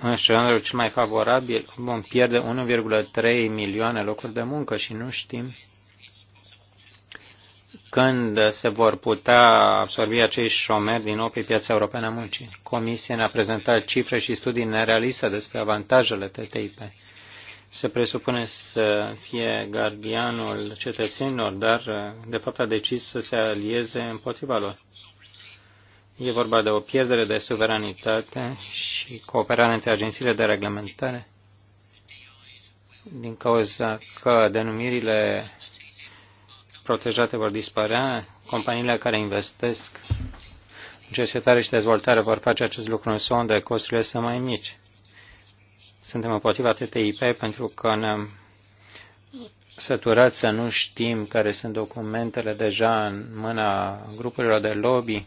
în scenariul cel mai favorabil, vom pierde 1,3 milioane locuri de muncă și nu știm când se vor putea absorbi acei șomeri din nou pe piața europeană a muncii. Comisia ne-a prezentat cifre și studii nerealiste despre avantajele TTIP. Se presupune să fie gardianul cetățenilor, dar de fapt a decis să se alieze împotriva lor. E vorba de o pierdere de suveranitate și cooperare între agențiile de reglementare din cauza că denumirile protejate vor dispărea, companiile care investesc în cercetare și dezvoltare vor face acest lucru în son de costurile să mai mici. Suntem împotriva TTIP pentru că ne-am săturat să nu știm care sunt documentele deja în mâna grupurilor de lobby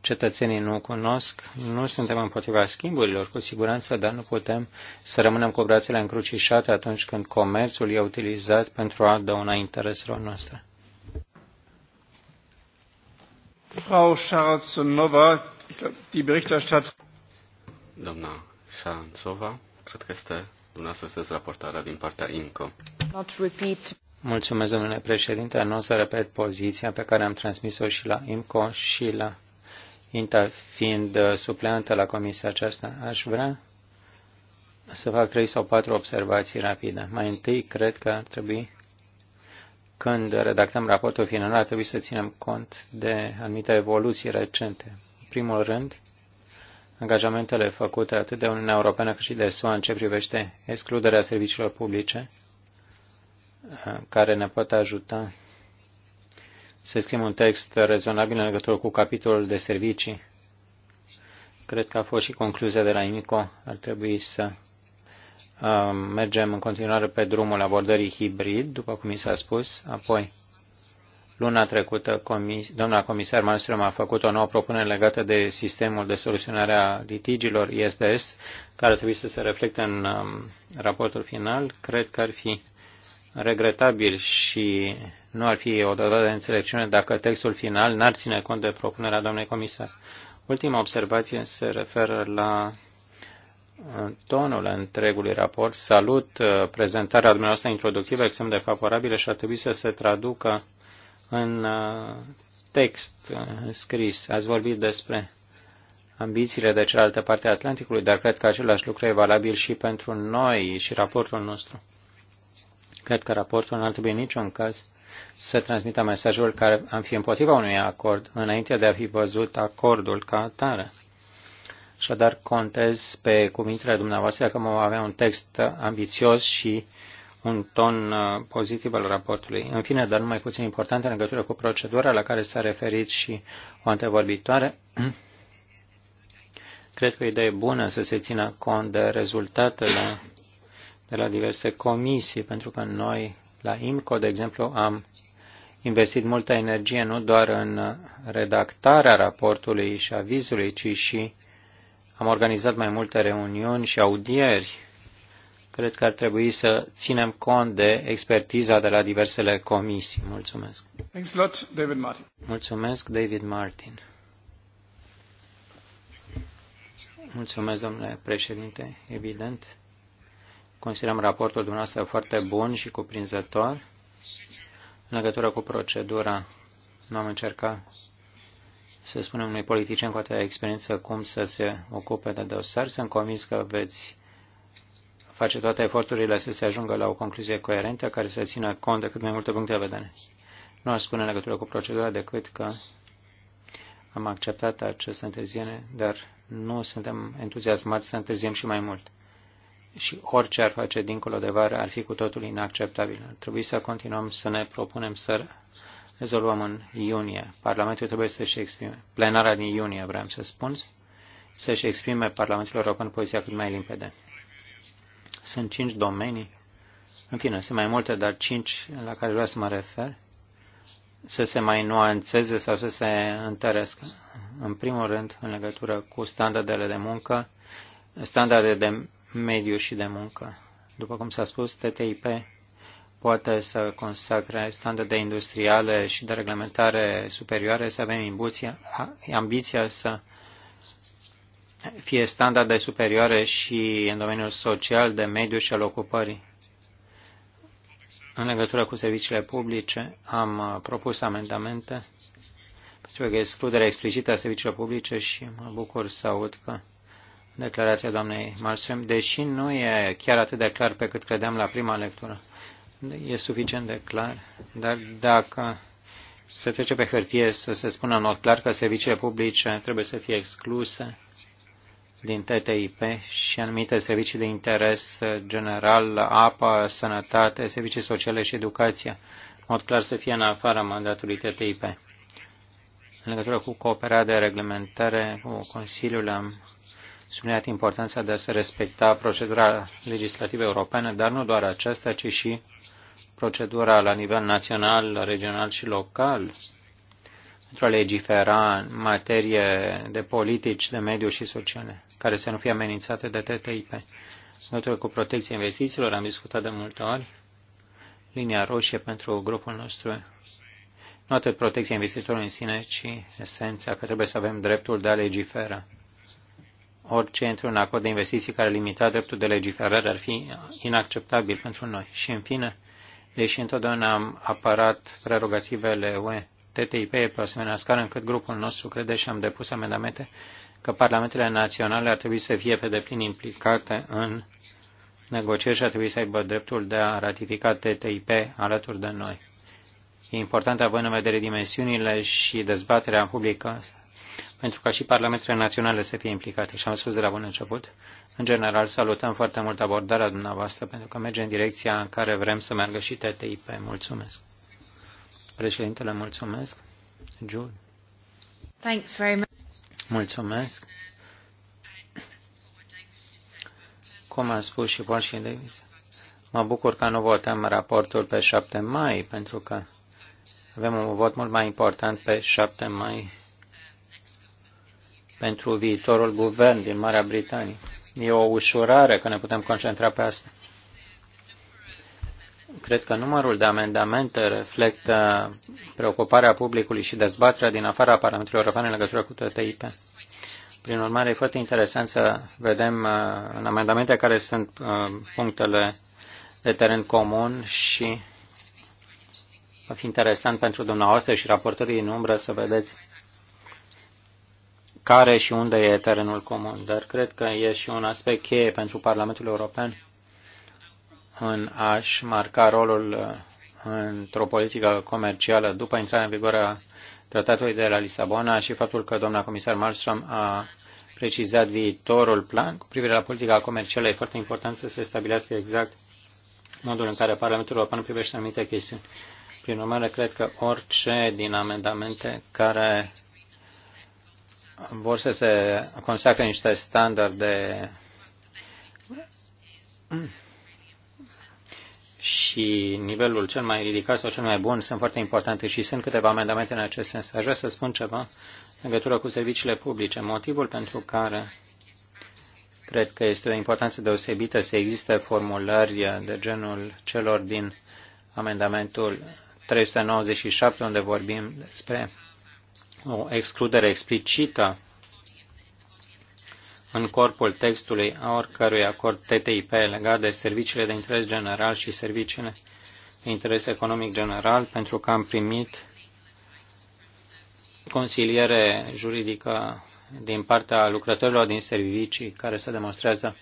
cetățenii nu cunosc. Nu suntem împotriva schimburilor, cu siguranță, dar nu putem să rămânem cu brațele încrucișate atunci când comerțul e utilizat pentru a dăuna intereselor noastre. Frau Scharanzova, die Berichterstatterin. Doamna Scharanzova, cred că este dumneavoastră sunteți raportarea din partea INCO. Not repeat. Mulțumesc, domnule președinte. Nu o să repet poziția pe care am transmis-o și la IMCO și la INTA fiind uh, supleantă la comisia aceasta, aș vrea să fac trei sau patru observații rapide. Mai întâi, cred că ar trebui, când redactăm raportul final, ar trebui să ținem cont de anumite evoluții recente. În primul rând, angajamentele făcute atât de Uniunea Europeană cât și de SUA în ce privește excluderea serviciilor publice, uh, care ne pot ajuta să scrim un text rezonabil în legătură cu capitolul de servicii. Cred că a fost și concluzia de la IMICO. Ar trebui să um, mergem în continuare pe drumul abordării hibrid, după cum mi s-a spus. Apoi, luna trecută, comis doamna comisar Malmström a făcut o nouă propunere legată de sistemul de soluționare a litigilor ISDS, care trebuie să se reflecte în um, raportul final. Cred că ar fi regretabil și nu ar fi o dată de înțelepciune dacă textul final n-ar ține cont de propunerea doamnei comisar. Ultima observație se referă la uh, tonul întregului raport. Salut uh, prezentarea dumneavoastră introductivă extrem de favorabilă și ar trebui să se traducă în uh, text scris. Ați vorbit despre ambițiile de cealaltă parte a Atlanticului, dar cred că același lucru e valabil și pentru noi și raportul nostru. Cred că raportul nu ar trebui în niciun caz să transmită mesajul care am fi împotriva unui acord înainte de a fi văzut acordul ca atare. Așadar, contez pe cuvintele dumneavoastră că mă avea un text ambițios și un ton uh, pozitiv al raportului. În fine, dar nu mai puțin important în legătură cu procedura la care s-a referit și o antevorbitoare, *clears throat* cred că o idee bună să se țină cont de rezultatele de la diverse comisii, pentru că noi la IMCO, de exemplu, am investit multă energie nu doar în redactarea raportului și avizului, ci și am organizat mai multe reuniuni și audieri. Cred că ar trebui să ținem cont de expertiza de la diversele comisii. Mulțumesc. Thanks a lot, David Martin. Mulțumesc, David Martin. Mulțumesc, domnule președinte. Evident, Considerăm raportul dumneavoastră foarte bun și cuprinzător. În legătură cu procedura, Nu am încercat să spunem unui politician cu atâta experiență cum să se ocupe de dosar. Sunt convins că veți face toate eforturile să se ajungă la o concluzie coerentă care să țină cont de cât mai multe puncte de vedere. Nu aș spune în legătură cu procedura decât că am acceptat această întârziere, dar nu suntem entuziasmați să întârziem și mai mult și orice ar face dincolo de vară ar fi cu totul inacceptabil. Ar trebui să continuăm să ne propunem să rezolvăm în iunie. Parlamentul trebuie să-și exprime, plenara din iunie, vreau să spun, să-și exprime Parlamentul European poziția cât mai limpede. Sunt cinci domenii, în fine, sunt mai multe, dar cinci la care vreau să mă refer, să se mai nuanțeze sau să se întăresc. În primul rând, în legătură cu standardele de muncă, standarde de mediu și de muncă. După cum s-a spus, TTIP poate să consacre standarde industriale și de reglementare superioare, să avem ambiția, ambiția să fie standarde superioare și în domeniul social, de mediu și al ocupării. În legătură cu serviciile publice, am propus amendamente pentru excluderea explicită a serviciilor publice și mă bucur să aud că declarația doamnei Malmström, deși nu e chiar atât de clar pe cât credeam la prima lectură. E suficient de clar, dar dacă se trece pe hârtie să se spună în mod clar că serviciile publice trebuie să fie excluse din TTIP și anumite servicii de interes general, apă, sănătate, servicii sociale și educație, în mod clar să fie în afara mandatului TTIP. În legătură cu cooperarea de reglementare cu Consiliul am subliniat importanța de a se respecta procedura legislativă europeană, dar nu doar aceasta, ci și procedura la nivel național, regional și local pentru a legifera în materie de politici, de mediu și sociale, care să nu fie amenințate de TTIP. În cu protecția investițiilor, am discutat de multe ori, linia roșie pentru grupul nostru nu atât protecția investitorilor în sine, ci esența că trebuie să avem dreptul de a legifera orice într-un acord de investiții care limita dreptul de legiferare ar fi inacceptabil pentru noi. Și, în fine, deși întotdeauna am apărat prerogativele UE, TTIP e pe asemenea scară încât grupul nostru crede și am depus amendamente că parlamentele naționale ar trebui să fie pe deplin implicate în negocieri și ar trebui să aibă dreptul de a ratifica TTIP alături de noi. E important, având în vedere dimensiunile și dezbaterea publică, pentru ca și parlamentele naționale să fie implicate. Și am spus de la bun început, în general salutăm foarte mult abordarea dumneavoastră pentru că merge în direcția în care vrem să meargă și TTIP. Mulțumesc. Președintele, mulțumesc. Jul. Thanks very much. Mulțumesc. Cum a spus și Paul și Davis, mă bucur că nu votăm raportul pe 7 mai, pentru că avem un vot mult mai important pe 7 mai pentru viitorul guvern din Marea Britanie. E o ușurare că ne putem concentra pe asta. Cred că numărul de amendamente reflectă preocuparea publicului și dezbaterea din afara Parlamentului European în legătură cu TTIP. Prin urmare, e foarte interesant să vedem uh, în amendamente care sunt uh, punctele de teren comun și va fi interesant pentru dumneavoastră și raportorii în umbră să vedeți care și unde e terenul comun, dar cred că e și un aspect cheie pentru Parlamentul European în a-și marca rolul uh, într-o politică comercială după intrarea în vigoare a Tratatului de la Lisabona și faptul că doamna comisar Malmström a precizat viitorul plan cu privire la politica comercială. E foarte important să se stabilească exact modul în care Parlamentul European privește anumite chestiuni. Prin urmare, cred că orice din amendamente care vor să se consacre niște standarde și nivelul cel mai ridicat sau cel mai bun sunt foarte importante și sunt câteva amendamente în acest sens. Aș vrea să spun ceva în legătură cu serviciile publice. Motivul pentru care cred că este o importanță deosebită să existe formulări de genul celor din amendamentul 397, unde vorbim despre o excludere explicită în corpul textului a oricărui acord TTIP legat de serviciile de interes general și serviciile de interes economic general, pentru că am primit consiliere juridică din partea lucrătorilor din servicii care se demonstrează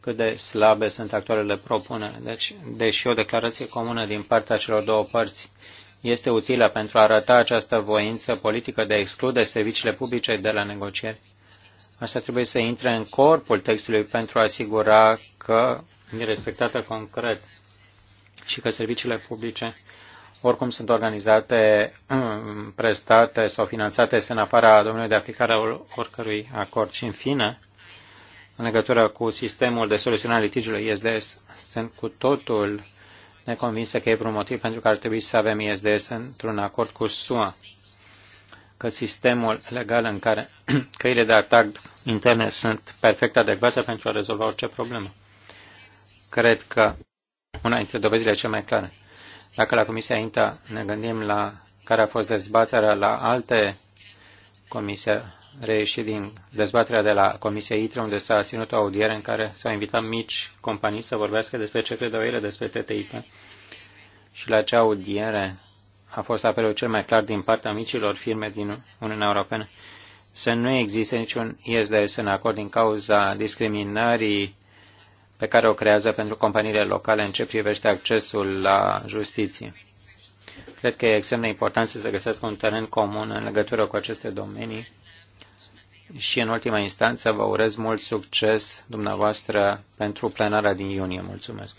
cât de slabe sunt actualele propuneri. Deci, deși o declarație comună din partea celor două părți este utilă pentru a arăta această voință politică de a exclude serviciile publice de la negocieri. Asta trebuie să intre în corpul textului pentru a asigura că e respectată concret și că serviciile publice oricum sunt organizate, mm, prestate sau finanțate în afara domeniului de aplicare a oricărui acord. Și în fine, în legătură cu sistemul de soluționare litigiului ISDS, sunt cu totul neconvinsă că e vreun motiv pentru care ar trebui să avem ISDS într-un acord cu SUA, că sistemul legal în care *clears throat* căile de atac interne sunt perfect adecvate pentru a rezolva orice problemă. Cred că una dintre dovezile cele mai clare. Dacă la Comisia INTA ne gândim la care a fost dezbaterea la alte comisii, reieșit din dezbaterea de la Comisia ITRE, unde s-a ținut o audiere în care s-au invitat mici companii să vorbească despre ce credeau ele despre TTIP. Și la acea audiere a fost apelul cel mai clar din partea micilor firme din Uniunea Europeană să nu existe niciun ISDS în acord din cauza discriminării pe care o creează pentru companiile locale în ce privește accesul la justiție. Cred că e extrem de important să se găsească un teren comun în legătură cu aceste domenii și, în ultima instanță, vă urez mult succes dumneavoastră pentru plenarea din iunie. Mulțumesc!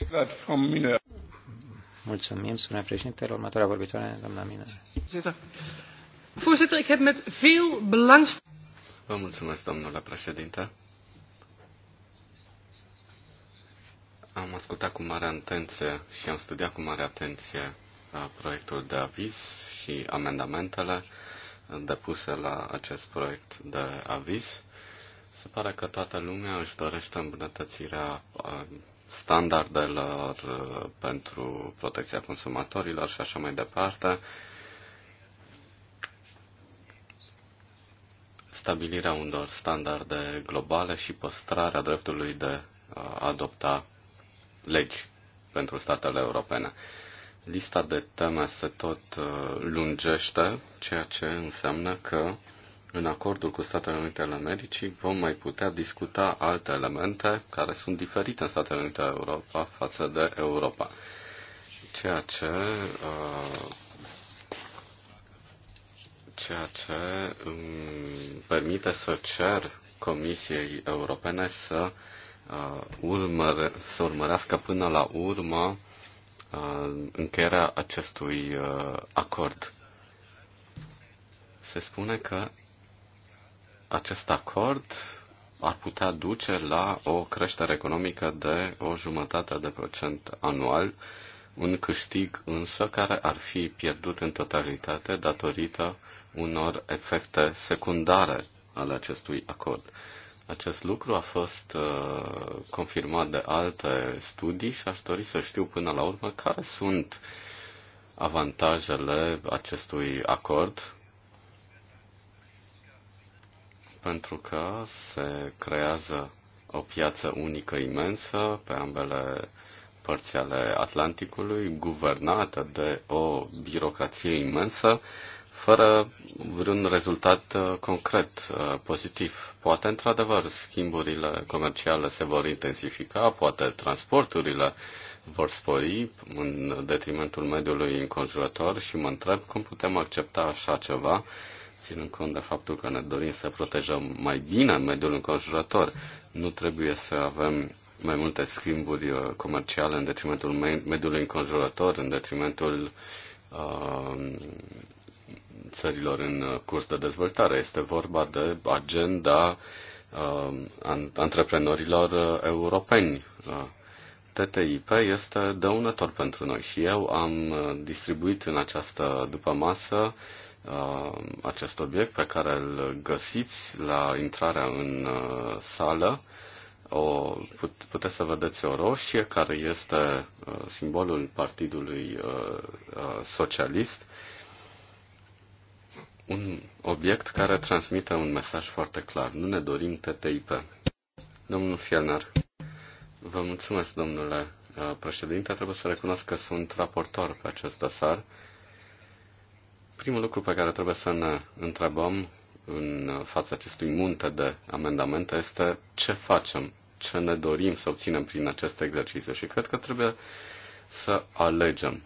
Mulțumim, spune președintele. Următoarea vorbitoare, doamna Mina. Voorzitter, ik heb met veel belangstelling... Vă mulțumesc, domnule președinte. Am ascultat cu mare atenție și am studiat cu mare atenție uh, proiectul de aviz și amendamentele depuse la acest proiect de aviz. Se pare că toată lumea își dorește îmbunătățirea uh, standardelor uh, pentru protecția consumatorilor și așa mai departe. Stabilirea unor standarde globale și păstrarea dreptului de uh, a adopta legi pentru statele europene lista de teme se tot uh, lungește, ceea ce înseamnă că în acordul cu Statele Unite ale Americii vom mai putea discuta alte elemente care sunt diferite în Statele Unite Europa față de Europa. Ceea ce, uh, ceea ce îmi permite să cer Comisiei Europene să, uh, urmăre, să urmărească până la urmă Uh, încheierea acestui uh, acord. Se spune că acest acord ar putea duce la o creștere economică de o jumătate de procent anual, un câștig însă care ar fi pierdut în totalitate datorită unor efecte secundare ale acestui acord. Acest lucru a fost uh, confirmat de alte studii și aș dori să știu până la urmă care sunt avantajele acestui acord pentru că se creează o piață unică imensă pe ambele părți ale Atlanticului, guvernată de o birocrație imensă, fără vreun rezultat uh, concret uh, pozitiv. Poate, într-adevăr, schimburile comerciale se vor intensifica, poate transporturile vor spori în detrimentul mediului înconjurător și mă întreb cum putem accepta așa ceva, ținând cont de faptul că ne dorim să protejăm mai bine mediul înconjurător. Nu trebuie să avem mai multe schimburi uh, comerciale în detrimentul mediului înconjurător, în detrimentul uh, țărilor în uh, curs de dezvoltare. Este vorba de agenda uh, antreprenorilor uh, europeni. TTIP este dăunător pentru noi și eu am distribuit în această după masă acest obiect pe care îl găsiți la intrarea în sală. O, put, puteți să vedeți o roșie care este simbolul Partidului Socialist un obiect care transmite un mesaj foarte clar. Nu ne dorim TTIP. Domnul Fianar, vă mulțumesc, domnule uh, președinte. Trebuie să recunosc că sunt raportor pe acest dosar. Primul lucru pe care trebuie să ne întrebăm în fața acestui munte de amendamente este ce facem, ce ne dorim să obținem prin acest exercițiu și cred că trebuie să alegem.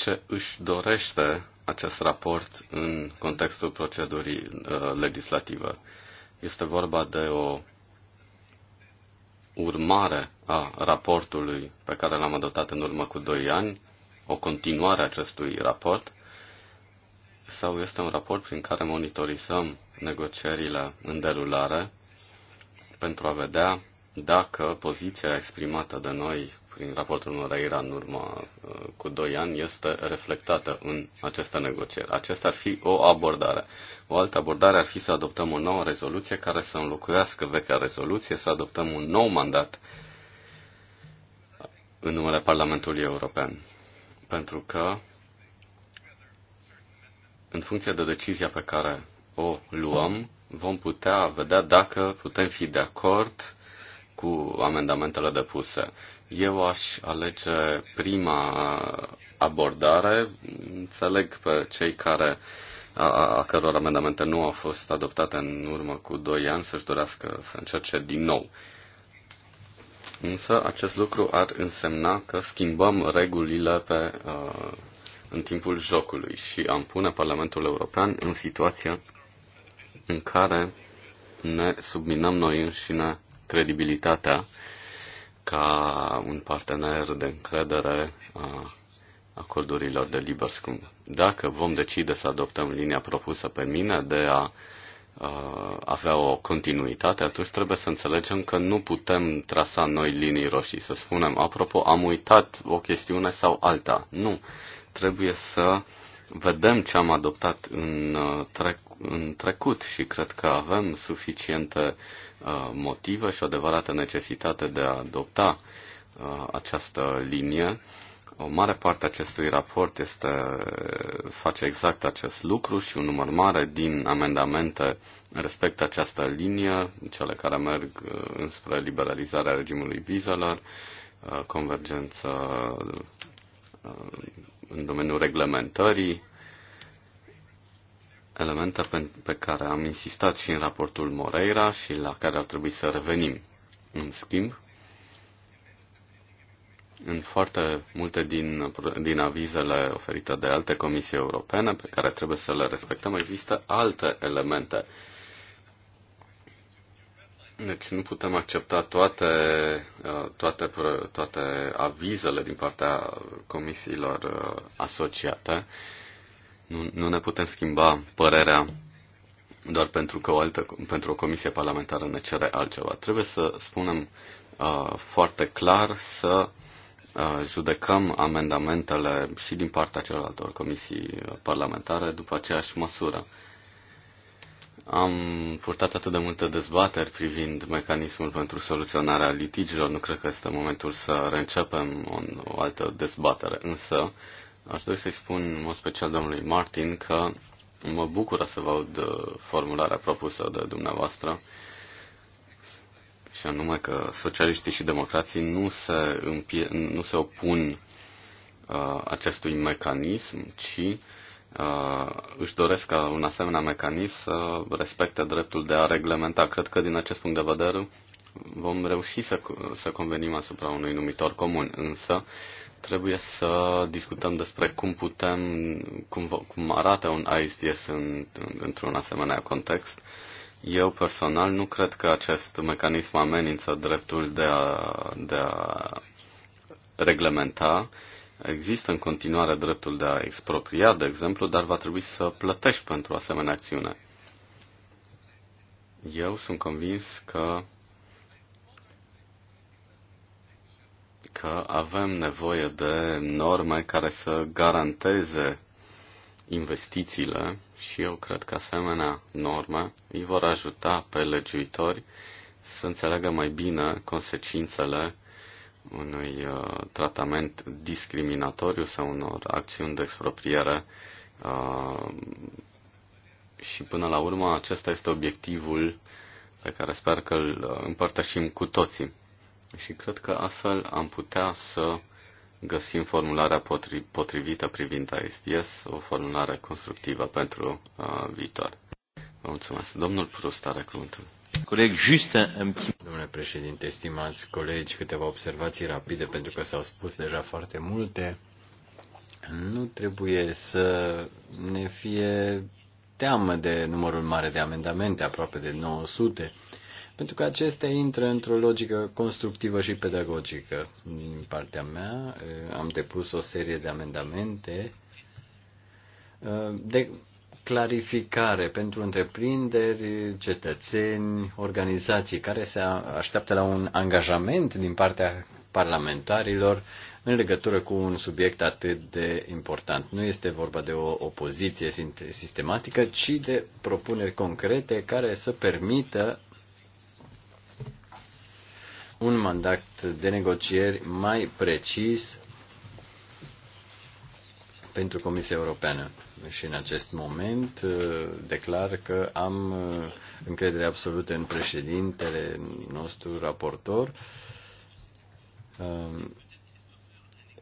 ce își dorește acest raport în contextul procedurii uh, legislative. Este vorba de o urmare a raportului pe care l-am adoptat în urmă cu 2 ani, o continuare a acestui raport, sau este un raport prin care monitorizăm negocierile în derulare pentru a vedea dacă poziția exprimată de noi prin raportul unor era în urmă uh, cu 2 ani este reflectată în aceste negocieri. Acesta ar fi o abordare. O altă abordare ar fi să adoptăm o nouă rezoluție care să înlocuiască vechea rezoluție, să adoptăm un nou mandat în numele Parlamentului European. Pentru că, în funcție de decizia pe care o luăm, vom putea vedea dacă putem fi de acord cu amendamentele depuse. Eu aș alege prima abordare. Înțeleg pe cei care a, a căror amendamente nu au fost adoptate în urmă cu 2 ani să-și dorească să încerce din nou. Însă acest lucru ar însemna că schimbăm regulile pe, uh, în timpul jocului și am pune Parlamentul European în situația în care ne subminăm noi înșine credibilitatea ca un partener de încredere a acordurilor de liber schimb. Dacă vom decide să adoptăm linia propusă pe mine de a avea o continuitate, atunci trebuie să înțelegem că nu putem trasa noi linii roșii, să spunem, apropo, am uitat o chestiune sau alta. Nu. Trebuie să vedem ce am adoptat în, uh, trec- în trecut și cred că avem suficiente Uh, motive și o adevărată necesitate de a adopta uh, această linie. O mare parte a acestui raport este, face exact acest lucru și un număr mare din amendamente respectă această linie, cele care merg uh, înspre liberalizarea regimului vizelor, convergență în domeniul reglementării, elemente pe, pe care am insistat și în raportul Moreira și la care ar trebui să revenim. În schimb, în foarte multe din, din avizele oferite de alte comisii europene pe care trebuie să le respectăm, există alte elemente. Deci nu putem accepta toate, uh, toate, toate avizele din partea comisiilor uh, asociate. Nu, nu ne putem schimba părerea doar pentru că o altă, pentru o comisie parlamentară ne cere altceva. Trebuie să spunem uh, foarte clar să uh, judecăm amendamentele și din partea celorlaltor comisii parlamentare după aceeași măsură. Am purtat atât de multe dezbateri privind mecanismul pentru soluționarea litigilor, nu cred că este momentul să reîncepem o, o altă dezbatere, însă Aș dori să-i spun în mod special domnului Martin că mă bucură să vă aud uh, formularea propusă de dumneavoastră și anume că socialiștii și democrații nu se, împie, nu se opun uh, acestui mecanism, ci uh, își doresc ca un asemenea mecanism să respecte dreptul de a reglementa. Cred că din acest punct de vedere vom reuși să, să convenim asupra unui numitor comun, însă uh, Trebuie să discutăm despre cum putem, cum, cum arată un ISDS în, într-un asemenea context. Eu personal nu cred că acest mecanism amenință dreptul de a, de a reglementa. Există în continuare dreptul de a expropria, de exemplu, dar va trebui să plătești pentru asemenea acțiune. Eu sunt convins că că avem nevoie de norme care să garanteze investițiile și eu cred că asemenea norme îi vor ajuta pe legiuitori să înțeleagă mai bine consecințele unui uh, tratament discriminatoriu sau unor acțiuni de expropriere uh, și până la urmă acesta este obiectivul pe care sper că îl uh, împărtășim cu toții și cred că astfel am putea să găsim formularea potri- potrivită privind ISDS, o formulare constructivă pentru uh, viitor. Vă mulțumesc. Domnul Prust are cuvântul. Coleg, just un Domnule președinte, estimați colegi, câteva observații rapide, pentru că s-au spus deja foarte multe. Nu trebuie să ne fie teamă de numărul mare de amendamente, aproape de 900 pentru că acestea intră într-o logică constructivă și pedagogică. Din partea mea eh, am depus o serie de amendamente eh, de clarificare pentru întreprinderi, cetățeni, organizații care se așteaptă la un angajament din partea parlamentarilor în legătură cu un subiect atât de important. Nu este vorba de o opoziție sistematică, ci de propuneri concrete care să permită un mandat de negocieri mai precis pentru Comisia Europeană. Și în acest moment uh, declar că am uh, încredere absolută în președintele nostru raportor um,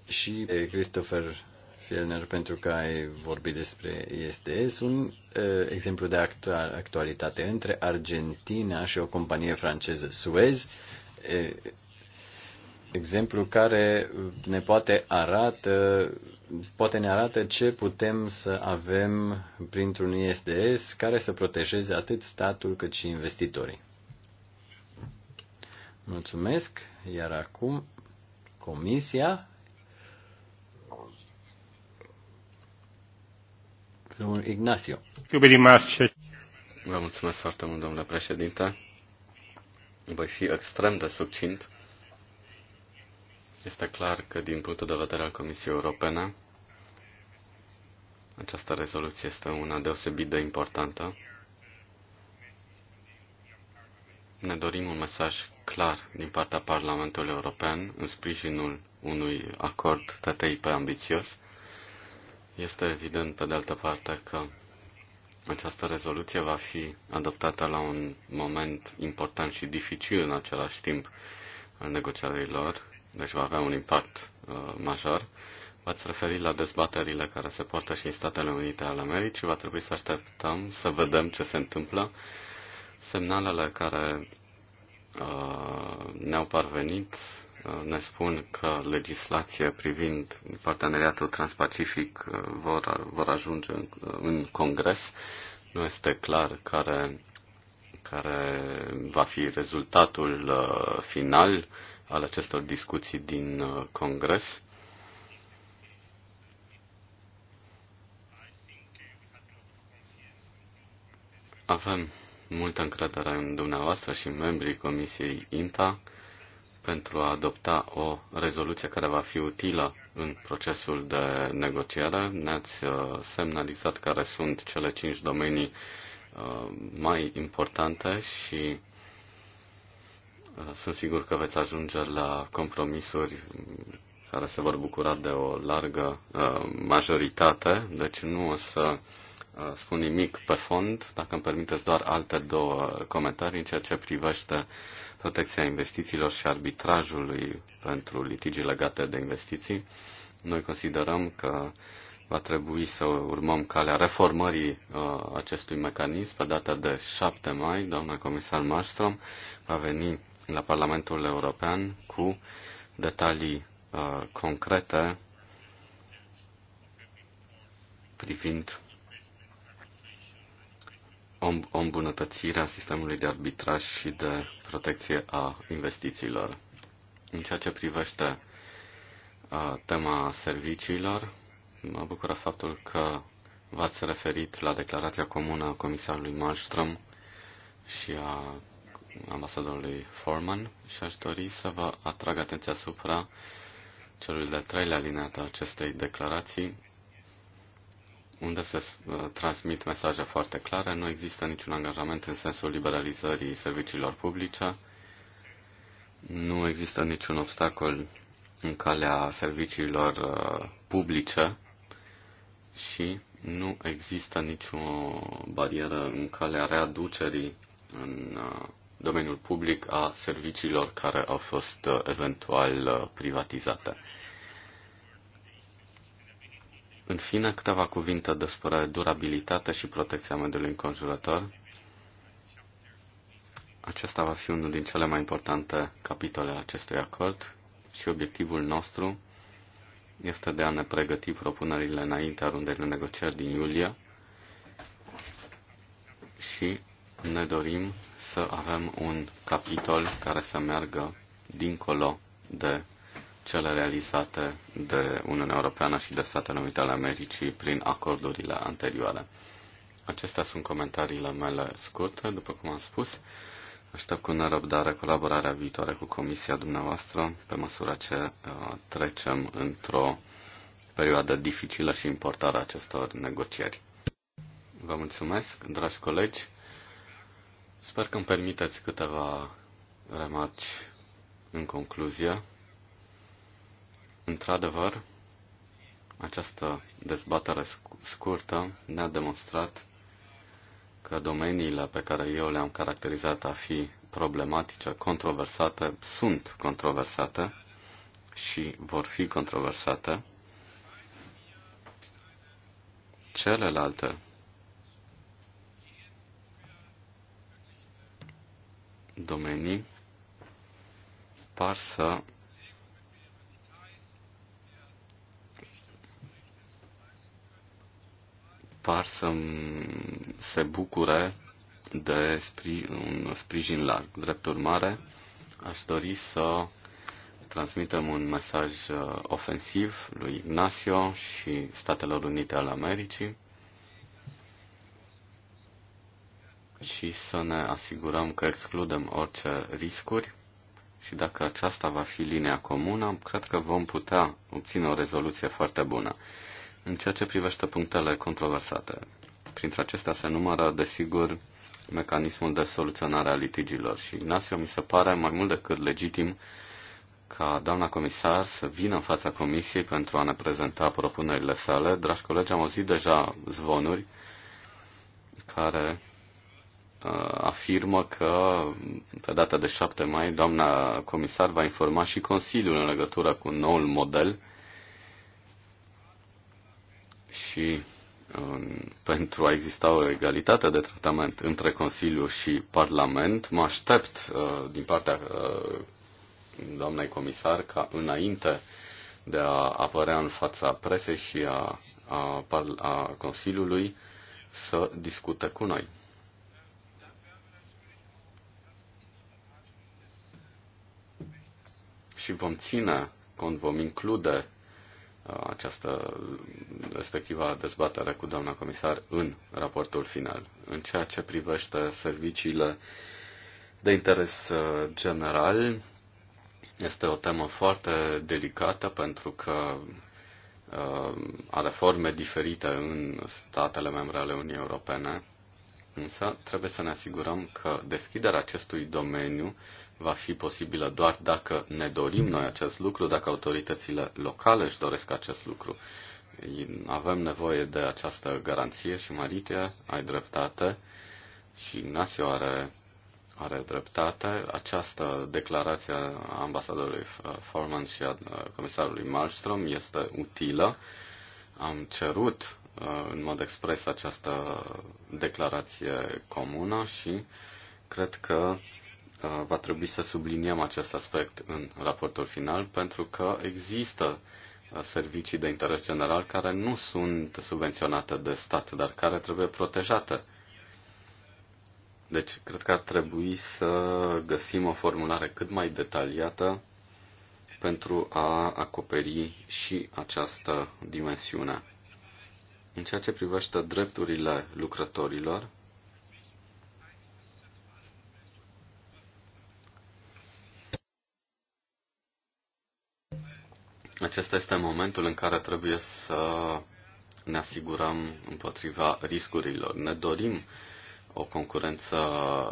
și Christopher Fielner pentru că ai vorbit despre ISDS, un uh, exemplu de actualitate între Argentina și o companie franceză, Suez, exemplu care ne poate arată poate ne arată ce putem să avem printr-un ISDS care să protejeze atât statul cât și investitorii. Mulțumesc, iar acum comisia Ignacio. Vă mulțumesc foarte mult, domnule președinte. Voi fi extrem de succint. Este clar că din punctul de vedere al Comisiei Europene, această rezoluție este una deosebit de importantă. Ne dorim un mesaj clar din partea Parlamentului European în sprijinul unui acord TTIP ambițios. Este evident, pe de altă parte, că această rezoluție va fi adoptată la un moment important și dificil în același timp al negocierilor, deci va avea un impact uh, major. V-ați referit la dezbaterile care se poartă și în Statele Unite ale Americii. Va trebui să așteptăm să vedem ce se întâmplă. Semnalele care uh, ne-au parvenit ne spun că legislația privind parteneriatul transpacific uh, vor, vor ajunge în, în Congres. Nu este clar care, care va fi rezultatul uh, final al acestor discuții din uh, Congres. Avem multă încredere în dumneavoastră și în membrii Comisiei INTA pentru a adopta o rezoluție care va fi utilă în procesul de negociere. Ne-ați uh, semnalizat care sunt cele cinci domenii uh, mai importante și uh, sunt sigur că veți ajunge la compromisuri care se vor bucura de o largă majoritate, deci nu o să spun nimic pe fond, dacă îmi permiteți doar alte două comentarii în ceea ce privește protecția investițiilor și arbitrajului pentru litigii legate de investiții, noi considerăm că va trebui să urmăm calea reformării uh, acestui mecanism. Pe data de 7 mai, doamna comisar Marstrom va veni la Parlamentul European cu detalii uh, concrete privind o îmbunătățire a sistemului de arbitraj și de protecție a investițiilor. În ceea ce privește tema serviciilor, mă bucură faptul că v-ați referit la declarația comună a comisarului Malmström și a ambasadorului Forman și aș dori să vă atrag atenția asupra celui de-al treilea alineat a acestei declarații, unde se uh, transmit mesaje foarte clare. Nu există niciun angajament în sensul liberalizării serviciilor publice. Nu există niciun obstacol în calea serviciilor uh, publice și nu există nicio barieră în calea readucerii în uh, domeniul public a serviciilor care au fost eventual privatizate. În fine, câteva cuvinte despre durabilitate și protecția mediului înconjurător. Acesta va fi unul din cele mai importante capitole ale acestui acord și obiectivul nostru este de a ne pregăti propunerile înaintea rundei de negocieri din iulie și ne dorim să avem un capitol care să meargă dincolo de cele realizate de Uniunea Europeană și de Statele Unite ale Americii prin acordurile anterioare. Acestea sunt comentariile mele scurte, după cum am spus. Aștept cu nerăbdare colaborarea viitoare cu Comisia dumneavoastră pe măsură ce uh, trecem într-o perioadă dificilă și importantă a acestor negocieri. Vă mulțumesc, dragi colegi. Sper că îmi permiteți câteva remarci în concluzie. Într-adevăr, această dezbatere scurtă ne-a demonstrat că domeniile pe care eu le-am caracterizat a fi problematice, controversate, sunt controversate și vor fi controversate. Celelalte domenii par să par să se bucure de spri, un sprijin larg. Drept urmare, aș dori să transmitem un mesaj uh, ofensiv lui Ignacio și Statelor Unite ale Americii și să ne asigurăm că excludem orice riscuri și dacă aceasta va fi linia comună, cred că vom putea obține o rezoluție foarte bună. În ceea ce privește punctele controversate, printre acestea se numără, desigur, mecanismul de soluționare a litigiilor și, Ignacio, mi se pare mai mult decât legitim ca doamna comisar să vină în fața comisiei pentru a ne prezenta propunerile sale. Dragi colegi, am auzit deja zvonuri care uh, afirmă că pe data de 7 mai doamna comisar va informa și Consiliul în legătură cu noul model și pentru a exista o egalitate de tratament între Consiliu și Parlament, mă aștept uh, din partea uh, doamnei comisar ca înainte de a apărea în fața presei și a, a, a Consiliului să discute cu noi. Și vom ține cont, vom include această respectivă dezbatere cu doamna comisar în raportul final. În ceea ce privește serviciile de interes uh, general, este o temă foarte delicată pentru că uh, are forme diferite în statele membre ale Uniunii Europene, însă trebuie să ne asigurăm că deschiderea acestui domeniu va fi posibilă doar dacă ne dorim noi acest lucru, dacă autoritățile locale își doresc acest lucru. Avem nevoie de această garanție și Maritia ai dreptate și Ignacio are, are dreptate. Această declarație a ambasadorului Forman și a comisarului Malmström este utilă. Am cerut în mod expres această declarație comună și cred că Uh, va trebui să subliniem acest aspect în raportul final, pentru că există uh, servicii de interes general care nu sunt subvenționate de stat, dar care trebuie protejate. Deci, cred că ar trebui să găsim o formulare cât mai detaliată pentru a acoperi și această dimensiune. În ceea ce privește drepturile lucrătorilor, Acesta este momentul în care trebuie să ne asigurăm împotriva riscurilor. Ne dorim o concurență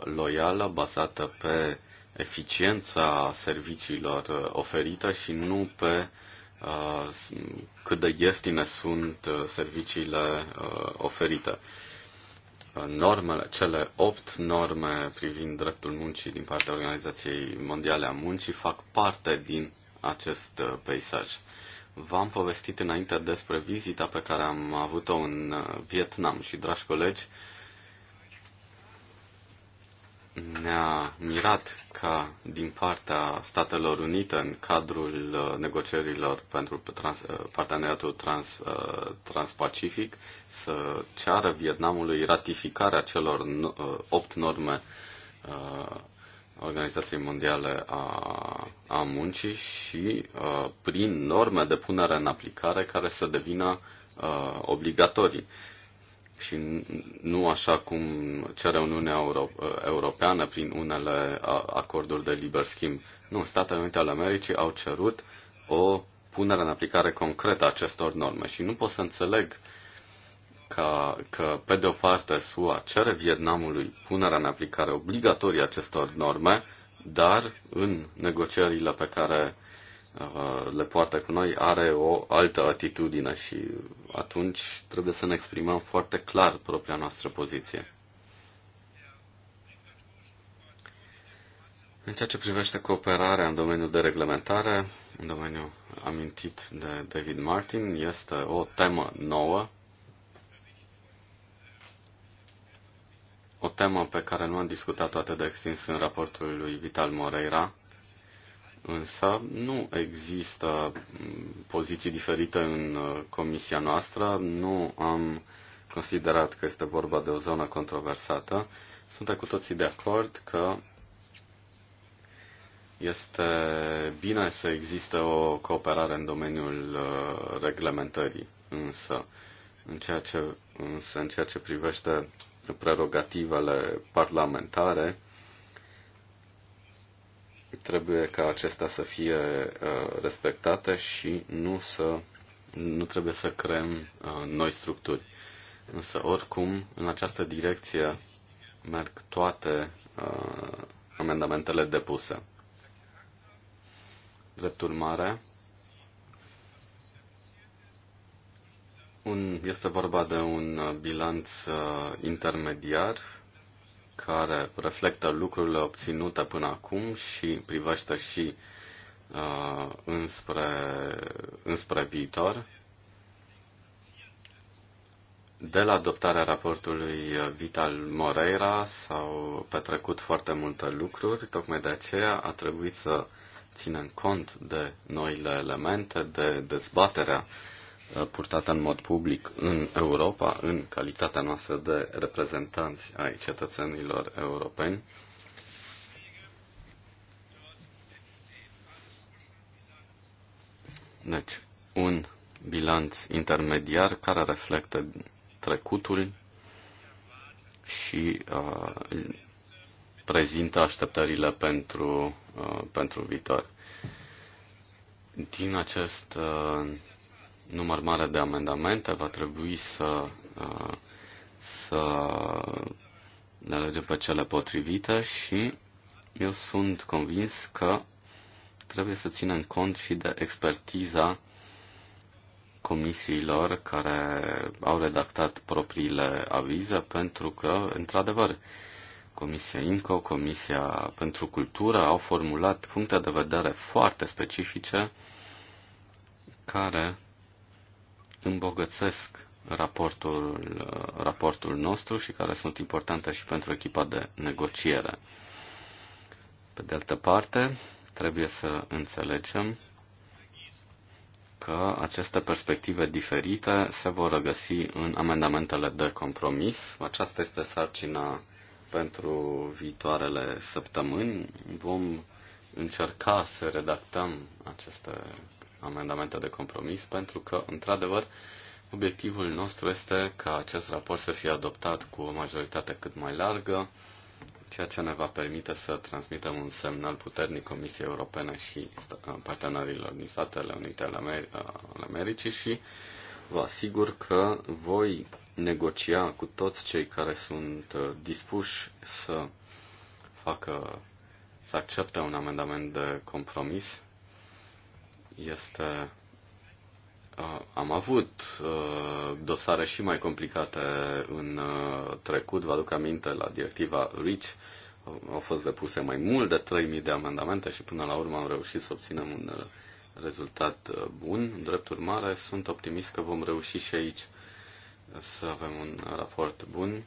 loială bazată pe eficiența serviciilor oferite și nu pe uh, cât de ieftine sunt uh, serviciile uh, oferite. Normele, cele opt norme privind dreptul muncii din partea Organizației Mondiale a Muncii fac parte din acest uh, peisaj. V-am povestit înainte despre vizita pe care am avut-o în uh, Vietnam și, dragi colegi, ne-a mirat ca din partea Statelor Unite în cadrul uh, negocierilor pentru trans, parteneriatul trans, transpacific să ceară Vietnamului ratificarea celor opt norme Organizației Mondiale a, a Muncii și uh, prin norme de punere în aplicare care să devină uh, obligatorii. Și nu așa cum cere Uniunea Euro- uh, Europeană prin unele acorduri de liber schimb. Nu, Statele Unite ale Americii au cerut o punere în aplicare concretă a acestor norme și nu pot să înțeleg uh, ca, că, pe de o parte, SUA cere Vietnamului punerea în aplicare obligatorie acestor norme, dar în negocierile pe care uh, le poartă cu noi are o altă atitudine și atunci trebuie să ne exprimăm foarte clar propria noastră poziție. În ceea ce privește cooperarea în domeniul de reglementare, în domeniul amintit de David Martin, este o temă nouă o temă pe care nu am discutat-o atât de extins în raportul lui Vital Moreira, însă nu există mm, poziții diferite în uh, comisia noastră, nu am considerat că este vorba de o zonă controversată. Suntem cu toții de acord că este bine să existe o cooperare în domeniul uh, reglementării, însă în ceea ce, însă în ceea ce privește prerogativele parlamentare, trebuie ca acestea să fie uh, respectate și nu, să, nu trebuie să creăm uh, noi structuri. Însă, oricum, în această direcție merg toate uh, amendamentele depuse. Drept urmare, Un, este vorba de un uh, bilanț uh, intermediar care reflectă lucrurile obținute până acum și privește și uh, înspre, înspre viitor. De la adoptarea raportului uh, Vital Moreira s-au petrecut foarte multe lucruri, tocmai de aceea a trebuit să ținem cont de noile elemente, de dezbaterea uh, Uh, purtată în mod public în Europa, în calitatea noastră de reprezentanți ai cetățenilor europeni. Deci, un bilanț intermediar care reflectă trecutul și uh, prezintă așteptările pentru, uh, pentru viitor. Din acest uh, număr mare de amendamente, va trebui să, uh, să le alegem pe cele potrivite și eu sunt convins că trebuie să ținem cont și de expertiza comisiilor care au redactat propriile avize, pentru că, într-adevăr, Comisia INCO, Comisia pentru Cultură au formulat puncte de vedere foarte specifice care îmbogățesc raportul, raportul nostru și care sunt importante și pentru echipa de negociere. Pe de altă parte, trebuie să înțelegem că aceste perspective diferite se vor regăsi în amendamentele de compromis. Aceasta este sarcina pentru viitoarele săptămâni. Vom încerca să redactăm aceste amendamente de compromis, pentru că, într-adevăr, obiectivul nostru este ca acest raport să fie adoptat cu o majoritate cât mai largă, ceea ce ne va permite să transmitem un semnal puternic Comisiei Europene și partenerilor din Statele Unite ale Americii și vă asigur că voi negocia cu toți cei care sunt uh, dispuși să facă să accepte un amendament de compromis este uh, am avut uh, dosare și mai complicate în uh, trecut, vă aduc aminte la directiva RICH, au fost depuse mai mult de 3.000 de amendamente și până la urmă am reușit să obținem un rezultat bun. În drept urmare, sunt optimist că vom reuși și aici să avem un raport bun,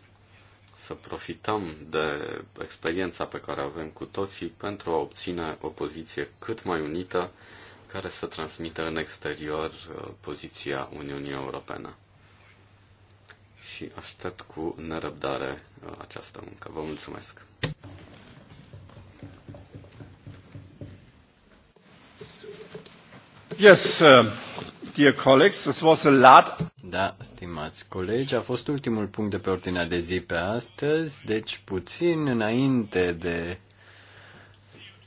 să profităm de experiența pe care o avem cu toții pentru a obține o poziție cât mai unită care să transmită în exterior uh, poziția Uniunii Europene. Și aștept cu nerăbdare uh, această muncă. Vă mulțumesc! Yes, uh, dear colleagues, this was a lot. Da, stimați colegi, a fost ultimul punct de pe ordinea de zi pe astăzi, deci puțin înainte de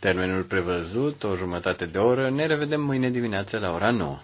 termenul prevăzut, o jumătate de oră. Ne revedem mâine dimineață la ora 9.